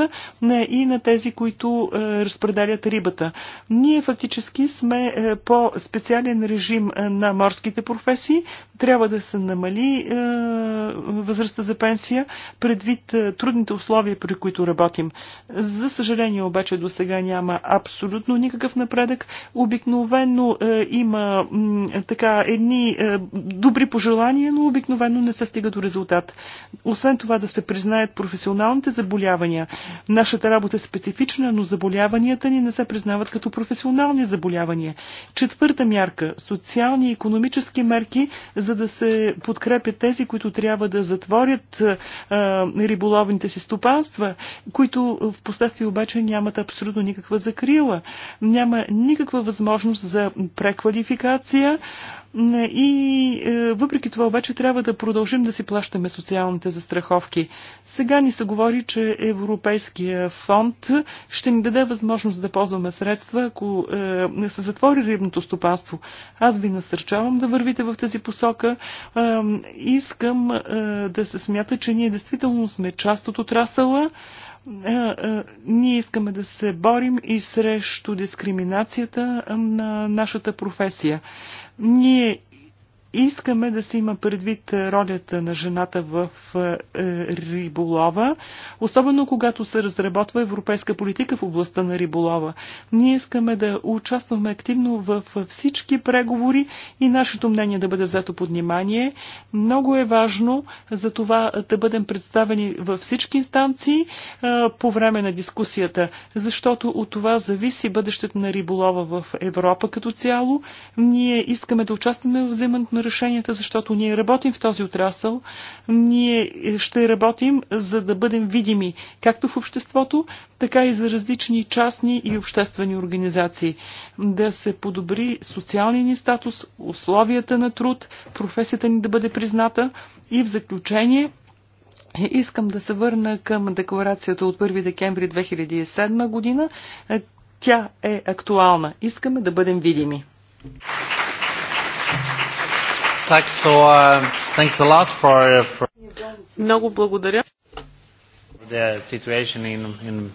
и на тези, които разпределят рибата. Ние фактически сме по специален режим на морските професии, трябва да се намали е, възрастта за пенсия, предвид е, трудните условия, при които работим. За съжаление обаче до сега няма абсолютно никакъв напредък. Обикновено е, има е, така едни е, добри пожелания, но обикновено не се стига до резултат. Освен това да се признаят професионалните заболявания. Нашата работа е специфична, но заболяванията ни не се признават като професионални заболявания. Четвърта мярка – социални и економически мерки за за да се подкрепят тези, които трябва да затворят а, риболовните си стопанства, които в последствие обаче нямат абсолютно никаква закрила. Няма никаква възможност за преквалификация. И е, въпреки това обаче трябва да продължим да си плащаме социалните застраховки. Сега ни се говори, че Европейския фонд ще ни даде възможност да ползваме средства, ако е, не се затвори рибното стопанство. Аз ви насърчавам да вървите в тази посока. Е, искам да се смята, че ние действително сме част от отрасъла ние искаме да се борим и срещу дискриминацията на нашата професия. Ние Искаме да се има предвид е, ролята на жената в е, е, риболова, особено когато се разработва европейска политика в областта на риболова. Ние искаме да участваме активно в всички преговори и нашето мнение да бъде взето под внимание. Много е важно за това да бъдем представени във всички инстанции по време на дискусията, защото от това зависи бъдещето на риболова в Европа като цяло. Ние искаме да участваме в взаимането на решенията, защото ние работим в този отрасъл. Ние е, ще работим, за да бъдем видими както в обществото, така и за различни частни и обществени организации. Да се подобри социалния ни статус, условията на труд, професията ни да бъде призната и в заключение Искам да се върна към декларацията от 1 декември 2007 година. Тя е актуална. Искаме да бъдем видими. Tack så, uh, thanks a lot for, uh, for... Много благодаря. The situation in, in...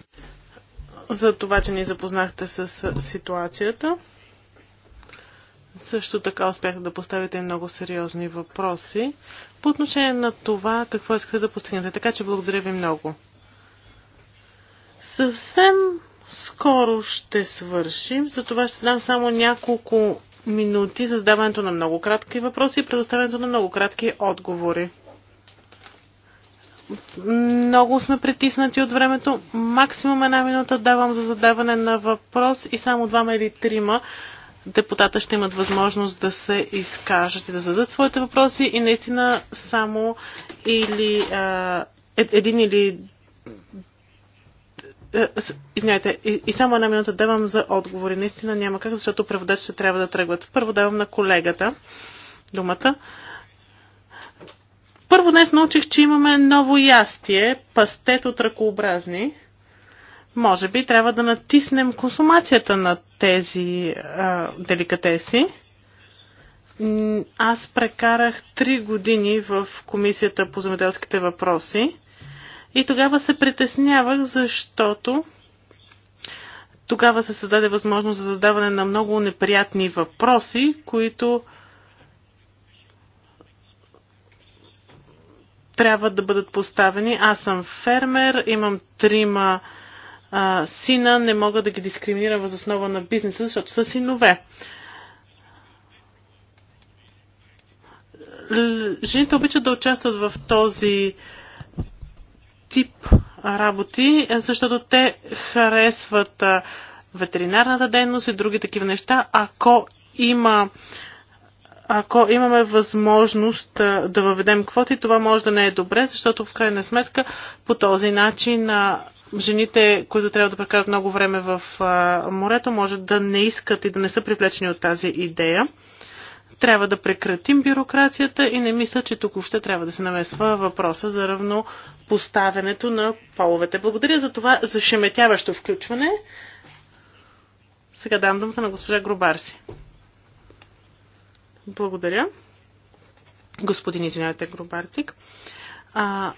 За това, че ни запознахте с ситуацията. Също така успяхте да поставите много сериозни въпроси по отношение на това какво искате да постигнете. Така че благодаря ви много. Съвсем скоро ще свършим, затова ще дам само няколко минути за задаването на много кратки въпроси и предоставянето на много кратки отговори. Много сме притиснати от времето. Максимум една минута давам за задаване на въпрос и само двама или трима депутата ще имат възможност да се изкажат и да зададат своите въпроси и наистина само или а, е, един или е, Извинете, и, и само една минута давам за отговори. Наистина няма как, защото преводачите трябва да тръгват. Първо давам на колегата думата. Първо днес научих, че имаме ново ястие, пастет от ръкообразни. Може би трябва да натиснем консумацията на тези а, деликатеси. Аз прекарах три години в Комисията по земеделските въпроси и тогава се притеснявах, защото тогава се създаде възможност за задаване на много неприятни въпроси, които трябва да бъдат поставени. Аз съм фермер, имам трима а, сина, не мога да ги дискриминирам въз основа на бизнеса, защото са синове. Жените обичат да участват в този тип работи, е, защото те харесват е, ветеринарната дейност и други такива неща. Ако има ако имаме възможност е, да въведем квоти, това може да не е добре, защото в крайна сметка по този начин жените, които трябва да прекарат много време в морето, може да не искат и да не са привлечени от тази идея. Трябва да прекратим бюрокрацията и не мисля, че тук още трябва да се намесва въпроса за равнопоставянето на половете. Благодаря за това зашеметяващо включване. Сега дам думата на госпожа Гробарси. Благодаря. Господин, извинявайте, Гробарцик. А,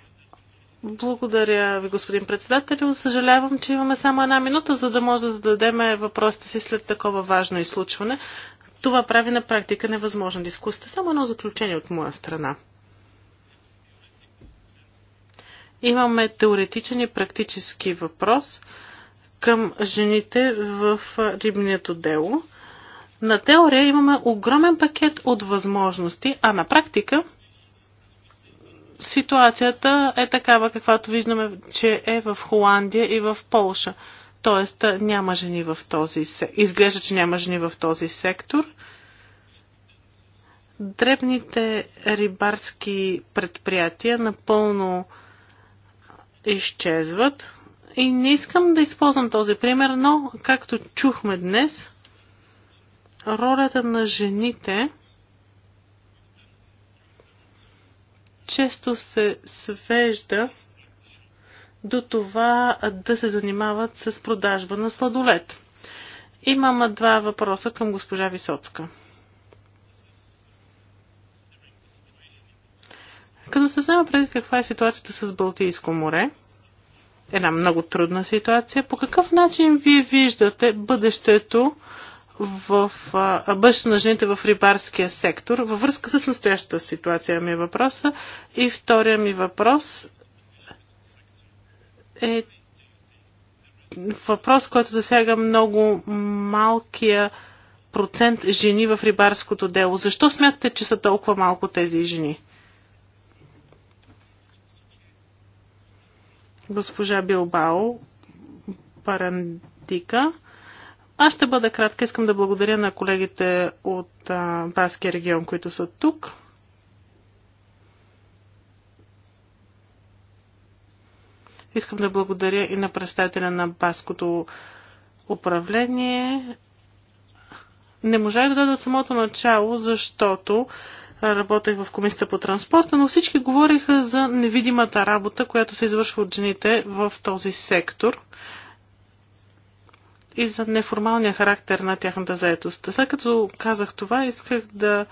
благодаря ви, господин председател. Съжалявам, че имаме само една минута, за да може да зададем въпросите си след такова важно изслучване това прави на практика невъзможна дискусия. Само едно заключение от моя страна. Имаме теоретичен и практически въпрос към жените в рибнето дело. На теория имаме огромен пакет от възможности, а на практика ситуацията е такава, каквато виждаме, че е в Холандия и в Полша. Тоест няма жени в този сектор. изглежда, че няма жени в този сектор. Дребните рибарски предприятия напълно изчезват. И не искам да използвам този пример, но както чухме днес, ролята на жените често се свежда до това да се занимават с продажба на сладолет. Имам два въпроса към госпожа Висоцка. Като се взема преди каква е ситуацията с Балтийско море, една много трудна ситуация, по какъв начин вие виждате бъдещето в бъдеще бъдещето на жените в рибарския сектор във връзка с настоящата ситуация ми е въпроса. И втория ми въпрос е въпрос, който засяга много малкия процент жени в рибарското дело. Защо смятате, че са толкова малко тези жени? Госпожа Билбао Парандика. Аз ще бъда кратка. Искам да благодаря на колегите от Баския регион, които са тук. Искам да благодаря и на представителя на Баското управление. Не можах да дойда от самото начало, защото работех в комисията по транспорта, но всички говориха за невидимата работа, която се извършва от жените в този сектор и за неформалния характер на тяхната заетост. След като казах това, исках да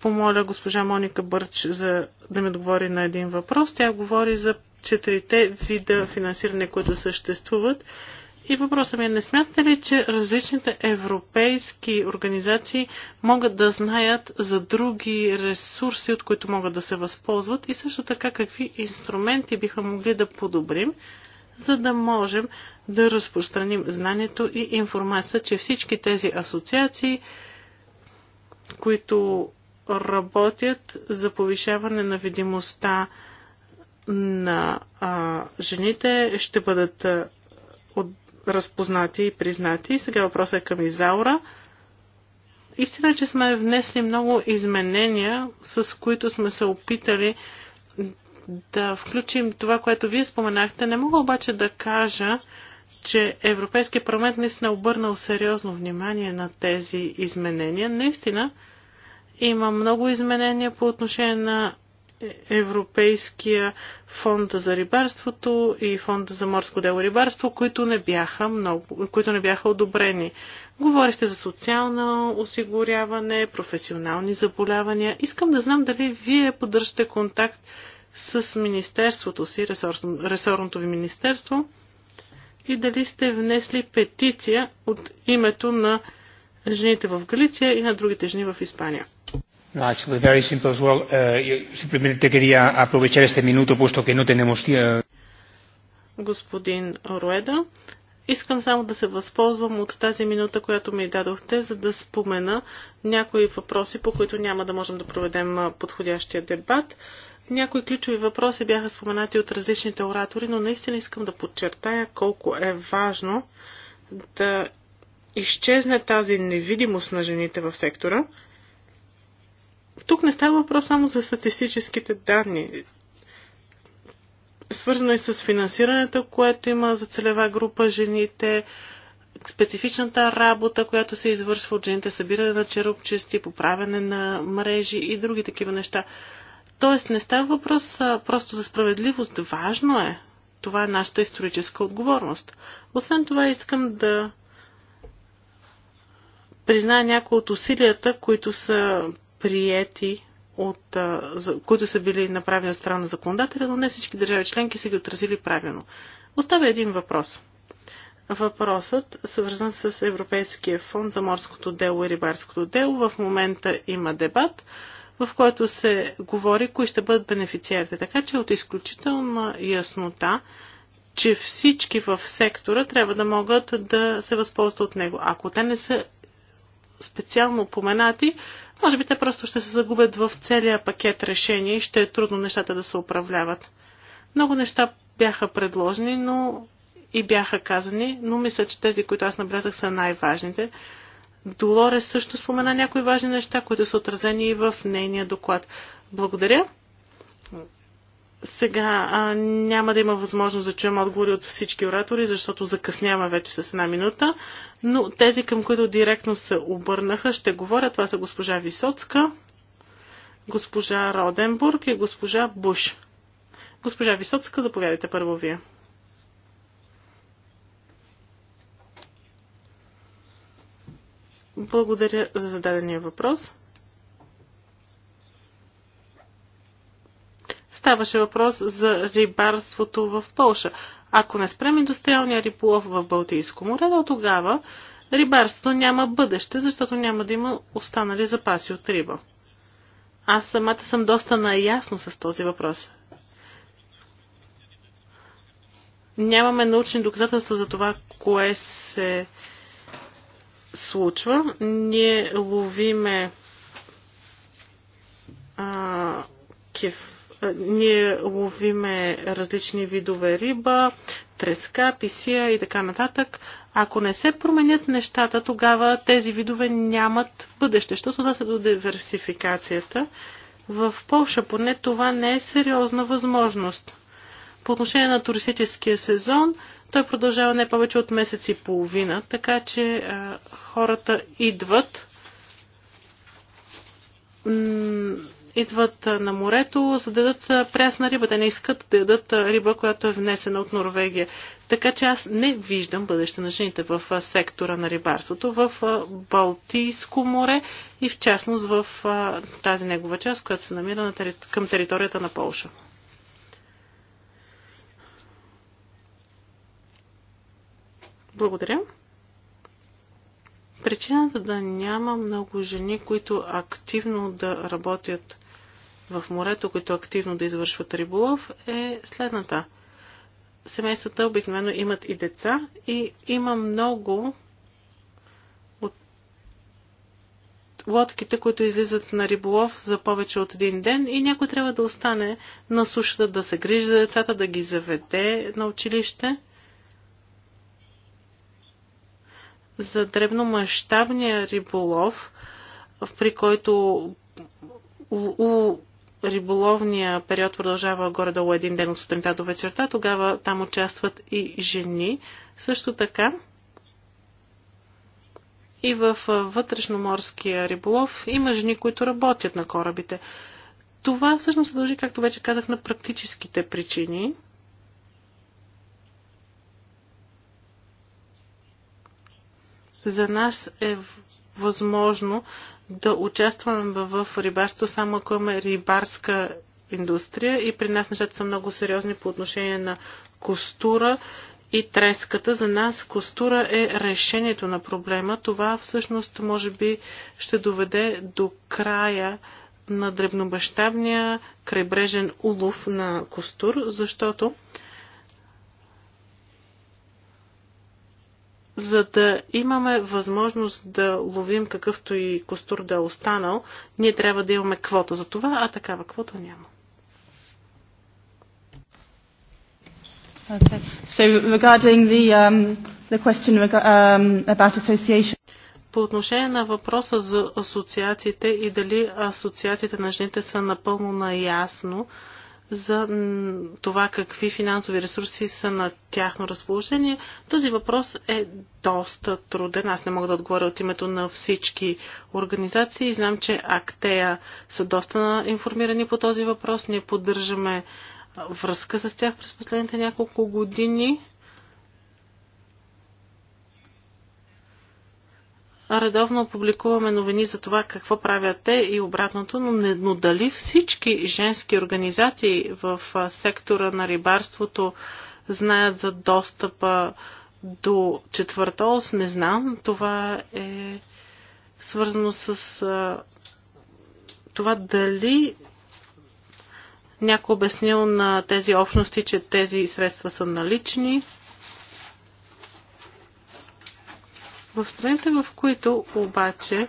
помоля госпожа Моника Бърч за да ми отговори на един въпрос. Тя говори за четирите вида финансиране, които съществуват. И въпросът ми е, не смятате ли, че различните европейски организации могат да знаят за други ресурси, от които могат да се възползват и също така какви инструменти биха могли да подобрим, за да можем да разпространим знанието и информация, че всички тези асоциации, които работят за повишаване на видимостта на а, жените ще бъдат а, от, разпознати и признати. Сега въпросът е към Изаура. Истина, е, че сме внесли много изменения, с които сме се опитали да включим това, което вие споменахте. Не мога обаче да кажа, че Европейския парламент наистина обърнал сериозно внимание на тези изменения. Наистина има много изменения по отношение на Европейския фонд за рибарството и фонда за морско дело рибарство, които не бяха, много, които не бяха одобрени. Говорихте за социално осигуряване, професионални заболявания. Искам да знам дали вие поддържате контакт с министерството си, ресорно, ресорното ви министерство, и дали сте внесли петиция от името на жените в Галиция и на другите жени в Испания. No, actually, very simple as well. Uh, yo simplemente quería aprovechar este minuto, puesto que no tenemos Господин Руеда, искам само да се възползвам от тази минута, която ми дадохте, за да спомена някои въпроси, по които няма да можем да проведем подходящия дебат. Някои ключови въпроси бяха споменати от различните оратори, но наистина искам да подчертая колко е важно да изчезне тази невидимост на жените в сектора – тук не става въпрос само за статистическите данни. Свързано е с финансирането, което има за целева група жените, специфичната работа, която се извършва от жените, събиране на черупчести, поправяне на мрежи и други такива неща. Тоест не става въпрос просто за справедливост. Важно е. Това е нашата историческа отговорност. Освен това искам да призная някои от усилията, които са приети от, които са били направени от страна на законодателя, но не всички държави членки са ги отразили правилно. Оставя един въпрос. Въпросът, свързан с Европейския фонд за морското дело и рибарското дело, в момента има дебат, в който се говори кои ще бъдат бенефициарите. Така че е от изключителна яснота, че всички в сектора трябва да могат да се възползват от него. Ако те не са специално упоменати, може би те просто ще се загубят в целия пакет решения и ще е трудно нещата да се управляват. Много неща бяха предложени, но и бяха казани, но мисля, че тези, които аз набелязах, са най-важните. Долоре също спомена някои важни неща, които са отразени и в нейния доклад. Благодаря. Сега а, няма да има възможност да чуем отговори от всички оратори, защото закъснява вече с една минута, но тези, към които директно се обърнаха, ще говорят. Това са госпожа Висоцка, госпожа Роденбург и госпожа Буш. Госпожа Висоцка, заповядайте първо вие. Благодаря за зададения въпрос. Ставаше въпрос за рибарството в Польша. Ако не спрем индустриалния риболов в Балтийско море, до тогава рибарството няма бъдеще, защото няма да има останали запаси от риба. Аз самата съм доста наясно с този въпрос. Нямаме научни доказателства за това, кое се случва. Ние ловиме а, кеф ние ловиме различни видове риба, треска, писия и така нататък. Ако не се променят нещата, тогава тези видове нямат бъдеще, защото да се до диверсификацията. В Польша поне това не е сериозна възможност. По отношение на туристическия сезон, той продължава не повече от месец и половина, така че а, хората идват идват на морето, за да дадат прясна риба. Те не искат да ядат риба, която е внесена от Норвегия. Така че аз не виждам бъдеще на жените в сектора на рибарството, в Балтийско море и в частност в тази негова част, която се намира на тери... към територията на Полша. Благодаря. Причината да няма много жени, които активно да работят в морето, които активно да извършват риболов, е следната. Семействата обикновено имат и деца и има много от лодките, които излизат на риболов за повече от един ден и някой трябва да остане на сушата, да се грижи за децата, да ги заведе на училище. За дребномащабния риболов, при който риболовния период продължава горе-долу един ден от сутринта до вечерта, тогава там участват и жени. Също така и в вътрешноморския риболов има жени, които работят на корабите. Това всъщност се дължи, както вече казах, на практическите причини. За нас е възможно да участваме в рибарство само ако имаме рибарска индустрия и при нас нещата са много сериозни по отношение на костура и треската. За нас костура е решението на проблема. Това всъщност може би ще доведе до края на дребнобащабния крайбрежен улов на костур, защото за да имаме възможност да ловим какъвто и костур да е останал, ние трябва да имаме квота за това, а такава квота няма. Okay. So regarding the, um, the question um, about association. По отношение на въпроса за асоциациите и дали асоциациите на жените са напълно наясно, uh, за това какви финансови ресурси са на тяхно разположение. Този въпрос е доста труден. Аз не мога да отговоря от името на всички организации. Знам, че Актея са доста информирани по този въпрос. Ние поддържаме връзка с тях през последните няколко години. редовно публикуваме новини за това какво правят те и обратното, но, не, но дали всички женски организации в сектора на рибарството знаят за достъпа до четвърта ос, не знам. Това е свързано с а, това дали някой обяснил на тези общности, че тези средства са налични. В страните, в които обаче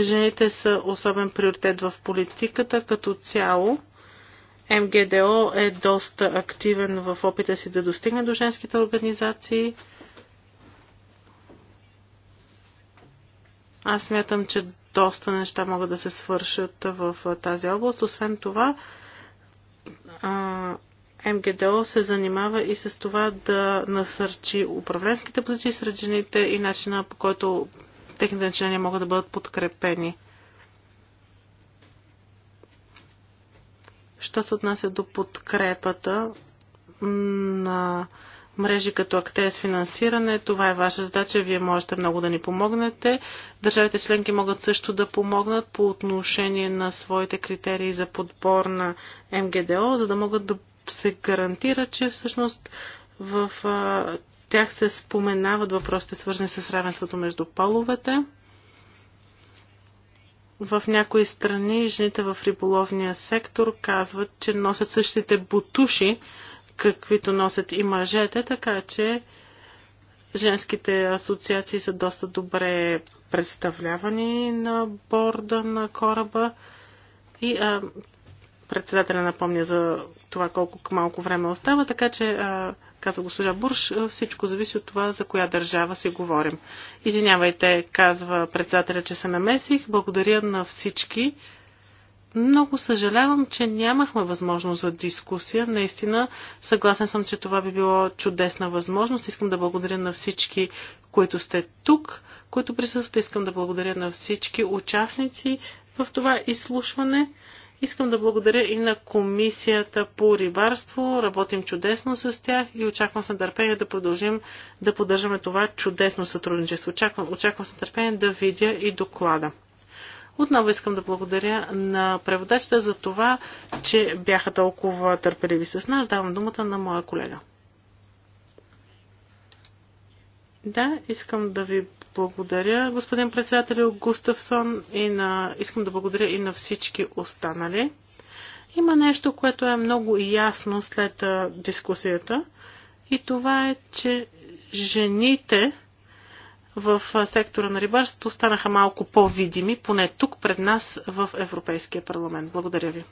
жените са особен приоритет в политиката като цяло, МГДО е доста активен в опита си да достигне до женските организации. Аз смятам, че доста неща могат да се свършат в тази област. Освен това, МГДО се занимава и с това да насърчи управленските позиции сред жените и начина по който техните начинания могат да бъдат подкрепени. Що се отнася до подкрепата на мрежи като Актес финансиране, това е ваша задача, вие можете много да ни помогнете. Държавите членки могат също да помогнат по отношение на своите критерии за подбор на МГДО, за да могат да се гарантира, че всъщност в а, тях се споменават въпросите, свързани с равенството между половете. В някои страни жените в риболовния сектор казват, че носят същите бутуши, каквито носят и мъжете, така че женските асоциации са доста добре представлявани на борда на кораба. И а, председателя напомня за това колко малко време остава, така че, каза госпожа Бурш, всичко зависи от това за коя държава си говорим. Извинявайте, казва председателя, че се намесих. Благодаря на всички. Много съжалявам, че нямахме възможност за дискусия. Наистина, съгласен съм, че това би било чудесна възможност. Искам да благодаря на всички, които сте тук, които присъстват, Искам да благодаря на всички участници в това изслушване. Искам да благодаря и на Комисията по рибарство. Работим чудесно с тях и очаквам с нетърпение да продължим да поддържаме това чудесно сътрудничество. Очаквам, очаквам с нетърпение да видя и доклада. Отново искам да благодаря на преводачите за това, че бяха толкова търпеливи с нас. Давам думата на моя колега. Да, искам да ви благодаря, господин председател Густавсон, и на... искам да благодаря и на всички останали. Има нещо, което е много ясно след дискусията, и това е, че жените в сектора на рибарството станаха малко по-видими, поне тук пред нас в Европейския парламент. Благодаря ви.